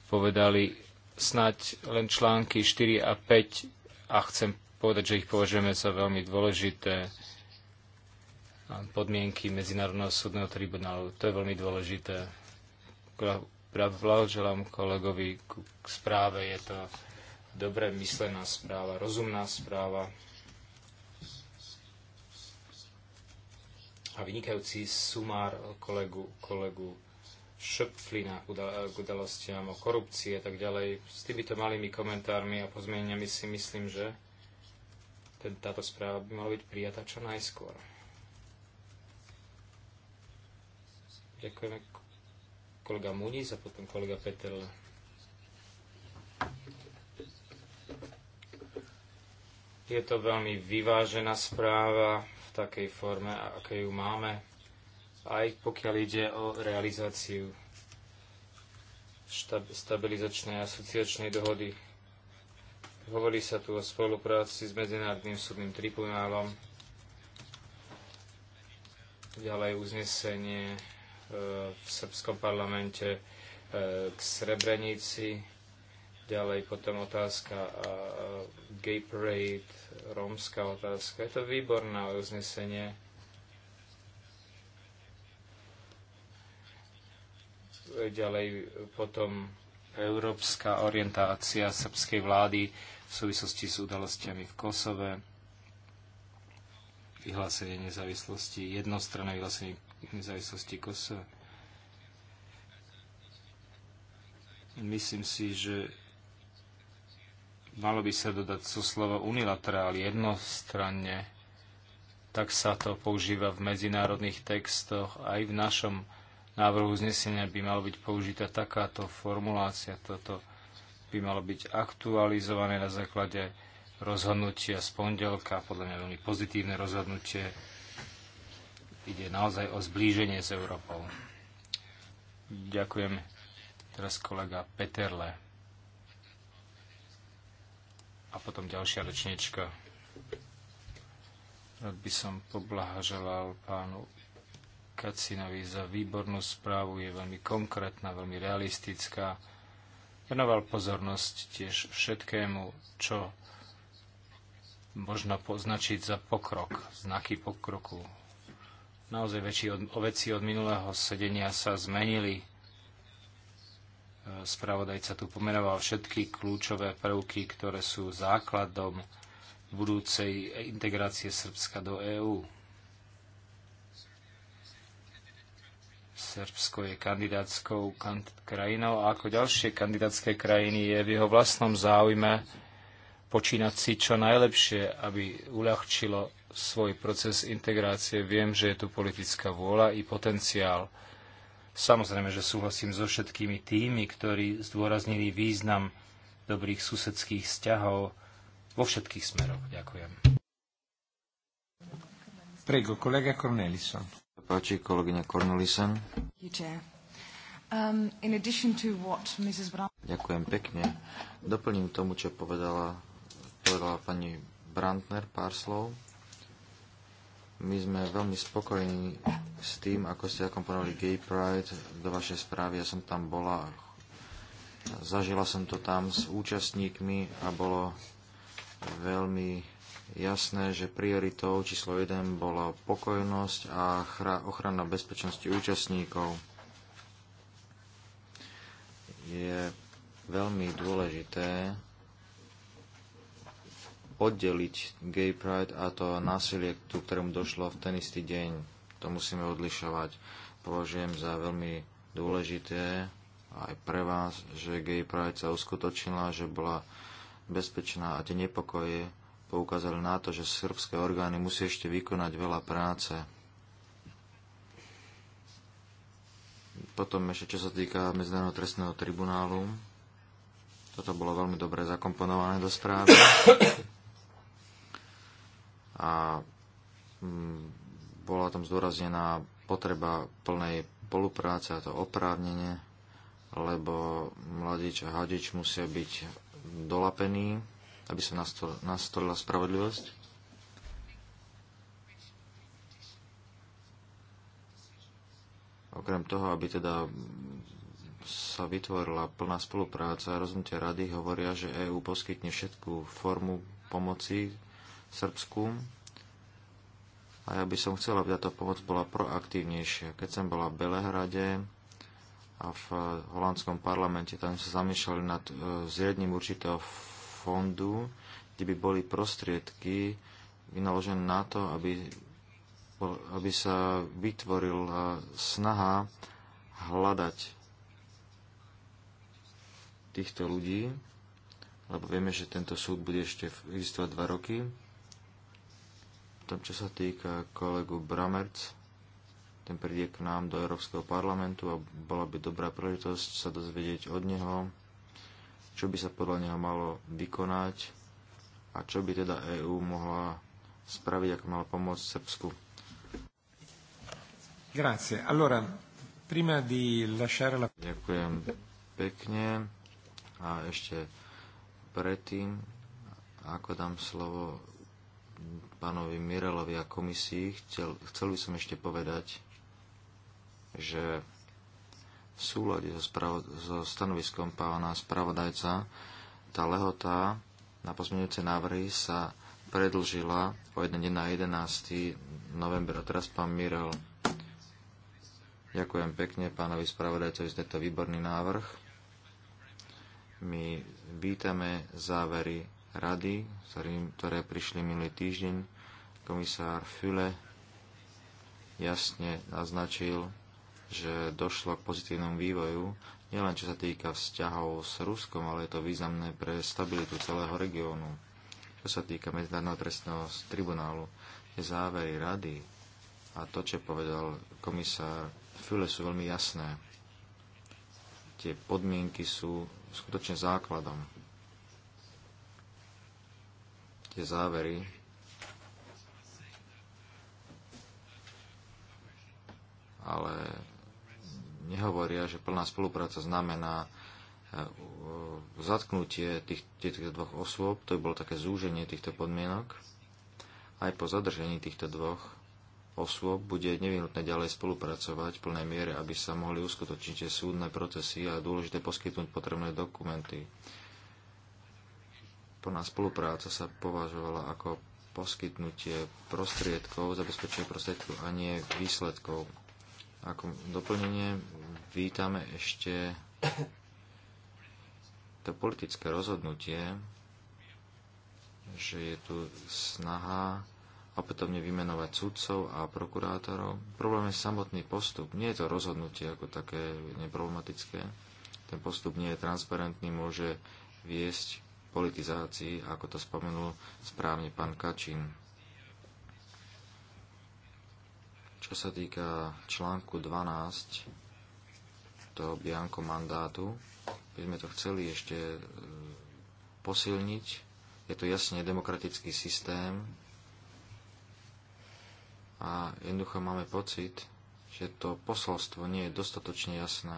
povedali snáď len články 4 a 5 a chcem povedať, že ich považujeme za veľmi dôležité podmienky Medzinárodného súdneho tribunálu. To je veľmi dôležité. Blahoželám kolegovi k správe. Je to dobre myslená správa, rozumná správa a vynikajúci sumár kolegu, kolegu šöpflina eh, k udalostiam o korupcii a tak ďalej. S týmito malými komentármi a pozmeniami si myslím, že ten, táto správa by mala byť prijatá čo najskôr. Ďakujeme kolega Muniz a potom kolega Petel. Je to veľmi vyvážená správa v takej forme, ako ju máme aj pokiaľ ide o realizáciu stabilizačnej a asociačnej dohody. Hovorí sa tu o spolupráci s Medzinárodným súdnym tribunálom, ďalej uznesenie e, v srbskom parlamente e, k Srebrenici, ďalej potom otázka gay parade, rómska otázka. Je to výborné uznesenie ďalej potom európska orientácia srbskej vlády v súvislosti s udalostiami v Kosove, vyhlásenie nezávislosti, jednostranné vyhlásenie nezávislosti Kosova. Myslím si, že malo by sa dodať so slovo unilaterál jednostranne, tak sa to používa v medzinárodných textoch aj v našom návrhu uznesenia by malo byť použitá takáto formulácia. Toto by malo byť aktualizované na základe rozhodnutia z pondelka, podľa mňa veľmi pozitívne rozhodnutie. Ide naozaj o zblíženie s Európou. Ďakujem. Teraz kolega Peterle. A potom ďalšia rečnička. Rád by som poblahoželal pánu Kacinovi za výbornú správu, je veľmi konkrétna, veľmi realistická. Venoval pozornosť tiež všetkému, čo možno poznačiť za pokrok, znaky pokroku. Naozaj väčší od, veci od minulého sedenia sa zmenili. E, spravodajca tu pomenoval všetky kľúčové prvky, ktoré sú základom budúcej integrácie Srbska do EÚ. Srbsko je kandidátskou krajinou a ako ďalšie kandidátske krajiny je v jeho vlastnom záujme počínať si čo najlepšie, aby uľahčilo svoj proces integrácie. Viem, že je tu politická vôľa i potenciál. Samozrejme, že súhlasím so všetkými tými, ktorí zdôraznili význam dobrých susedských vzťahov vo všetkých smeroch. Ďakujem. Prego, kolega Cornelison páči, kolegyňa um, Ďakujem pekne. Doplním tomu, čo povedala, povedala pani Brandner pár slov. My sme veľmi spokojní s tým, ako ste akomponovali Gay Pride do vašej správy. Ja som tam bola, zažila som to tam s účastníkmi a bolo veľmi jasné, že prioritou číslo 1 bola pokojnosť a ochrana bezpečnosti účastníkov. Je veľmi dôležité oddeliť gay pride a to násilie, ku ktorému došlo v ten istý deň. To musíme odlišovať. Považujem za veľmi dôležité aj pre vás, že gay pride sa uskutočnila, že bola bezpečná a tie nepokoje, poukázali na to, že srbské orgány musí ešte vykonať veľa práce. Potom ešte, čo sa týka Medzinárodného trestného tribunálu, toto bolo veľmi dobre zakomponované do správy. A mm, bola tam zdôraznená potreba plnej spolupráce a to oprávnenie, lebo mladíč a hadič musia byť dolapení aby sa nastolila spravodlivosť. Okrem toho, aby teda sa vytvorila plná spolupráca, rozhodnutia rady hovoria, že EÚ poskytne všetkú formu pomoci Srbsku. A ja by som chcela, aby táto pomoc bola proaktívnejšia. Keď som bola v Belehrade a v holandskom parlamente, tam sa zamýšľali nad e, zjedním určitého fondu, kde by boli prostriedky vynaložené na to, aby, aby sa vytvorila snaha hľadať týchto ľudí, lebo vieme, že tento súd bude ešte existovať dva roky. tom, čo sa týka kolegu Bramerc, ten príde k nám do Európskeho parlamentu a bola by dobrá príležitosť sa dozvedieť od neho, čo by sa podľa neho malo vykonať a čo by teda EÚ mohla spraviť, ako mala pomôcť Srbsku. Grazie. Allora, prima di lasciare la... Ďakujem pekne a ešte predtým, ako dám slovo pánovi Mirelovi a komisii, chcel, chcel by som ešte povedať, že v súlade so, spravo- so stanoviskom pána spravodajca tá lehota na pozmeňujúce návrhy sa predlžila o jeden deň na 11. november. teraz pán Mirel. Ďakujem pekne pánovi spravodajcovi za tento výborný návrh. My vítame závery rady, ktoré prišli minulý týždeň. Komisár Füle jasne naznačil, že došlo k pozitívnom vývoju, nielen čo sa týka vzťahov s Ruskom, ale je to významné pre stabilitu celého regiónu. Čo sa týka Medzinárodného trestného tribunálu, tie závery rady a to, čo povedal komisár Füle, sú veľmi jasné. Tie podmienky sú skutočne základom. Tie závery ale nehovoria, že plná spolupráca znamená e, zatknutie tých, týchto dvoch osôb, to by bolo také zúženie týchto podmienok. Aj po zadržení týchto dvoch osôb bude nevyhnutné ďalej spolupracovať v plnej miere, aby sa mohli uskutočniť súdne procesy a dôležité poskytnúť potrebné dokumenty. Plná spolupráca sa považovala ako poskytnutie prostriedkov, zabezpečenie prostriedkov a nie výsledkov ako doplnenie vítame ešte to politické rozhodnutie, že je tu snaha opätovne vymenovať sudcov a prokurátorov. Problém je samotný postup. Nie je to rozhodnutie ako také neproblematické. Ten postup nie je transparentný, môže viesť politizácii, ako to spomenul správne pán Kačín. Čo sa týka článku 12 toho Bianco mandátu, by sme to chceli ešte e, posilniť. Je to jasne demokratický systém a jednoducho máme pocit, že to posolstvo nie je dostatočne jasné.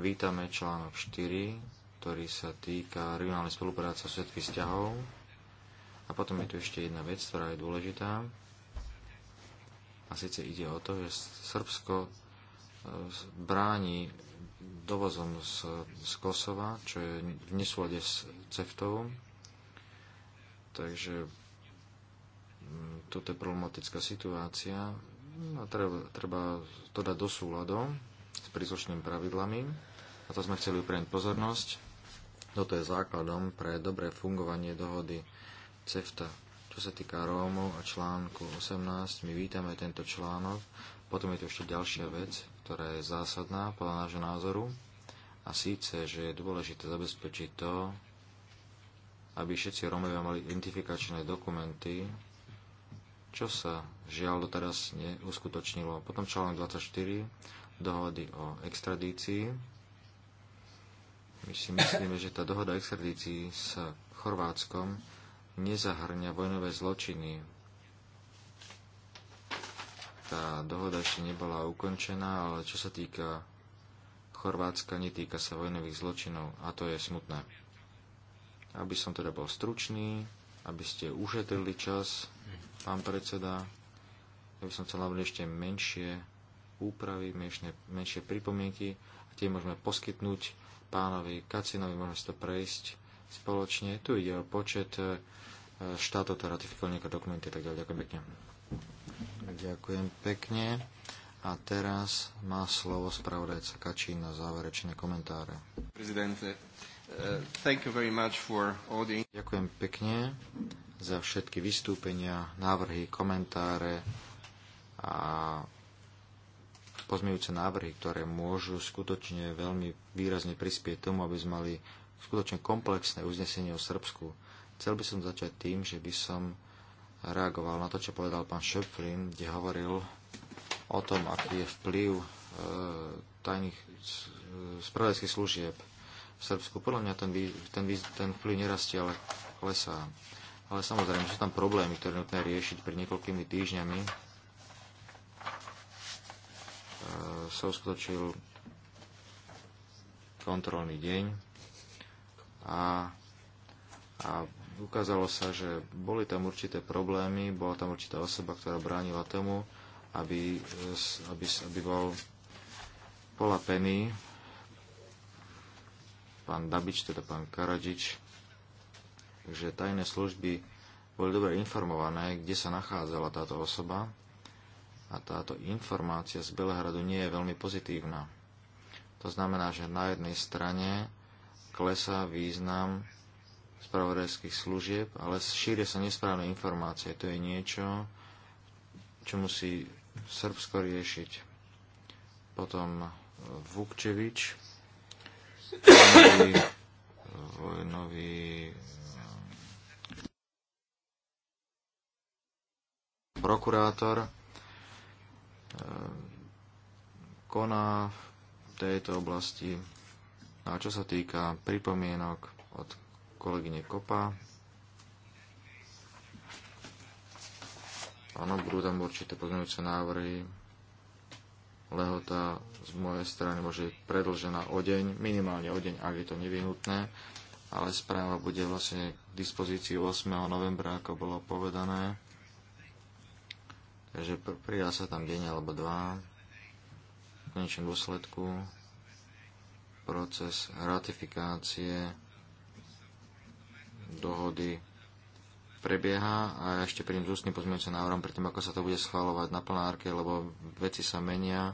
Vítame článok 4, ktorý sa týka regionálnej spolupráce a svetových vzťahov. A potom je tu ešte jedna vec, ktorá je dôležitá. A síce ide o to, že Srbsko e, bráni dovozom z, z Kosova, čo je v nesúlade s CEFTOVom. Takže mm, toto je problematická situácia No, treba, treba to dať do súladu s príslušnými pravidlami. A to sme chceli upriamiť pozornosť. Toto je základom pre dobré fungovanie dohody CEFTA čo sa týka Rómov a článku 18, my vítame tento článok. Potom je tu ešte ďalšia vec, ktorá je zásadná podľa nášho názoru. A síce, že je dôležité zabezpečiť to, aby všetci Rómovia mali identifikačné dokumenty, čo sa žiaľ doteraz neuskutočnilo. Potom článok 24 dohody o extradícii. My si myslíme, že tá dohoda o extradícii s Chorvátskom nezahrňa vojnové zločiny. Tá dohoda ešte nebola ukončená, ale čo sa týka Chorvátska, netýka sa vojnových zločinov a to je smutné. Aby som teda bol stručný, aby ste ušetrili čas, pán predseda, ja by som chcel hlavne ešte menšie úpravy, menšie, menšie pripomienky a tie môžeme poskytnúť pánovi Kacinovi, môžeme si to prejsť spoločne. Tu ide o počet e, štátov, ktoré ratifikovali nejaké dokumenty, tak ďalej. Ďakujem pekne. Ďakujem pekne. A teraz má slovo spravodajca Kačín na záverečné komentáre. E, Ďakujem pekne za všetky vystúpenia, návrhy, komentáre a pozmejúce návrhy, ktoré môžu skutočne veľmi výrazne prispieť tomu, aby sme mali skutočne komplexné uznesenie o Srbsku. Chcel by som začať tým, že by som reagoval na to, čo povedal pán Šöpflin, kde hovoril o tom, aký je vplyv e, tajných spravodajských služieb v Srbsku. Podľa mňa ten, ten, ten vplyv nerastie, ale klesá. Ale samozrejme, sú tam problémy, ktoré nutné riešiť pred niekoľkými týždňami. E, sa uskutočil kontrolný deň a, a ukázalo sa, že boli tam určité problémy, bola tam určitá osoba, ktorá bránila tomu, aby, aby, aby bol polapený pán Dabič, teda pán Karadžič, že tajné služby boli dobre informované, kde sa nachádzala táto osoba a táto informácia z Belehradu nie je veľmi pozitívna. To znamená, že na jednej strane klesá význam spravodajských služieb, ale šíria sa nesprávne informácie. To je niečo, čo musí Srbsko riešiť. Potom e, Vukčevič, vojnový, vojnový e, e, prokurátor, koná v tejto oblasti a čo sa týka pripomienok od kolegyne Kopa, áno, budú tam určité pozmeňujúce návrhy. Lehota z mojej strany môže byť predlžená o deň, minimálne o deň, ak je to nevyhnutné, ale správa bude vlastne k dispozícii 8. novembra, ako bolo povedané. Takže pridá sa tam deň alebo dva v konečnom dôsledku proces ratifikácie dohody prebieha a ja ešte prídem s ústnym pozmeňujúcim návrhom predtým, ako sa to bude schvalovať na plenárke, lebo veci sa menia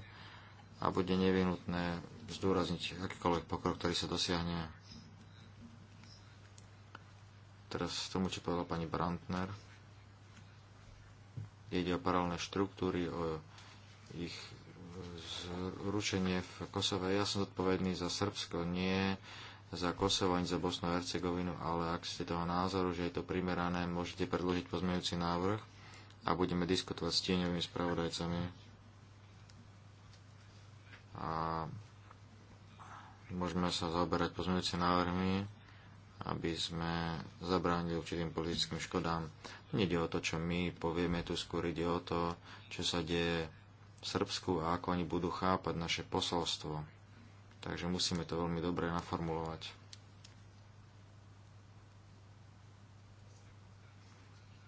a bude nevyhnutné zdôrazniť akýkoľvek pokrok, ktorý sa dosiahne. Teraz tomu, čo povedala pani Brandner. Ide o paralelné štruktúry, o ich zručenie v Kosove. Ja som zodpovedný za Srbsko, nie za Kosovo ani za Bosnu a Hercegovinu, ale ak ste toho názoru, že je to primerané, môžete predložiť pozmeňujúci návrh a budeme diskutovať s tieňovými spravodajcami. A môžeme sa zaoberať pozmeňujúci návrhmi, aby sme zabránili určitým politickým škodám. Nede o to, čo my povieme tu, skôr ide o to, čo sa deje v Srbsku a ako oni budú chápať naše posolstvo. Takže musíme to veľmi dobre naformulovať.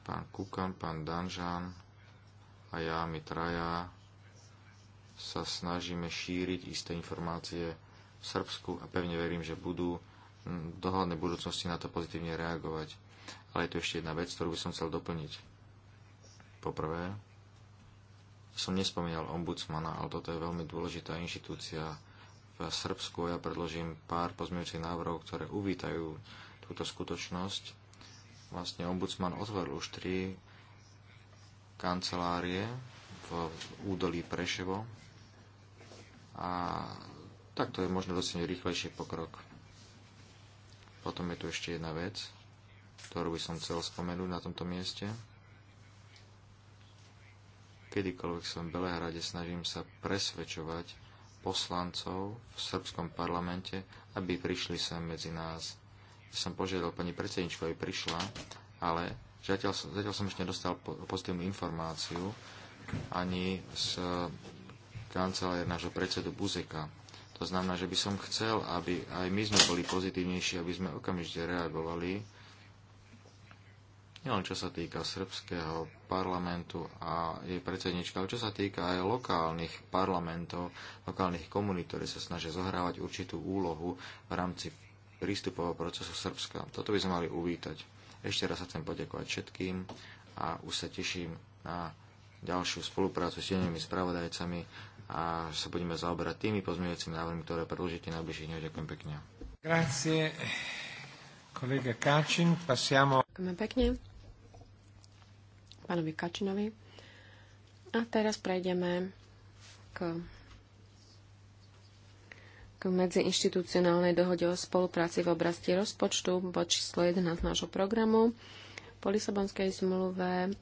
Pán Kukan, pán Danžan a ja, my traja, sa snažíme šíriť isté informácie v Srbsku a pevne verím, že budú v dohľadnej budúcnosti na to pozitívne reagovať. Ale je tu ešte jedna vec, ktorú by som chcel doplniť. Poprvé, som nespomínal ombudsmana, ale toto je veľmi dôležitá inštitúcia v Srbsku. Ja predložím pár pozmeňujúcich návrhov, ktoré uvítajú túto skutočnosť. Vlastne ombudsman otvoril už tri kancelárie v údolí Preševo a takto je možno dosť rýchlejší pokrok. Potom je tu ešte jedna vec, ktorú by som chcel spomenúť na tomto mieste kedykoľvek som v Belehrade, snažím sa presvedčovať poslancov v srbskom parlamente, aby prišli sem medzi nás. Ja som požiadal pani predsedničku, aby prišla, ale zatiaľ, zatiaľ som ešte nedostal pozitívnu informáciu ani z kancelárie nášho predsedu Buzeka. To znamená, že by som chcel, aby aj my sme boli pozitívnejší, aby sme okamžite reagovali nielen čo sa týka srbského parlamentu a jej predsednička, ale čo sa týka aj lokálnych parlamentov, lokálnych komunít, ktoré sa snažia zohrávať určitú úlohu v rámci prístupového procesu Srbska. Toto by sme mali uvítať. Ešte raz sa chcem poďakovať všetkým a už sa teším na ďalšiu spoluprácu s tenými spravodajcami a sa budeme zaoberať tými pozmeňujúcimi návrhmi, ktoré predložíte na dňoch. Ďakujem pekne. Grazie, kolega Kačin, Passiamo... Ďakujem pekne pánovi Kačinovi. A teraz prejdeme k, k medziinstitucionálnej dohode o spolupráci v oblasti rozpočtu, bod číslo 11 nášho programu. Po Lisabonskej zmluve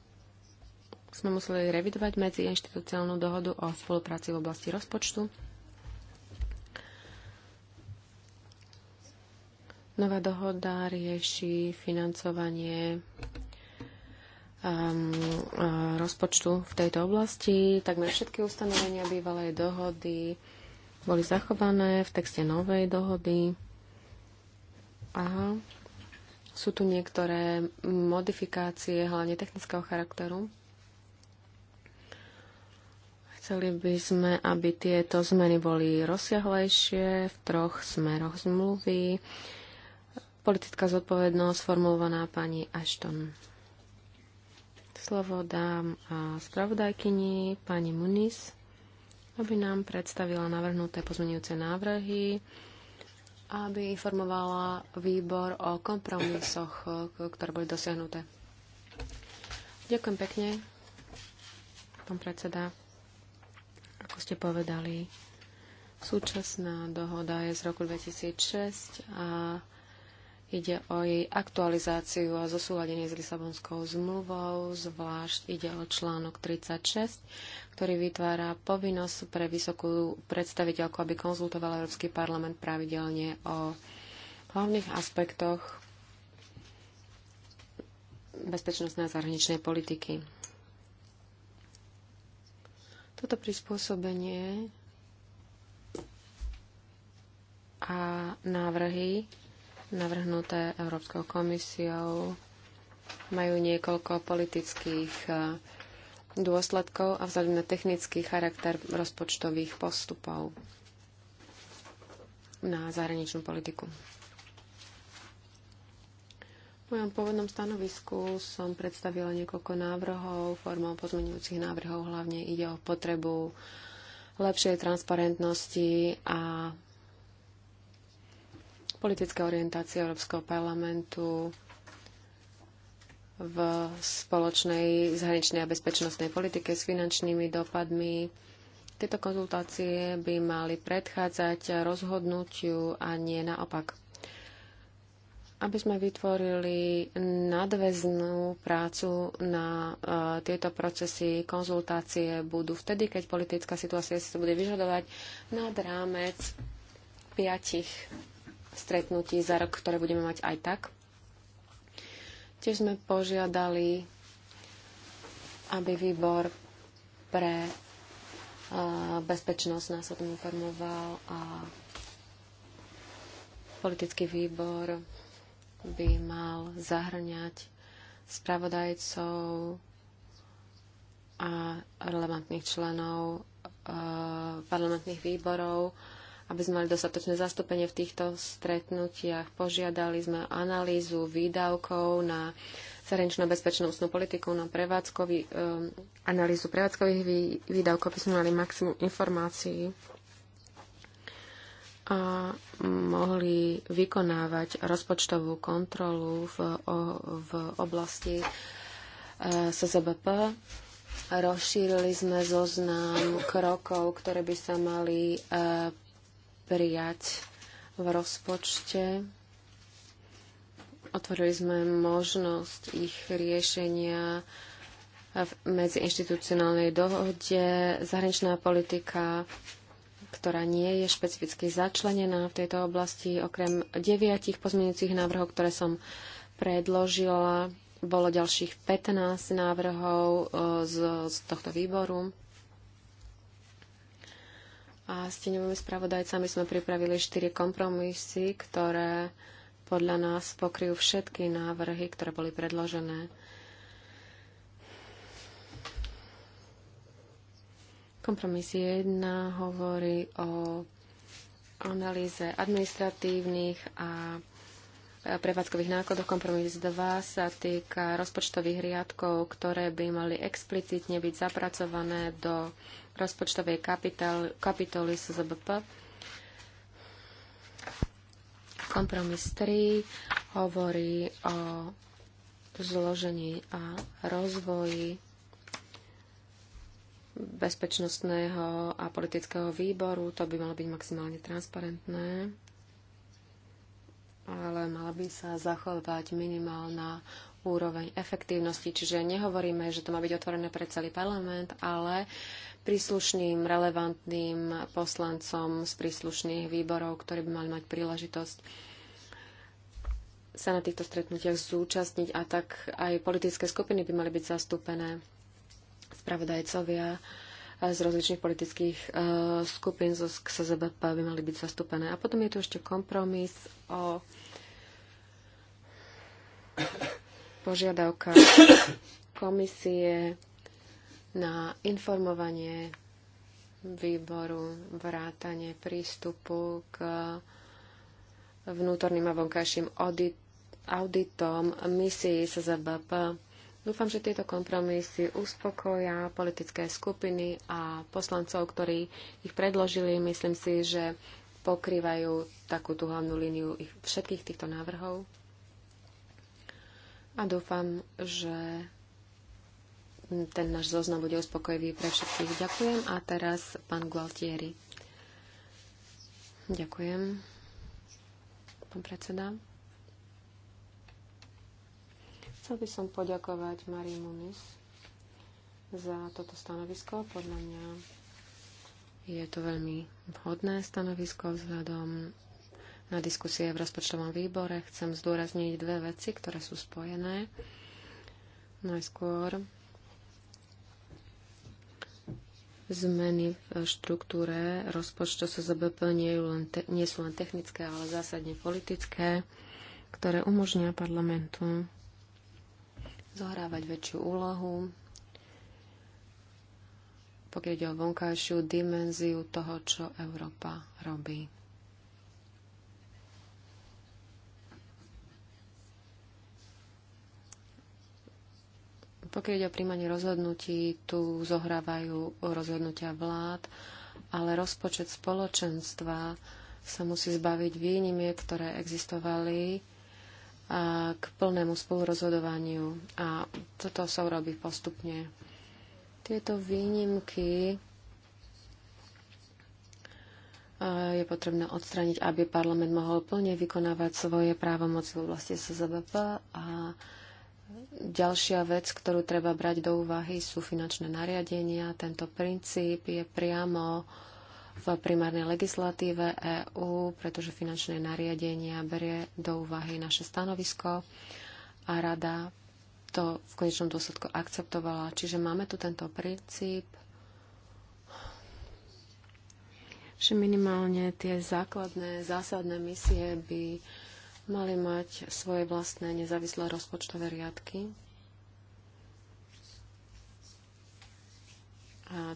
sme museli revidovať medziinstitucionálnu dohodu o spolupráci v oblasti rozpočtu. Nová dohoda rieši financovanie um, rozpočtu v tejto oblasti. Takmer všetky ustanovenia bývalej dohody boli zachované v texte novej dohody Aha. sú tu niektoré modifikácie, hlavne technického charakteru. Chceli by sme, aby tieto zmeny boli rozsiahlejšie v troch smeroch zmluvy. Politická zodpovednosť formulovaná pani Ashton. Slovo dám spravodajkyni pani Muniz, aby nám predstavila navrhnuté pozmenujúce návrhy aby informovala výbor o kompromisoch, ktoré boli dosiahnuté. Ďakujem pekne, pán predseda. Ako ste povedali, súčasná dohoda je z roku 2006 a Ide o jej aktualizáciu a zosúladenie s Lisabonskou zmluvou, zvlášť ide o článok 36, ktorý vytvára povinnosť pre vysokú predstaviteľku, aby konzultovala Európsky parlament pravidelne o hlavných aspektoch bezpečnostnej a zahraničnej politiky. Toto prispôsobenie a návrhy navrhnuté Európskou komisiou, majú niekoľko politických e, dôsledkov a vzhľadom na technický charakter rozpočtových postupov na zahraničnú politiku. V mojom pôvodnom stanovisku som predstavila niekoľko návrhov formou pozmenujúcich návrhov. Hlavne ide o potrebu lepšej transparentnosti a politická orientácia Európskeho parlamentu v spoločnej zahraničnej a bezpečnostnej politike s finančnými dopadmi. Tieto konzultácie by mali predchádzať rozhodnutiu a nie naopak. Aby sme vytvorili nadväznú prácu na uh, tieto procesy, konzultácie budú vtedy, keď politická situácia sa bude vyžadovať nad rámec piatich stretnutí za rok, ktoré budeme mať aj tak. Tiež sme požiadali, aby výbor pre e, bezpečnosť nás o tom informoval a politický výbor by mal zahrňať spravodajcov a relevantných členov e, parlamentných výborov aby sme mali dostatočné zastúpenie v týchto stretnutiach. Požiadali sme analýzu výdavkov na zahraničnú bezpečnostnú politiku, na prevádzkový, um, analýzu prevádzkových vý, výdavkov, aby sme mali maximum informácií a mohli vykonávať rozpočtovú kontrolu v, o, v oblasti e, ehm, SZBP. Rozšírili sme zoznam krokov, ktoré by sa mali e, prijať v rozpočte. Otvorili sme možnosť ich riešenia v medziinstitucionálnej dohode. Zahraničná politika, ktorá nie je špecificky začlenená v tejto oblasti, okrem deviatich pozmeňujúcich návrhov, ktoré som predložila, bolo ďalších 15 návrhov e, z, z tohto výboru a s tieňovými spravodajcami sme pripravili štyri kompromisy, ktoré podľa nás pokryjú všetky návrhy, ktoré boli predložené. Kompromis 1 hovorí o analýze administratívnych a prevádzkových nákladov. Kompromis 2 sa týka rozpočtových riadkov, ktoré by mali explicitne byť zapracované do rozpočtovej kapitoly SZBP. Kompromis 3 hovorí o zložení a rozvoji bezpečnostného a politického výboru. To by malo byť maximálne transparentné, ale mala by sa zachovať minimálna úroveň efektívnosti. Čiže nehovoríme, že to má byť otvorené pre celý parlament, ale príslušným relevantným poslancom z príslušných výborov, ktorí by mali mať príležitosť sa na týchto stretnutiach zúčastniť a tak aj politické skupiny by mali byť zastúpené spravodajcovia z rozličných politických e, skupín zo KSZBP by mali byť zastúpené. A potom je tu ešte kompromis o [COUGHS] požiadavka komisie na informovanie výboru, vrátanie prístupu k vnútorným a vonkajším audit, auditom misií SZBP. Dúfam, že tieto kompromisy uspokoja politické skupiny a poslancov, ktorí ich predložili. Myslím si, že pokrývajú takú tú hlavnú líniu ich, všetkých týchto návrhov. A dúfam, že ten náš zoznam bude uspokojivý pre všetkých. Ďakujem. A teraz pán Gualtieri. Ďakujem. Pán predseda. Chcel by som poďakovať Marii Munis za toto stanovisko. Podľa mňa je to veľmi vhodné stanovisko vzhľadom na diskusie v rozpočtovom výbore chcem zdôrazniť dve veci, ktoré sú spojené. Najskôr Zmeny v štruktúre rozpočtu SZBP nie, len te, nie sú len technické, ale zásadne politické, ktoré umožnia parlamentu zohrávať väčšiu úlohu, pokiaľ ide o vonkajšiu dimenziu toho, čo Európa robí. Pokiaľ ide o príjmanie rozhodnutí, tu zohrávajú rozhodnutia vlád, ale rozpočet spoločenstva sa musí zbaviť výnimiek, ktoré existovali a k plnému spolurozhodovaniu. A toto sa urobí postupne. Tieto výnimky je potrebné odstrániť, aby parlament mohol plne vykonávať svoje právomoci v oblasti SZBP a Ďalšia vec, ktorú treba brať do úvahy, sú finančné nariadenia. Tento princíp je priamo v primárnej legislatíve EÚ, pretože finančné nariadenia berie do úvahy naše stanovisko a rada to v konečnom dôsledku akceptovala. Čiže máme tu tento princíp, že minimálne tie základné, zásadné misie by mali mať svoje vlastné nezávislé rozpočtové riadky. A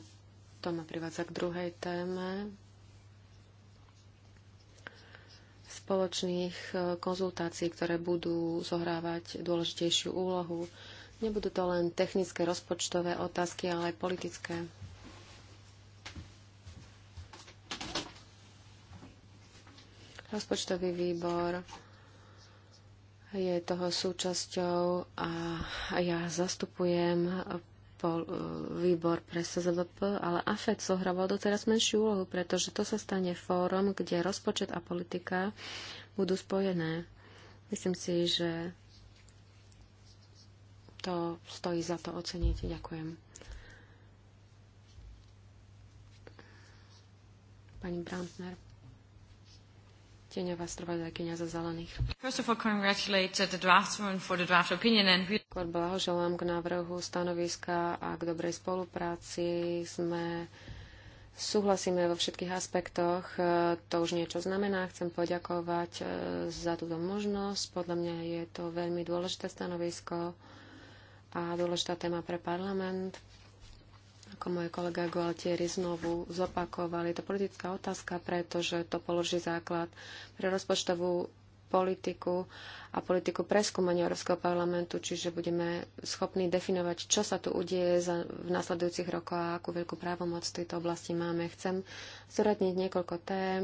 to ma privádza k druhej téme spoločných e, konzultácií, ktoré budú zohrávať dôležitejšiu úlohu. Nebudú to len technické rozpočtové otázky, ale aj politické. Rozpočtový výbor je toho súčasťou a ja zastupujem pol, e, výbor pre SZVP, ale AFED zohrával doteraz menšiu úlohu, pretože to sa stane fórum, kde rozpočet a politika budú spojené. Myslím si, že to stojí za to oceniť. Ďakujem. Pani Brandner. Tieňová strovadákyňa za zelených. Skôr blahoželám k návrhu stanoviska a k dobrej spolupráci. Sme Súhlasíme vo všetkých aspektoch. E, to už niečo znamená. Chcem poďakovať e, za túto možnosť. Podľa mňa je to veľmi dôležité stanovisko a dôležitá téma pre parlament ako môj kolega Gualtieri znovu zopakoval, je to politická otázka, pretože to položí základ pre rozpočtovú politiku a politiku preskúmania Európskeho parlamentu, čiže budeme schopní definovať, čo sa tu udeje za, v nasledujúcich rokoch a akú veľkú právomoc v tejto oblasti máme. Chcem zoradniť niekoľko tém,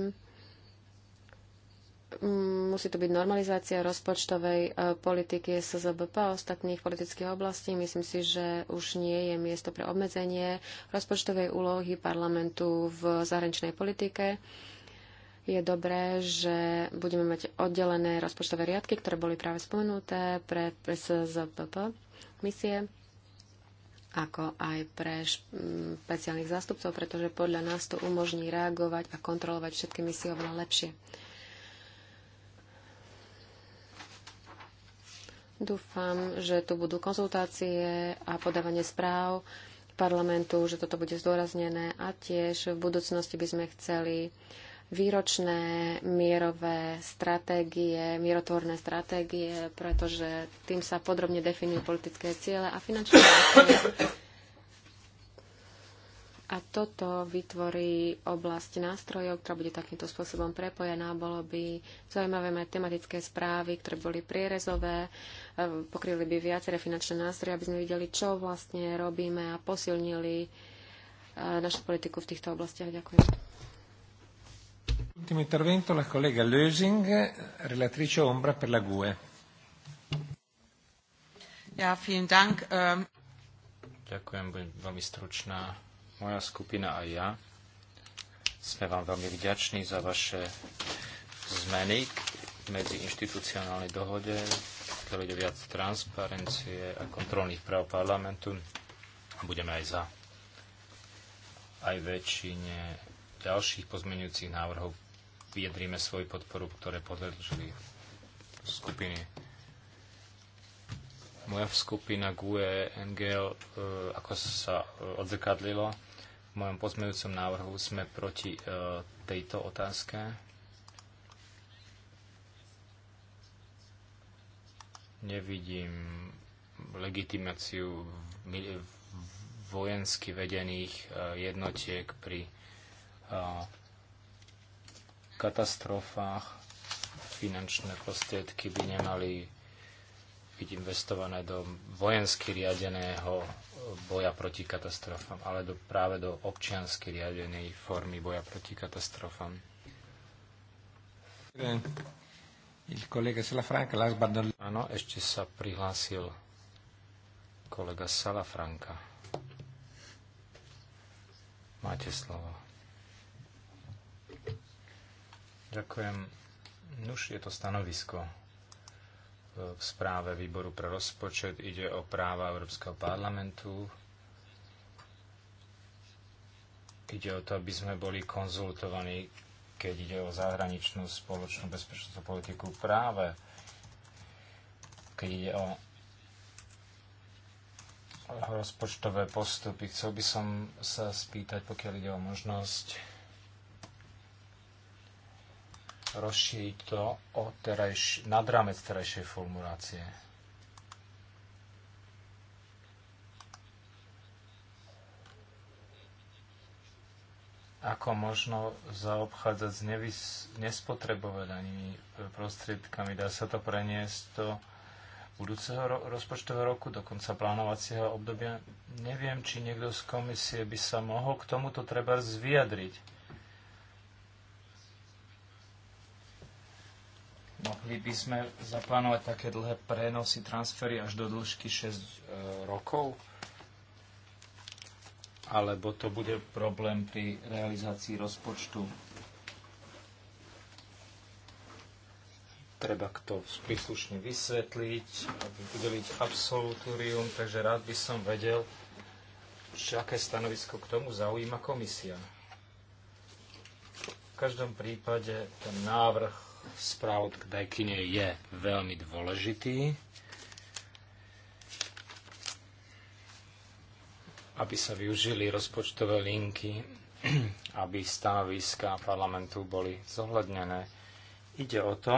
musí to byť normalizácia rozpočtovej e, politiky SZBP a ostatných politických oblastí. Myslím si, že už nie je miesto pre obmedzenie rozpočtovej úlohy parlamentu v zahraničnej politike. Je dobré, že budeme mať oddelené rozpočtové riadky, ktoré boli práve spomenuté pre SZBP misie ako aj pre špeciálnych zástupcov, pretože podľa nás to umožní reagovať a kontrolovať všetky misie oveľa lepšie. Dúfam, že tu budú konzultácie a podávanie správ parlamentu, že toto bude zdôraznené a tiež v budúcnosti by sme chceli výročné mierové stratégie, mierotvorné stratégie, pretože tým sa podrobne definujú politické ciele a finančné a toto vytvorí oblasť nástrojov, ktorá bude takýmto spôsobom prepojená. Bolo by zaujímavé mať tematické správy, ktoré boli prierezové, e, pokryli by viaceré finančné nástroje, aby sme videli, čo vlastne robíme a posilnili e, našu politiku v týchto oblastiach. Ďakujem. Ultimo intervento la collega Lösing, relatrice ombra per la GUE. Ja, vielen Dank. Ähm. Ďakujem, budem veľmi stručná moja skupina a ja sme vám veľmi vďační za vaše zmeny medzi inštitucionálnej dohode, ktoré ide viac transparencie a kontrolných práv parlamentu. A budeme aj za aj väčšine ďalších pozmenujúcich návrhov vyjadríme svoju podporu, ktoré podložili skupiny. Moja skupina GUE, NGL, e, ako sa odzrkadlilo, v mojom pozmejúcom návrhu sme proti e, tejto otázke. Nevidím legitimáciu vojensky vedených e, jednotiek pri e, katastrofách. Finančné prostriedky by nemali byť investované do vojensky riadeného boja proti katastrofám, ale do, práve do občiansky riadenej formy boja proti katastrofám. Áno, ešte sa prihlásil kolega Salafranka. Máte slovo. Ďakujem. Nuž je to stanovisko v správe výboru pre rozpočet. Ide o práva Európskeho parlamentu. Ide o to, aby sme boli konzultovaní, keď ide o zahraničnú spoločnú bezpečnostnú politiku práve, keď ide o rozpočtové postupy. Chcel by som sa spýtať, pokiaľ ide o možnosť rozšíriť to o terajš, nad rámec terajšej formulácie. Ako možno zaobchádzať s nevys, nespotrebovanými eh, prostriedkami? Dá sa to preniesť do budúceho ro- rozpočtového roku, do konca plánovacieho obdobia? Neviem, či niekto z komisie by sa mohol k tomuto treba zviadriť. Mohli by sme zaplánovať také dlhé prenosy, transfery až do dĺžky 6 e, rokov? Alebo to bude problém pri realizácii rozpočtu? Treba to príslušne vysvetliť, udeliť absolutúrium, takže rád by som vedel, či aké stanovisko k tomu zaujíma komisia. V každom prípade ten návrh spravodajkyne je veľmi dôležitý, aby sa využili rozpočtové linky, aby stanoviska parlamentu boli zohľadnené. Ide o to,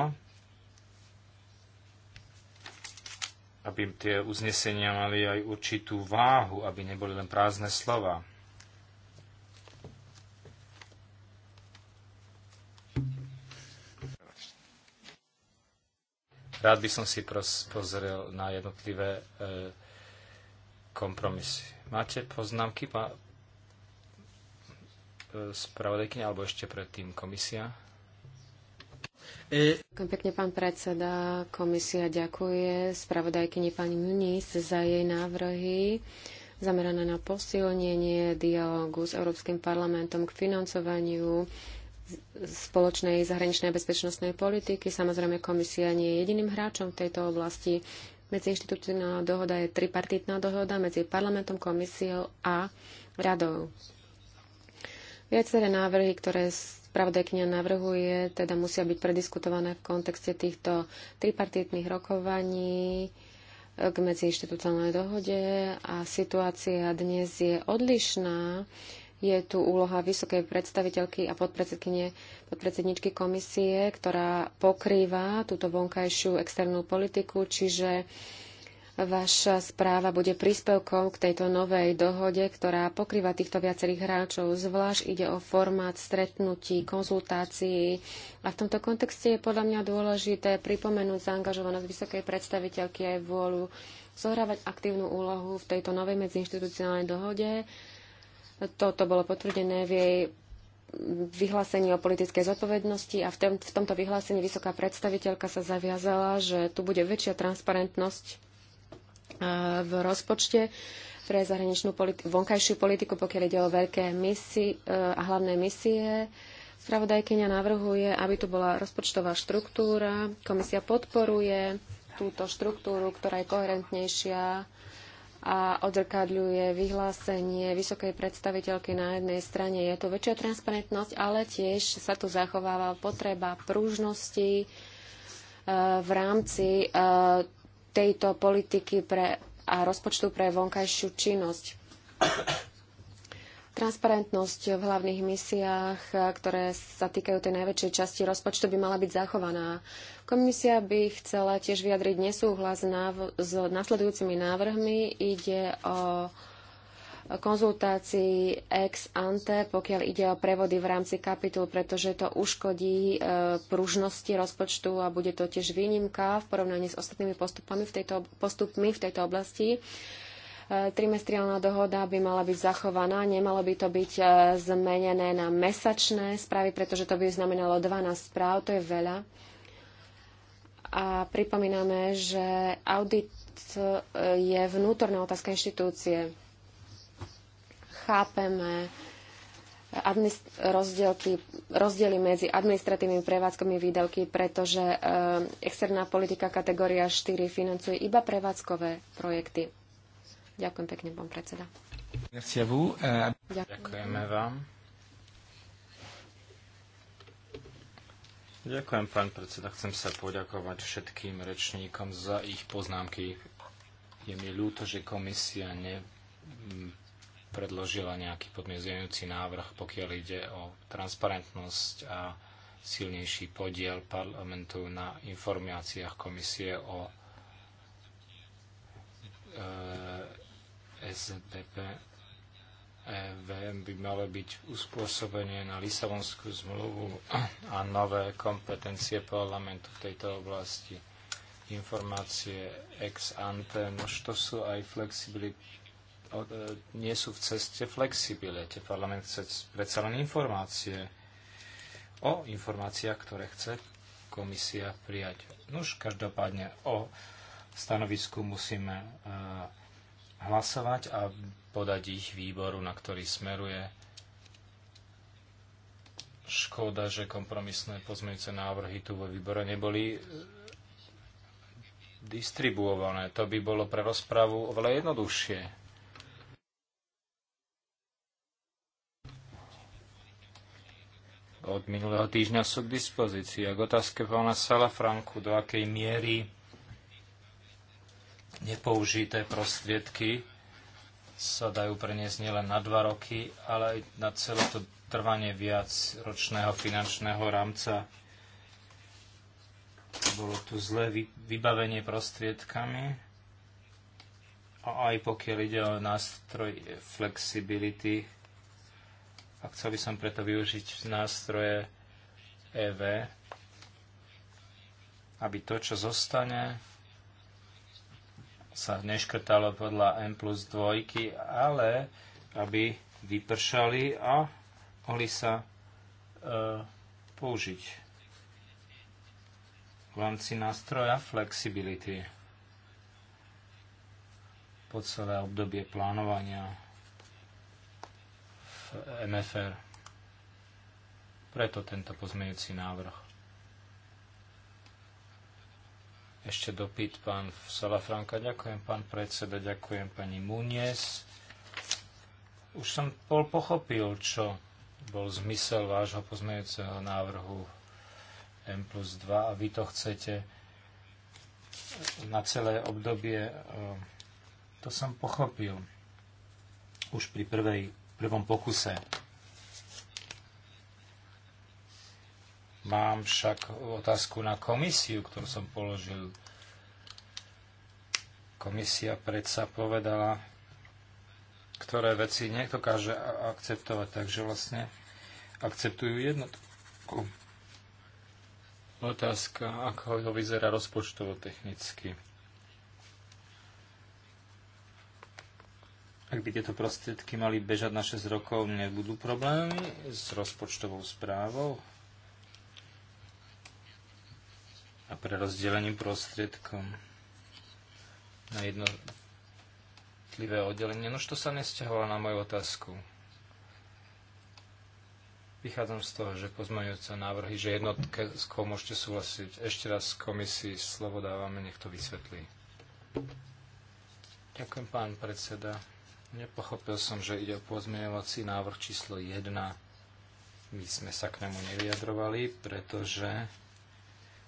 aby tie uznesenia mali aj určitú váhu, aby neboli len prázdne slova. Rád by som si pozrel na jednotlivé e, kompromisy. Máte poznámky, pá, e, spravodajkyňa, alebo ešte predtým komisia? E- Ďakujem pekne, pán predseda. Komisia ďakuje spravodajkyni pani Muniz za jej návrhy zamerané na posilnenie dialógu s Európskym parlamentom k financovaniu spoločnej zahraničnej a bezpečnostnej politiky. Samozrejme, komisia nie je jediným hráčom v tejto oblasti. Medziinstitucionálna dohoda je tripartitná dohoda medzi parlamentom, komisiou a radou. Viaceré návrhy, ktoré spravodajkňa navrhuje, teda musia byť prediskutované v kontexte týchto tripartitných rokovaní k medziinstitucionálnej dohode a situácia dnes je odlišná je tu úloha vysokej predstaviteľky a podpredsedničky komisie, ktorá pokrýva túto vonkajšiu externú politiku, čiže Vaša správa bude príspevkom k tejto novej dohode, ktorá pokrýva týchto viacerých hráčov. Zvlášť ide o formát stretnutí, konzultácií. A v tomto kontexte je podľa mňa dôležité pripomenúť zaangažovanosť vysokej predstaviteľky aj vôľu zohrávať aktívnu úlohu v tejto novej medziinstitucionálnej dohode toto bolo potvrdené v jej vyhlásení o politickej zodpovednosti a v, tom, v tomto vyhlásení vysoká predstaviteľka sa zaviazala, že tu bude väčšia transparentnosť e, v rozpočte pre zahraničnú politi- vonkajšiu politiku, pokiaľ ide o veľké misie a hlavné misie. Spravodajkyňa navrhuje, aby tu bola rozpočtová štruktúra. Komisia podporuje túto štruktúru, ktorá je koherentnejšia a odrkadľuje vyhlásenie vysokej predstaviteľky na jednej strane. Je to väčšia transparentnosť, ale tiež sa tu zachováva potreba pružnosti e, v rámci e, tejto politiky pre, a rozpočtu pre vonkajšiu činnosť. Transparentnosť v hlavných misiách, ktoré sa týkajú tej najväčšej časti rozpočtu, by mala byť zachovaná. Komisia by chcela tiež vyjadriť nesúhlas s nasledujúcimi návrhmi. Ide o konzultácii ex ante, pokiaľ ide o prevody v rámci kapitul, pretože to uškodí e, pružnosti rozpočtu a bude to tiež výnimka v porovnaní s ostatnými postupami v tejto, postupmi v tejto oblasti trimestriálna dohoda by mala byť zachovaná, nemalo by to byť e, zmenené na mesačné správy, pretože to by znamenalo 12 správ, to je veľa. A pripomíname, že audit e, je vnútorná otázka inštitúcie. Chápeme rozdielky, rozdiely medzi administratívnymi prevádzkami výdavky, pretože e, externá politika kategória 4 financuje iba prevádzkové projekty Ďakujem pekne, pán predseda. Euh, Ďakujem. Ďakujeme vám. Ďakujem, pán predseda. Chcem sa poďakovať všetkým rečníkom za ich poznámky. Je mi ľúto, že komisia nepredložila nejaký podmiezujúci návrh, pokiaľ ide o transparentnosť a silnejší podiel parlamentu na informáciách komisie o e, SDP EVM by malo byť uspôsobené na Lisabonskú zmluvu a nové kompetencie parlamentu v tejto oblasti informácie ex ante, nož to sú aj flexibility, e, nie sú v ceste flexibility. Parlament chce predsa len informácie o informáciách, ktoré chce komisia prijať. Nož každopádne o stanovisku musíme uh, hlasovať a podať ich výboru, na ktorý smeruje. Škoda, že kompromisné pozmeňujúce návrhy tu vo výbore neboli e, distribuované. To by bolo pre rozpravu oveľa jednoduchšie. Od minulého týždňa sú k dispozícii. Ak otázka otázke pána Sala Franku, do akej miery nepoužité prostriedky sa dajú preniesť nielen na dva roky, ale aj na celé to trvanie viac ročného finančného rámca. Bolo tu zlé vybavenie prostriedkami a aj pokiaľ ide o nástroj flexibility a chcel by som preto využiť nástroje EV, aby to, čo zostane, sa neškrtalo podľa N plus dvojky, ale aby vypršali a mohli sa e, použiť v rámci nástroja flexibility po celé obdobie plánovania v MFR. Preto tento pozmejúci návrh. Ešte dopyt pán Salafranka. Ďakujem, pán predseda, ďakujem pani Munies. Už som bol pochopil, čo bol zmysel vášho pozmeňujúceho návrhu M plus 2 a vy to chcete na celé obdobie. Eh, to som pochopil už pri prvej, prvom pokuse Mám však otázku na komisiu, ktorú som položil. Komisia predsa povedala, ktoré veci nedokáže akceptovať, takže vlastne akceptujú jednotku. Otázka, ako to vyzerá rozpočtovo technicky. Ak by tieto prostriedky mali bežať na 6 rokov, nebudú problémy s rozpočtovou správou? a pre rozdelením prostriedkom na jednotlivé oddelenie. Nož to sa nesťahovalo na moju otázku. Vychádzam z toho, že pozmeňujúce návrhy, že jednotke, s kou môžete súhlasiť. Ešte raz komisii slovo dávame, nech to vysvetlí. Ďakujem, pán predseda. Nepochopil som, že ide o pozmeňovací návrh číslo 1. My sme sa k nemu nevyjadrovali, pretože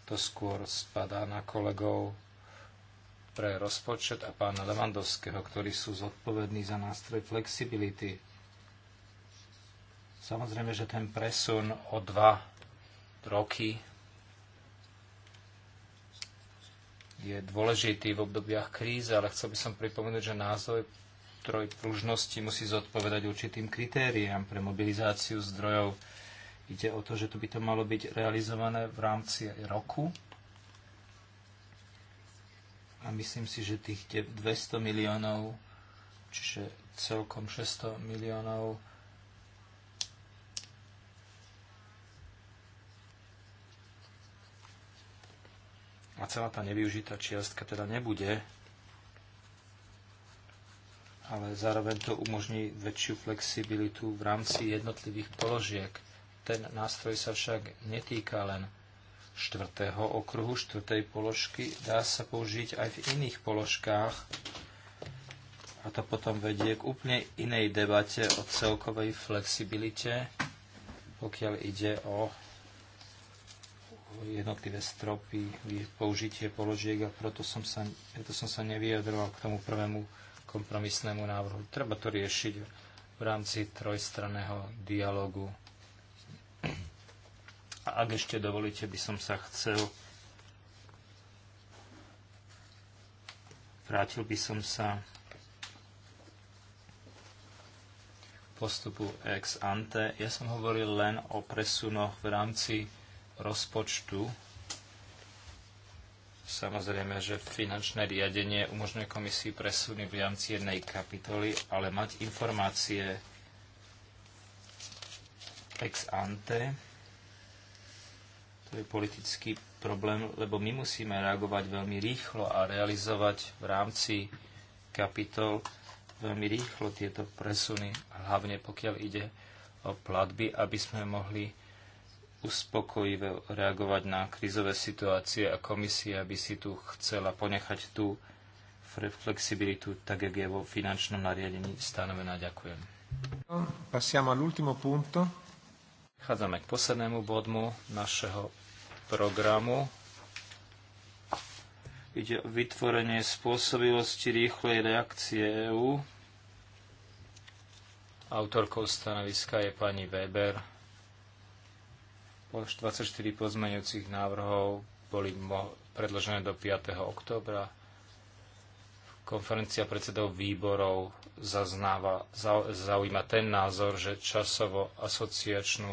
to skôr spadá na kolegov pre rozpočet a pána Levandovského, ktorí sú zodpovední za nástroj flexibility. Samozrejme, že ten presun o dva roky je dôležitý v obdobiach krízy, ale chcel by som pripomenúť, že názov troj pružnosti musí zodpovedať určitým kritériám pre mobilizáciu zdrojov Ide o to, že to by to malo byť realizované v rámci roku. A myslím si, že tých 200 miliónov, čiže celkom 600 miliónov, a celá tá nevyužitá čiastka teda nebude, ale zároveň to umožní väčšiu flexibilitu v rámci jednotlivých položiek. Ten nástroj sa však netýka len štvrtého okruhu, štvrtej položky, dá sa použiť aj v iných položkách a to potom vedie k úplne inej debate o celkovej flexibilite, pokiaľ ide o jednotlivé stropy, použitie položiek a preto som sa, preto som sa nevyjadroval k tomu prvému kompromisnému návrhu. Treba to riešiť v rámci trojstranného dialogu a ak ešte dovolíte, by som sa chcel vrátil by som sa postupu ex ante. Ja som hovoril len o presunoch v rámci rozpočtu. Samozrejme, že finančné riadenie umožňuje komisii presuny v rámci jednej kapitoly, ale mať informácie ex ante je politický problém, lebo my musíme reagovať veľmi rýchlo a realizovať v rámci kapitol veľmi rýchlo tieto presuny, hlavne pokiaľ ide o platby, aby sme mohli uspokojivo reagovať na krizové situácie a komisia by si tu chcela ponechať tú flexibilitu, tak jak je vo finančnom nariadení stanovená. Ďakujem. Passiamo all'ultimo punto. Prichádzame k poslednému bodmu našeho programu. Ide o vytvorenie spôsobilosti rýchlej reakcie EÚ. Autorkou stanoviska je pani Weber. Po 24 pozmeňujúcich návrhov boli predložené do 5. októbra. Konferencia predsedov výborov zaznáva, zaujíma ten názor, že časovo asociačnú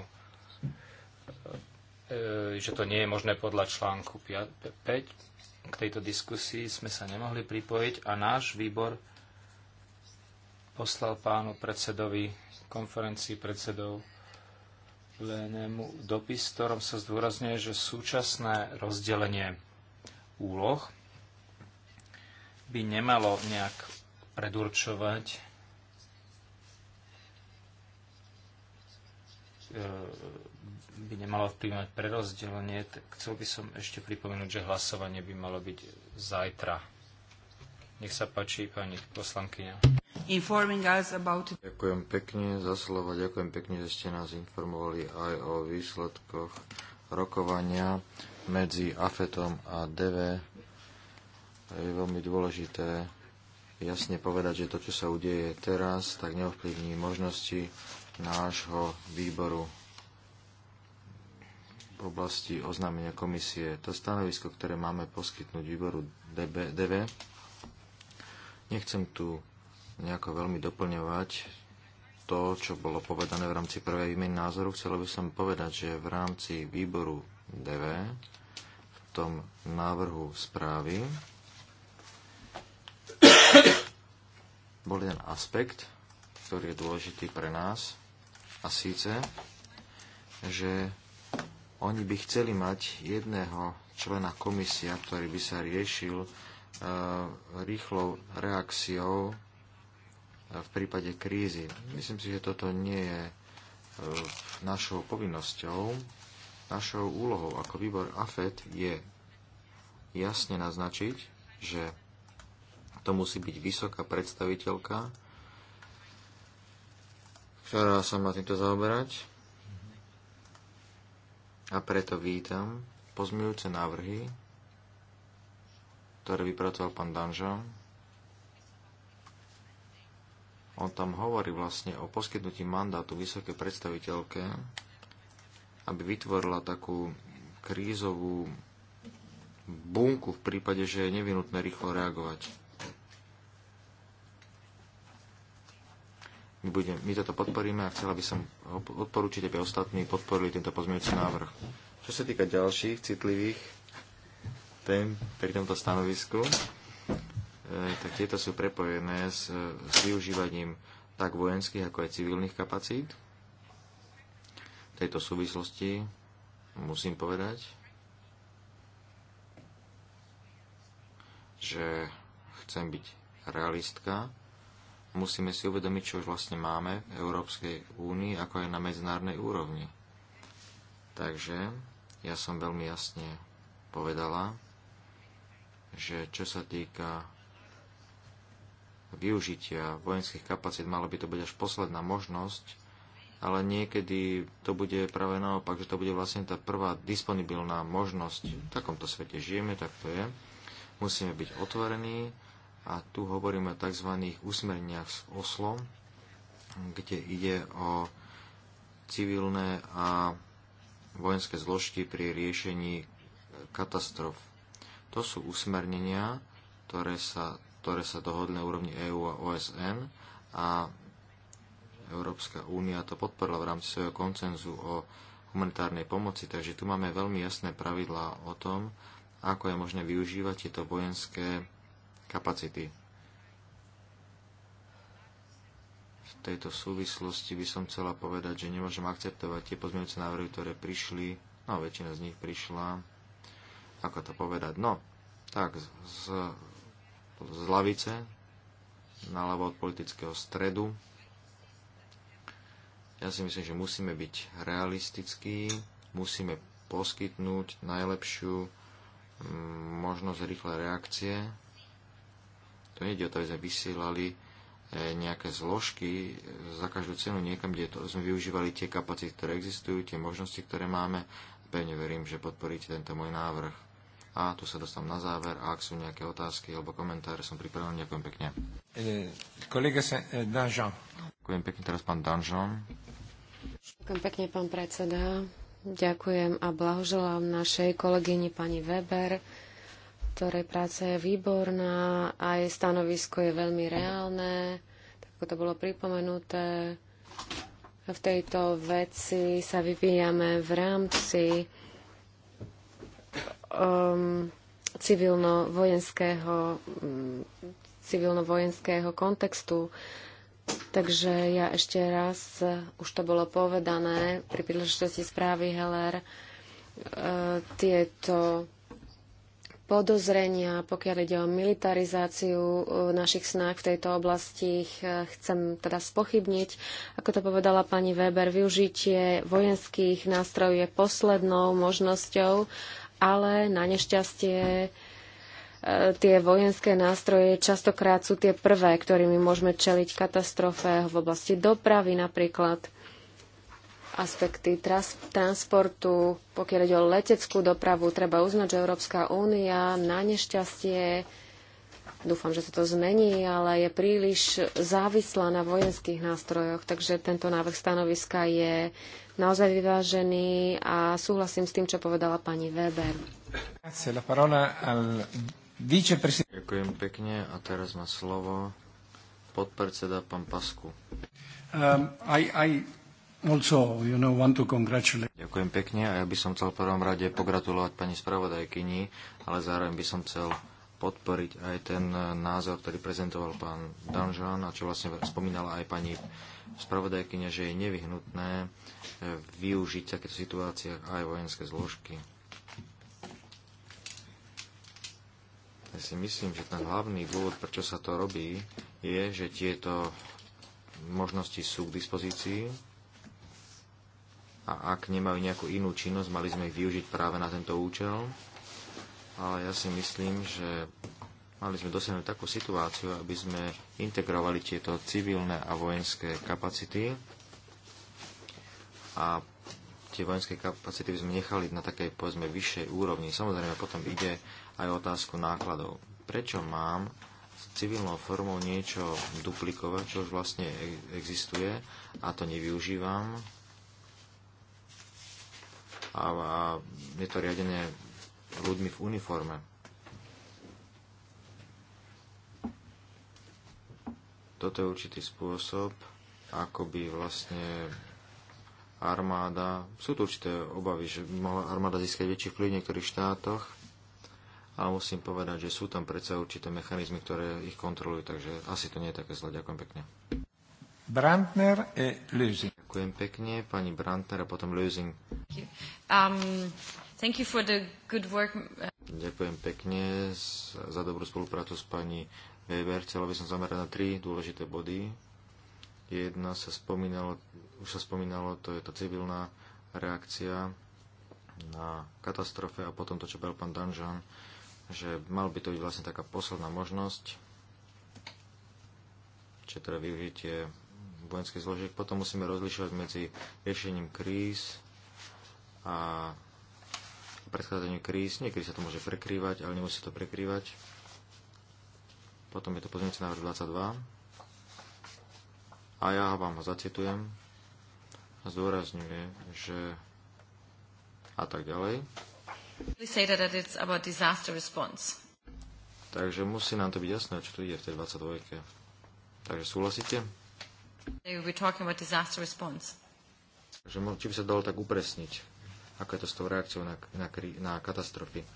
E, že to nie je možné podľa článku 5. K tejto diskusii sme sa nemohli pripojiť a náš výbor poslal pánu predsedovi konferencii predsedov plénemu dopis, v ktorom sa zdôrazňuje, že súčasné rozdelenie úloh by nemalo nejak predurčovať e, by nemalo vplyvať pre rozdelenie, tak chcel by som ešte pripomenúť, že hlasovanie by malo byť zajtra. Nech sa páči, pani poslankyňa. About... Ďakujem pekne za slovo, ďakujem pekne, že ste nás informovali aj o výsledkoch rokovania medzi AFETom a DV. Je veľmi dôležité jasne povedať, že to, čo sa udeje teraz, tak neovplyvní možnosti nášho výboru oblasti oznámenia komisie. To stanovisko, ktoré máme poskytnúť výboru DB, DV, nechcem tu nejako veľmi doplňovať to, čo bolo povedané v rámci prvej výmeny názoru. Chcel by som povedať, že v rámci výboru DV v tom návrhu správy [COUGHS] bol jeden aspekt, ktorý je dôležitý pre nás a síce, že oni by chceli mať jedného člena komisia, ktorý by sa riešil e, rýchlou reakciou e, v prípade krízy. Myslím si, že toto nie je e, našou povinnosťou. Našou úlohou ako výbor AFET je jasne naznačiť, že to musí byť vysoká predstaviteľka, ktorá sa má týmto zaoberať a preto vítam pozmiujúce návrhy, ktoré vypracoval pán Danža. On tam hovorí vlastne o poskytnutí mandátu vysokej predstaviteľke, aby vytvorila takú krízovú bunku v prípade, že je nevinutné rýchlo reagovať. My, budem, my toto podporíme a chcela by som odporúčiť, aby ostatní podporili tento pozmeňujúci návrh. Čo sa týka ďalších citlivých tém pri tomto stanovisku, e, tak tieto sú prepojené s, s využívaním tak vojenských, ako aj civilných kapacít. V tejto súvislosti musím povedať, že chcem byť realistka musíme si uvedomiť, čo už vlastne máme v Európskej únii, ako aj na medzinárodnej úrovni. Takže ja som veľmi jasne povedala, že čo sa týka využitia vojenských kapacít, mala by to byť až posledná možnosť, ale niekedy to bude práve naopak, že to bude vlastne tá prvá disponibilná možnosť. V takomto svete žijeme, tak to je. Musíme byť otvorení, a tu hovoríme o tzv. usmerniach s Oslom, kde ide o civilné a vojenské zložky pri riešení katastrof. To sú usmernenia, ktoré sa, ktoré sa dohodli na úrovni EÚ a OSN a Európska únia to podporila v rámci svojho koncenzu o humanitárnej pomoci, takže tu máme veľmi jasné pravidlá o tom, ako je možné využívať tieto vojenské kapacity. V tejto súvislosti by som chcela povedať, že nemôžem akceptovať tie pozmeňujúce návrhy, ktoré prišli, no väčšina z nich prišla, ako to povedať, no, tak z, z, z lavice, nalavo od politického stredu. Ja si myslím, že musíme byť realistickí, musíme poskytnúť najlepšiu mm, možnosť rýchlej reakcie tu nejde o to, aby sme vysielali e, nejaké zložky e, za každú cenu niekam, kde to, sme využívali tie kapacity, ktoré existujú, tie možnosti, ktoré máme. Pevne verím, že podporíte tento môj návrh. A tu sa dostám na záver a ak sú nejaké otázky alebo komentáre, som pripravený. Ďakujem pekne. E, kolega sa, Danžan. Ďakujem pekne teraz pán Danžan. Ďakujem pekne pán predseda. Ďakujem a blahoželám našej kolegyni pani Weber ktorej práca je výborná a jej stanovisko je veľmi reálne, tak ako to bolo pripomenuté. V tejto veci sa vyvíjame v rámci um, civilno-vojenského um, civilno-vojenského kontextu. Takže ja ešte raz, už to bolo povedané pri príležitosti správy Heller, e, tieto podozrenia, pokiaľ ide o militarizáciu e, našich snách v tejto oblasti, chcem teda spochybniť. Ako to povedala pani Weber, využitie vojenských nástrojov je poslednou možnosťou, ale na nešťastie e, tie vojenské nástroje častokrát sú tie prvé, ktorými môžeme čeliť katastrofe v oblasti dopravy napríklad aspekty trans- transportu, pokiaľ ide o leteckú dopravu, treba uznať, že Európska únia na nešťastie, dúfam, že sa to zmení, ale je príliš závislá na vojenských nástrojoch, takže tento návrh stanoviska je naozaj vyvážený a súhlasím s tým, čo povedala pani Weber. Ďakujem pekne a teraz má slovo podpredseda pán Pasku. Um, I, I also, you know, want to congratulate. Ďakujem pekne a ja by som chcel v prvom rade pogratulovať pani spravodajkyni, ale zároveň by som chcel podporiť aj ten e, názor, ktorý prezentoval pán Danžan a čo vlastne spomínala aj pani spravodajkyňa, že je nevyhnutné e, využiť v takéto situácie aj vojenské zložky. Ja si myslím, že ten hlavný dôvod, prečo sa to robí, je, že tieto možnosti sú k dispozícii a ak nemajú nejakú inú činnosť, mali sme ich využiť práve na tento účel. Ale ja si myslím, že mali sme dosiahnuť takú situáciu, aby sme integrovali tieto civilné a vojenské kapacity a tie vojenské kapacity by sme nechali na takej, povedzme, vyššej úrovni. Samozrejme, potom ide aj o otázku nákladov. Prečo mám s civilnou formou niečo duplikovať, čo už vlastne e-, existuje a to nevyužívam? a, a je to riadené ľuďmi v uniforme. Toto je určitý spôsob, ako by vlastne armáda, sú tu určité obavy, že by mohla armáda získať väčší vplyv v niektorých štátoch, ale musím povedať, že sú tam predsa určité mechanizmy, ktoré ich kontrolujú, takže asi to nie je také zle. Ďakujem pekne. Brandner e Lösing. Ďakujem pekne. Pani Brantner a potom Lösing. Um, Ďakujem pekne za dobrú spoluprácu s pani Weber. Chcela by som zamerať na tri dôležité body. Jedna sa spomínalo, už sa spomínalo, to je tá civilná reakcia na katastrofe a potom to, čo bol pán Danžan, že mal by to byť vlastne taká posledná možnosť, Čo teda využitie vojenských zložiek. Potom musíme rozlišovať medzi riešením kríz a predchádzaním kríz. Niekedy sa to môže prekrývať, ale nemusí to prekrývať. Potom je to pozmeňujúci návrh 22. A ja vám ho zacitujem. Zdôrazňuje, že a tak ďalej. Takže musí nám to byť jasné, čo tu ide v tej 22. Takže súhlasíte? Takže či by sa dalo tak upresniť, aká je to s tou reakciou na, na, na katastrofy.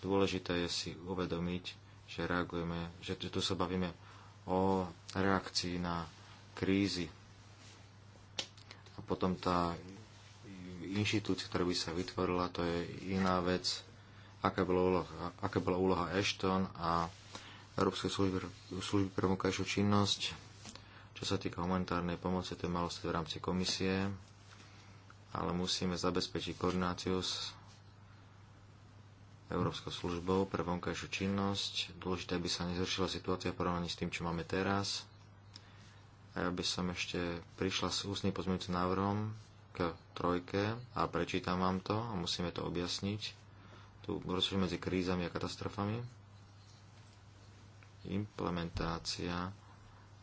Dôležité je si uvedomiť, že reagujeme, že, že tu sa bavíme o reakcii na krízy. A potom tá inštitúcia, ktorá by sa vytvorila, to je iná vec, aká bola úloha, aká bola úloha Ashton a Európskej služby, služby pre činnosť. Čo sa týka humanitárnej pomoci, to je malosti v rámci komisie, ale musíme zabezpečiť koordináciu s Európskou službou pre vonkajšiu činnosť. Dôležité, aby sa nezhoršila situácia v porovnaní s tým, čo máme teraz. A ja by som ešte prišla s ústnym pozmeňujúcim návrhom k trojke a prečítam vám to a musíme to objasniť. Tu rozlišujeme medzi krízami a katastrofami. Implementácia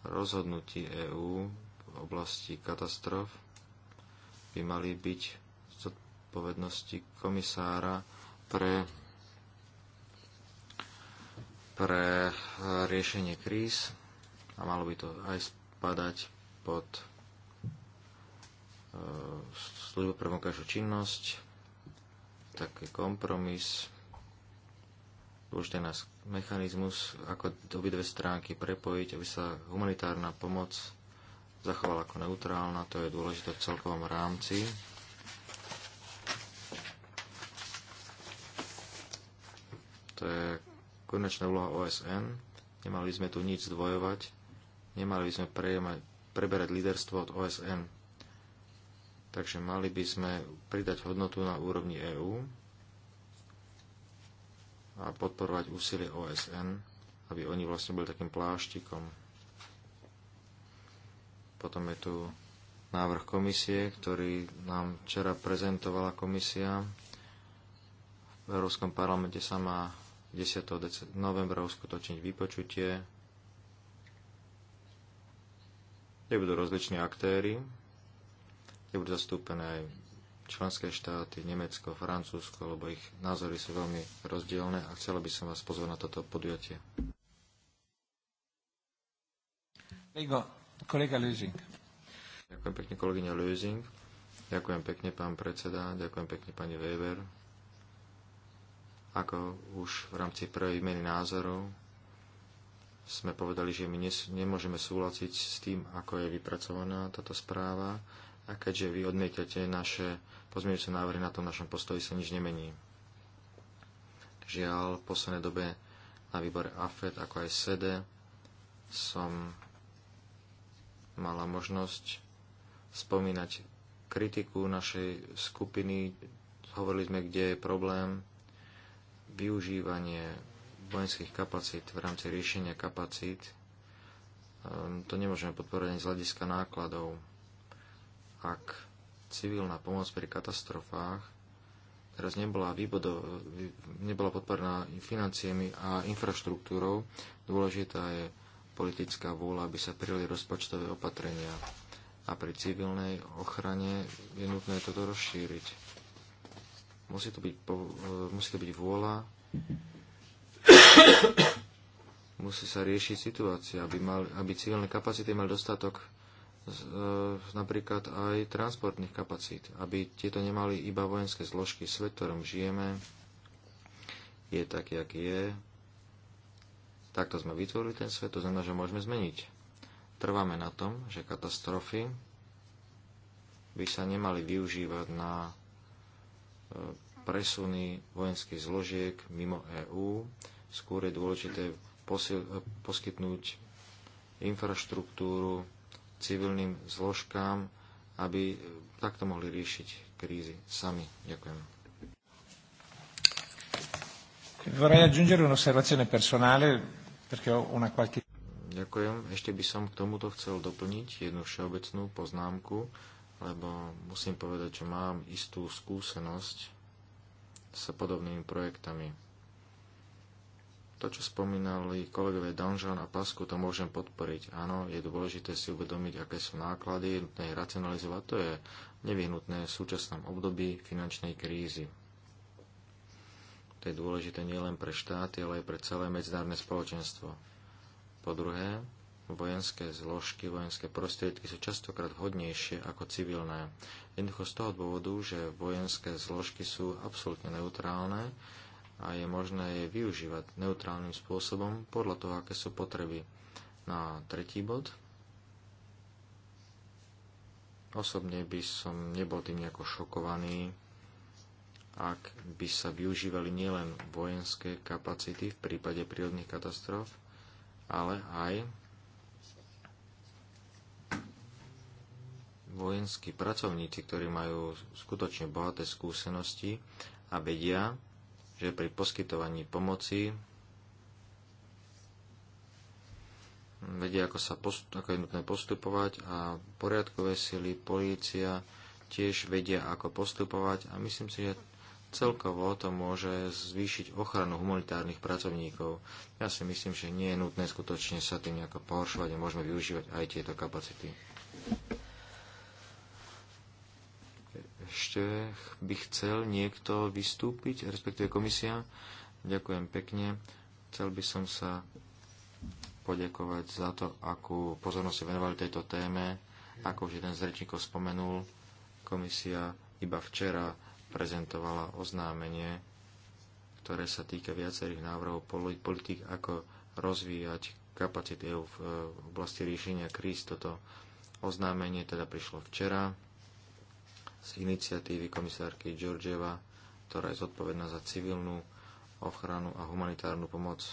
rozhodnutí EÚ v oblasti katastrof by mali byť v zodpovednosti komisára pre, pre e, riešenie kríz a malo by to aj spadať pod e, službu pre vonkajšiu činnosť, taký kompromis. Dôležité nás mechanizmus, ako obidve stránky prepojiť, aby sa humanitárna pomoc zachovala ako neutrálna, to je dôležité v celkovom rámci. To je konečná úloha OSN. Nemali by sme tu nič zdvojovať, nemali by sme prejemať, preberať líderstvo od OSN. Takže mali by sme pridať hodnotu na úrovni EÚ a podporovať úsilie OSN, aby oni vlastne boli takým pláštikom. Potom je tu návrh komisie, ktorý nám včera prezentovala komisia. V Európskom parlamente sa má 10. novembra uskutočniť vypočutie, kde budú rozliční aktéry, kde budú zastúpené aj členské štáty, Nemecko, Francúzsko, lebo ich názory sú veľmi rozdielne a chcela by som vás pozvať na toto podujatie. Kolega Lösing. Ďakujem pekne kolegyňa lusing. Ďakujem pekne pán predseda, ďakujem pekne pani Weber. Ako už v rámci prvej výmeny názorov sme povedali, že my nemôžeme súhlasiť s tým, ako je vypracovaná táto správa a keďže vy odmietate naše pozmeňujúce návrhy, na tom našom postoji sa nič nemení. Žiaľ, v poslednej dobe na výbore AFED ako aj SEDE som mala možnosť spomínať kritiku našej skupiny, hovorili sme, kde je problém, využívanie vojenských kapacít v rámci riešenia kapacít, ehm, to nemôžeme podporovať ani z hľadiska nákladov ak civilná pomoc pri katastrofách teraz nebola, vybodo, nebola podporná financiami a infraštruktúrou, dôležitá je politická vôľa, aby sa prijali rozpočtové opatrenia. A pri civilnej ochrane je nutné toto rozšíriť. Musí to byť, e, musí to byť vôľa, [COUGHS] musí sa riešiť situácia, aby, mal, aby civilné kapacity mali dostatok E, napríklad aj transportných kapacít, aby tieto nemali iba vojenské zložky. Svet, ktorom žijeme, je taký, aký je. Takto sme vytvorili ten svet, to znamená, že môžeme zmeniť. Trváme na tom, že katastrofy by sa nemali využívať na e, presuny vojenských zložiek mimo EÚ. Skôr je dôležité e, poskytnúť infraštruktúru, civilným zložkám, aby e, takto mohli riešiť krízy sami. Ďakujem. Ďakujem. Ešte by som k tomuto chcel doplniť jednu všeobecnú poznámku, lebo musím povedať, že mám istú skúsenosť s podobnými projektami to, čo spomínali kolegovia Danžan a Pasku, to môžem podporiť. Áno, je dôležité si uvedomiť, aké sú náklady, je nutné racionalizovať. To je nevyhnutné v súčasnom období finančnej krízy. To je dôležité nielen pre štáty, ale aj pre celé medzinárodné spoločenstvo. Po druhé, vojenské zložky, vojenské prostriedky sú častokrát hodnejšie ako civilné. Jednoducho z toho dôvodu, že vojenské zložky sú absolútne neutrálne, a je možné je využívať neutrálnym spôsobom podľa toho, aké sú potreby. Na no tretí bod. Osobne by som nebol tým nejako šokovaný, ak by sa využívali nielen vojenské kapacity v prípade prírodných katastrof, ale aj vojenskí pracovníci, ktorí majú skutočne bohaté skúsenosti a vedia, že pri poskytovaní pomoci vedia, ako, sa post- ako je nutné postupovať a poriadkové sily, polícia tiež vedia, ako postupovať a myslím si, že celkovo to môže zvýšiť ochranu humanitárnych pracovníkov. Ja si myslím, že nie je nutné skutočne sa tým nejako pohoršovať a môžeme využívať aj tieto kapacity ešte by chcel niekto vystúpiť, respektíve komisia? Ďakujem pekne. Chcel by som sa poďakovať za to, akú pozornosť venovali tejto téme. Ako už jeden z rečníkov spomenul, komisia iba včera prezentovala oznámenie, ktoré sa týka viacerých návrhov politik, ako rozvíjať kapacity e e, v oblasti riešenia kríz. Toto oznámenie teda prišlo včera z iniciatívy komisárky Georgieva, ktorá je zodpovedná za civilnú ochranu a humanitárnu pomoc.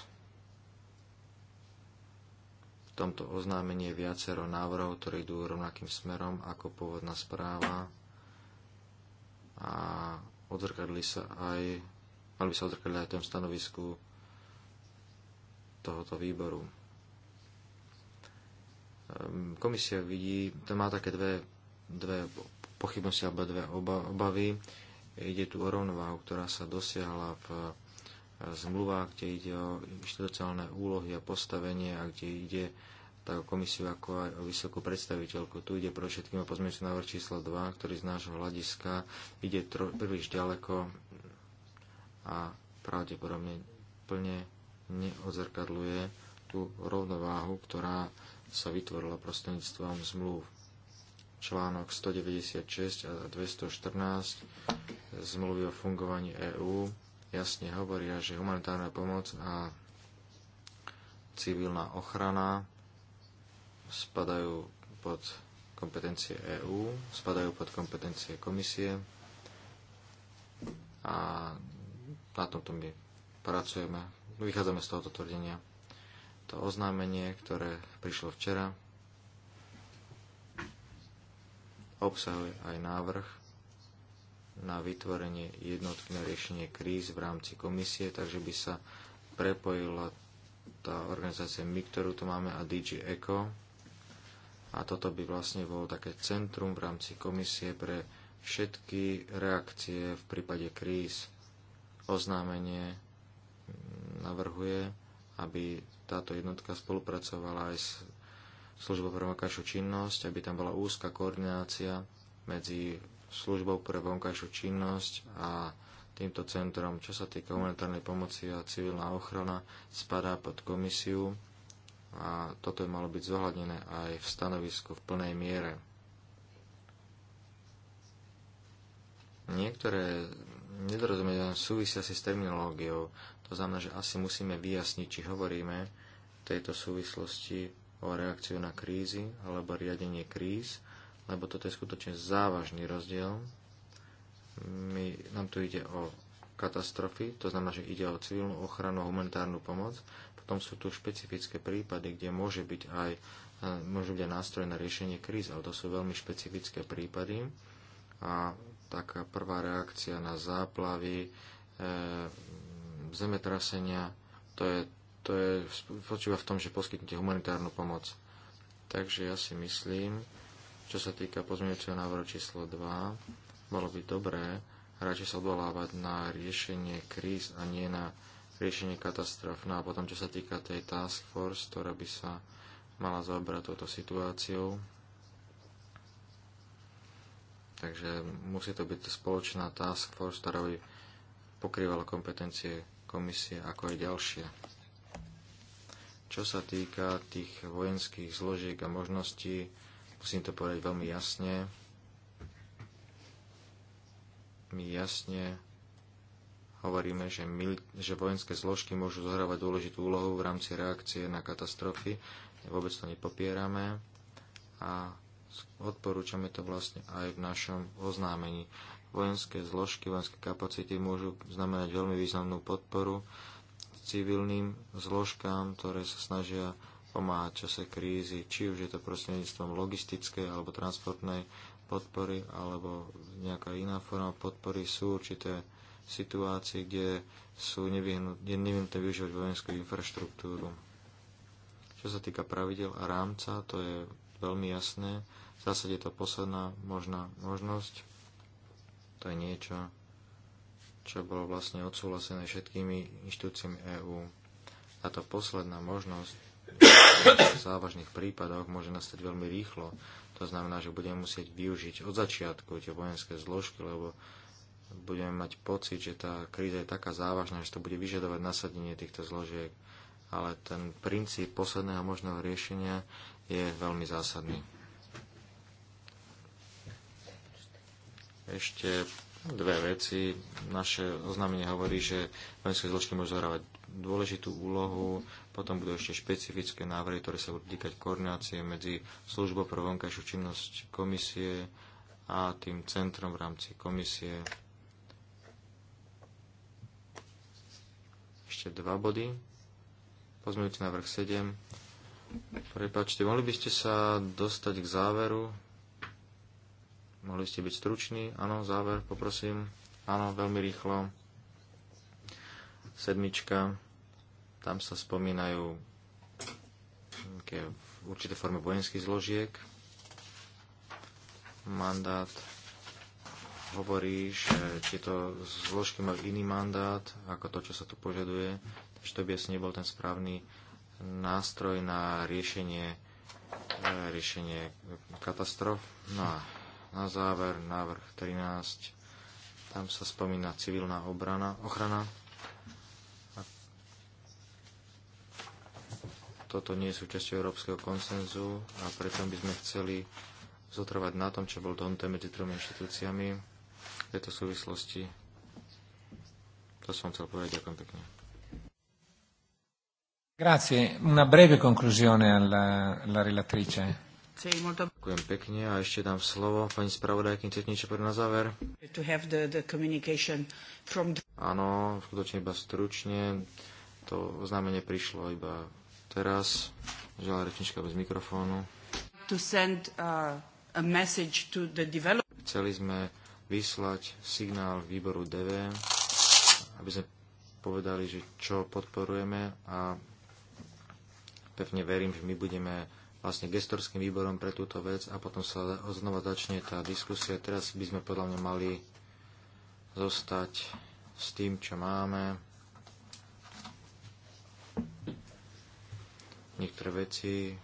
V tomto oznámení je viacero návrhov, ktoré idú rovnakým smerom ako pôvodná správa a odzrkadli sa aj, mali by sa odzrkadli aj v tom stanovisku tohoto výboru. Ehm, komisia vidí, to má také dve, dve pochybnosti alebo dve obavy. Ide tu o rovnováhu, ktorá sa dosiahla v eh, zmluvách, kde ide o inštitucionálne úlohy a postavenie a kde ide tak o komisiu, ako aj o vysokú predstaviteľku. Tu ide pre všetkým o pozmeňujúci návrh číslo 2, ktorý z nášho hľadiska ide tro, príliš ďaleko a pravdepodobne plne neodzrkadluje tú rovnováhu, ktorá sa vytvorila prostredníctvom zmluv článok 196 a 214 zmluvy o fungovaní EÚ jasne hovoria, že humanitárna pomoc a civilná ochrana spadajú pod kompetencie EÚ, spadajú pod kompetencie komisie a na tomto my pracujeme. Vychádzame z tohoto tvrdenia. To oznámenie, ktoré prišlo včera, obsahuje aj návrh na vytvorenie jednotky na riešenie kríz v rámci komisie, takže by sa prepojila tá organizácia my, ktorú tu máme, a DG ECO. A toto by vlastne bolo také centrum v rámci komisie pre všetky reakcie v prípade kríz. Oznámenie navrhuje, aby táto jednotka spolupracovala aj s službu pre vonkajšiu činnosť, aby tam bola úzka koordinácia medzi službou pre vonkajšiu činnosť a týmto centrom, čo sa týka humanitárnej pomoci a civilná ochrana, spadá pod komisiu a toto je malo byť zohľadnené aj v stanovisku v plnej miere. Niektoré nedorozumenia súvisia si s terminológiou. To znamená, že asi musíme vyjasniť, či hovoríme v tejto súvislosti o reakciu na krízy alebo riadenie kríz, lebo toto je skutočne závažný rozdiel. My, nám tu ide o katastrofy, to znamená, že ide o civilnú ochranu a humanitárnu pomoc. Potom sú tu špecifické prípady, kde môže byť aj, e, môžu byť aj nástroje na riešenie kríz, ale to sú veľmi špecifické prípady. A taká prvá reakcia na záplavy, e, zemetrasenia, to je to je, spočíva v tom, že poskytnete humanitárnu pomoc. Takže ja si myslím, čo sa týka pozmeňujúceho návrhu číslo 2, bolo by dobré radšej sa odvolávať na riešenie kríz a nie na riešenie katastrof. No a potom, čo sa týka tej task force, ktorá by sa mala zaoberať touto situáciou, takže musí to byť spoločná task force, ktorá by pokrývala kompetencie komisie ako aj ďalšie. Čo sa týka tých vojenských zložiek a možností, musím to povedať veľmi jasne. My jasne hovoríme, že, mil, že vojenské zložky môžu zohrávať dôležitú úlohu v rámci reakcie na katastrofy. Vôbec to nepopierame a odporúčame to vlastne aj v našom oznámení. Vojenské zložky, vojenské kapacity môžu znamenať veľmi významnú podporu civilným zložkám, ktoré sa snažia pomáhať v čase krízy, či už je to prostredníctvom logistickej alebo transportnej podpory, alebo nejaká iná forma podpory. Sú určité situácie, kde sú nevyhnutné využívať vojenskú infraštruktúru. Čo sa týka pravidel a rámca, to je veľmi jasné. V zásade je to posledná možná možnosť. To je niečo, čo bolo vlastne odsúhlasené všetkými inštitúciami EÚ. Táto posledná možnosť v závažných prípadoch môže nastať veľmi rýchlo. To znamená, že budeme musieť využiť od začiatku tie vojenské zložky, lebo budeme mať pocit, že tá kríza je taká závažná, že to bude vyžadovať nasadenie týchto zložiek. Ale ten princíp posledného možného riešenia je veľmi zásadný. Ešte dve veci. Naše oznámenie hovorí, že vojenské zložky môžu zahrávať dôležitú úlohu, potom budú ešte špecifické návrhy, ktoré sa budú týkať koordinácie medzi službou pre vonkajšiu činnosť komisie a tým centrom v rámci komisie. Ešte dva body. Pozmeňujte návrh 7. Prepačte, mohli by ste sa dostať k záveru Mohli ste byť struční? Áno, záver, poprosím. Áno, veľmi rýchlo. Sedmička. Tam sa spomínajú také určité forme vojenských zložiek. Mandát hovorí, že tieto zložky majú iný mandát ako to, čo sa tu požaduje. Takže to by asi nebol ten správny nástroj na riešenie, riešenie katastrof. No a na záver návrh 13. Tam sa spomína civilná obrana, ochrana. A toto nie je súčasťou európskeho konsenzu a preto by sme chceli zotrvať na tom, čo bol donté medzi tromi inštitúciami v tejto súvislosti. To som chcel povedať. Ďakujem pekne. Grazie. Una breve conclusione alla, alla relatrice. Ďakujem pekne a ešte dám slovo pani spravodajky, chcete niečo povedať na záver? The, the from... Áno, skutočne iba stručne. To oznámenie prišlo iba teraz. Žiaľ, rečnička bez mikrofónu. To send, uh, a message to the develop- Chceli sme vyslať signál výboru DV, aby sme povedali, že čo podporujeme a pevne verím, že my budeme vlastne gestorským výborom pre túto vec a potom sa znova začne tá diskusia. Teraz by sme podľa mňa mali zostať s tým, čo máme. Niektoré veci,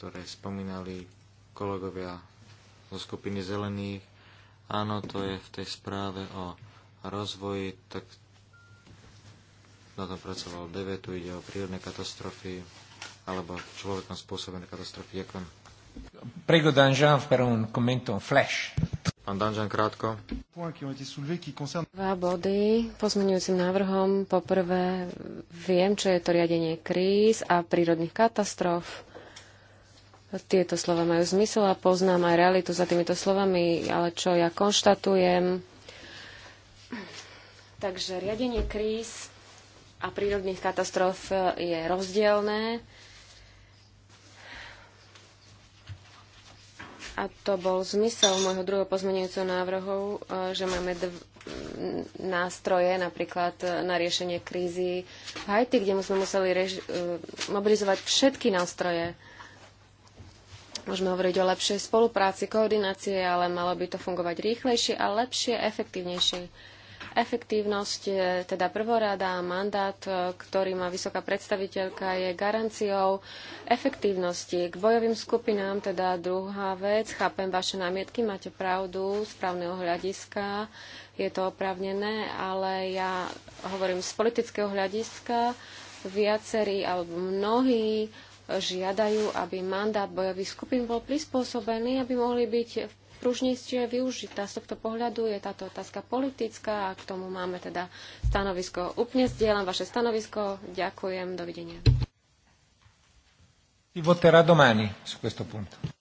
ktoré spomínali kolegovia zo skupiny zelených, áno, to je v tej správe o rozvoji, tak na tom pracoval 9, tu ide o prírodné katastrofy, alebo človekom spôsobené katastrofy. Ďakujem. Prego Danjean per un commento flash. Pán Danžan, krátko. Dva body pozmenujúcim návrhom. Poprvé, viem, čo je to riadenie kríz a prírodných katastrof. Tieto slova majú zmysel a poznám aj realitu za týmito slovami, ale čo ja konštatujem. Takže riadenie kríz a prírodných katastrof je rozdielne. A to bol zmysel môjho druhého pozmenujúceho návrhu, e, že máme dv- nástroje napríklad e, na riešenie krízy v Haiti, kde sme museli rež- e, mobilizovať všetky nástroje. Môžeme hovoriť o lepšej spolupráci, koordinácie, ale malo by to fungovať rýchlejšie a lepšie, efektívnejšie. Efektívnosť teda prvorada a mandát, e, ktorý má vysoká predstaviteľka, je garanciou efektívnosti. K bojovým skupinám teda druhá vec. Chápem vaše námietky, máte pravdu, správneho hľadiska je to oprávnené, ale ja hovorím z politického hľadiska, viacerí alebo mnohí e, žiadajú, aby mandát bojových skupín bol prispôsobený, aby mohli byť v pružnejšie využitá. Z tohto pohľadu je táto otázka politická a k tomu máme teda stanovisko. Úplne zdieľam vaše stanovisko. Ďakujem. Dovidenia. Voterà domani su questo punto.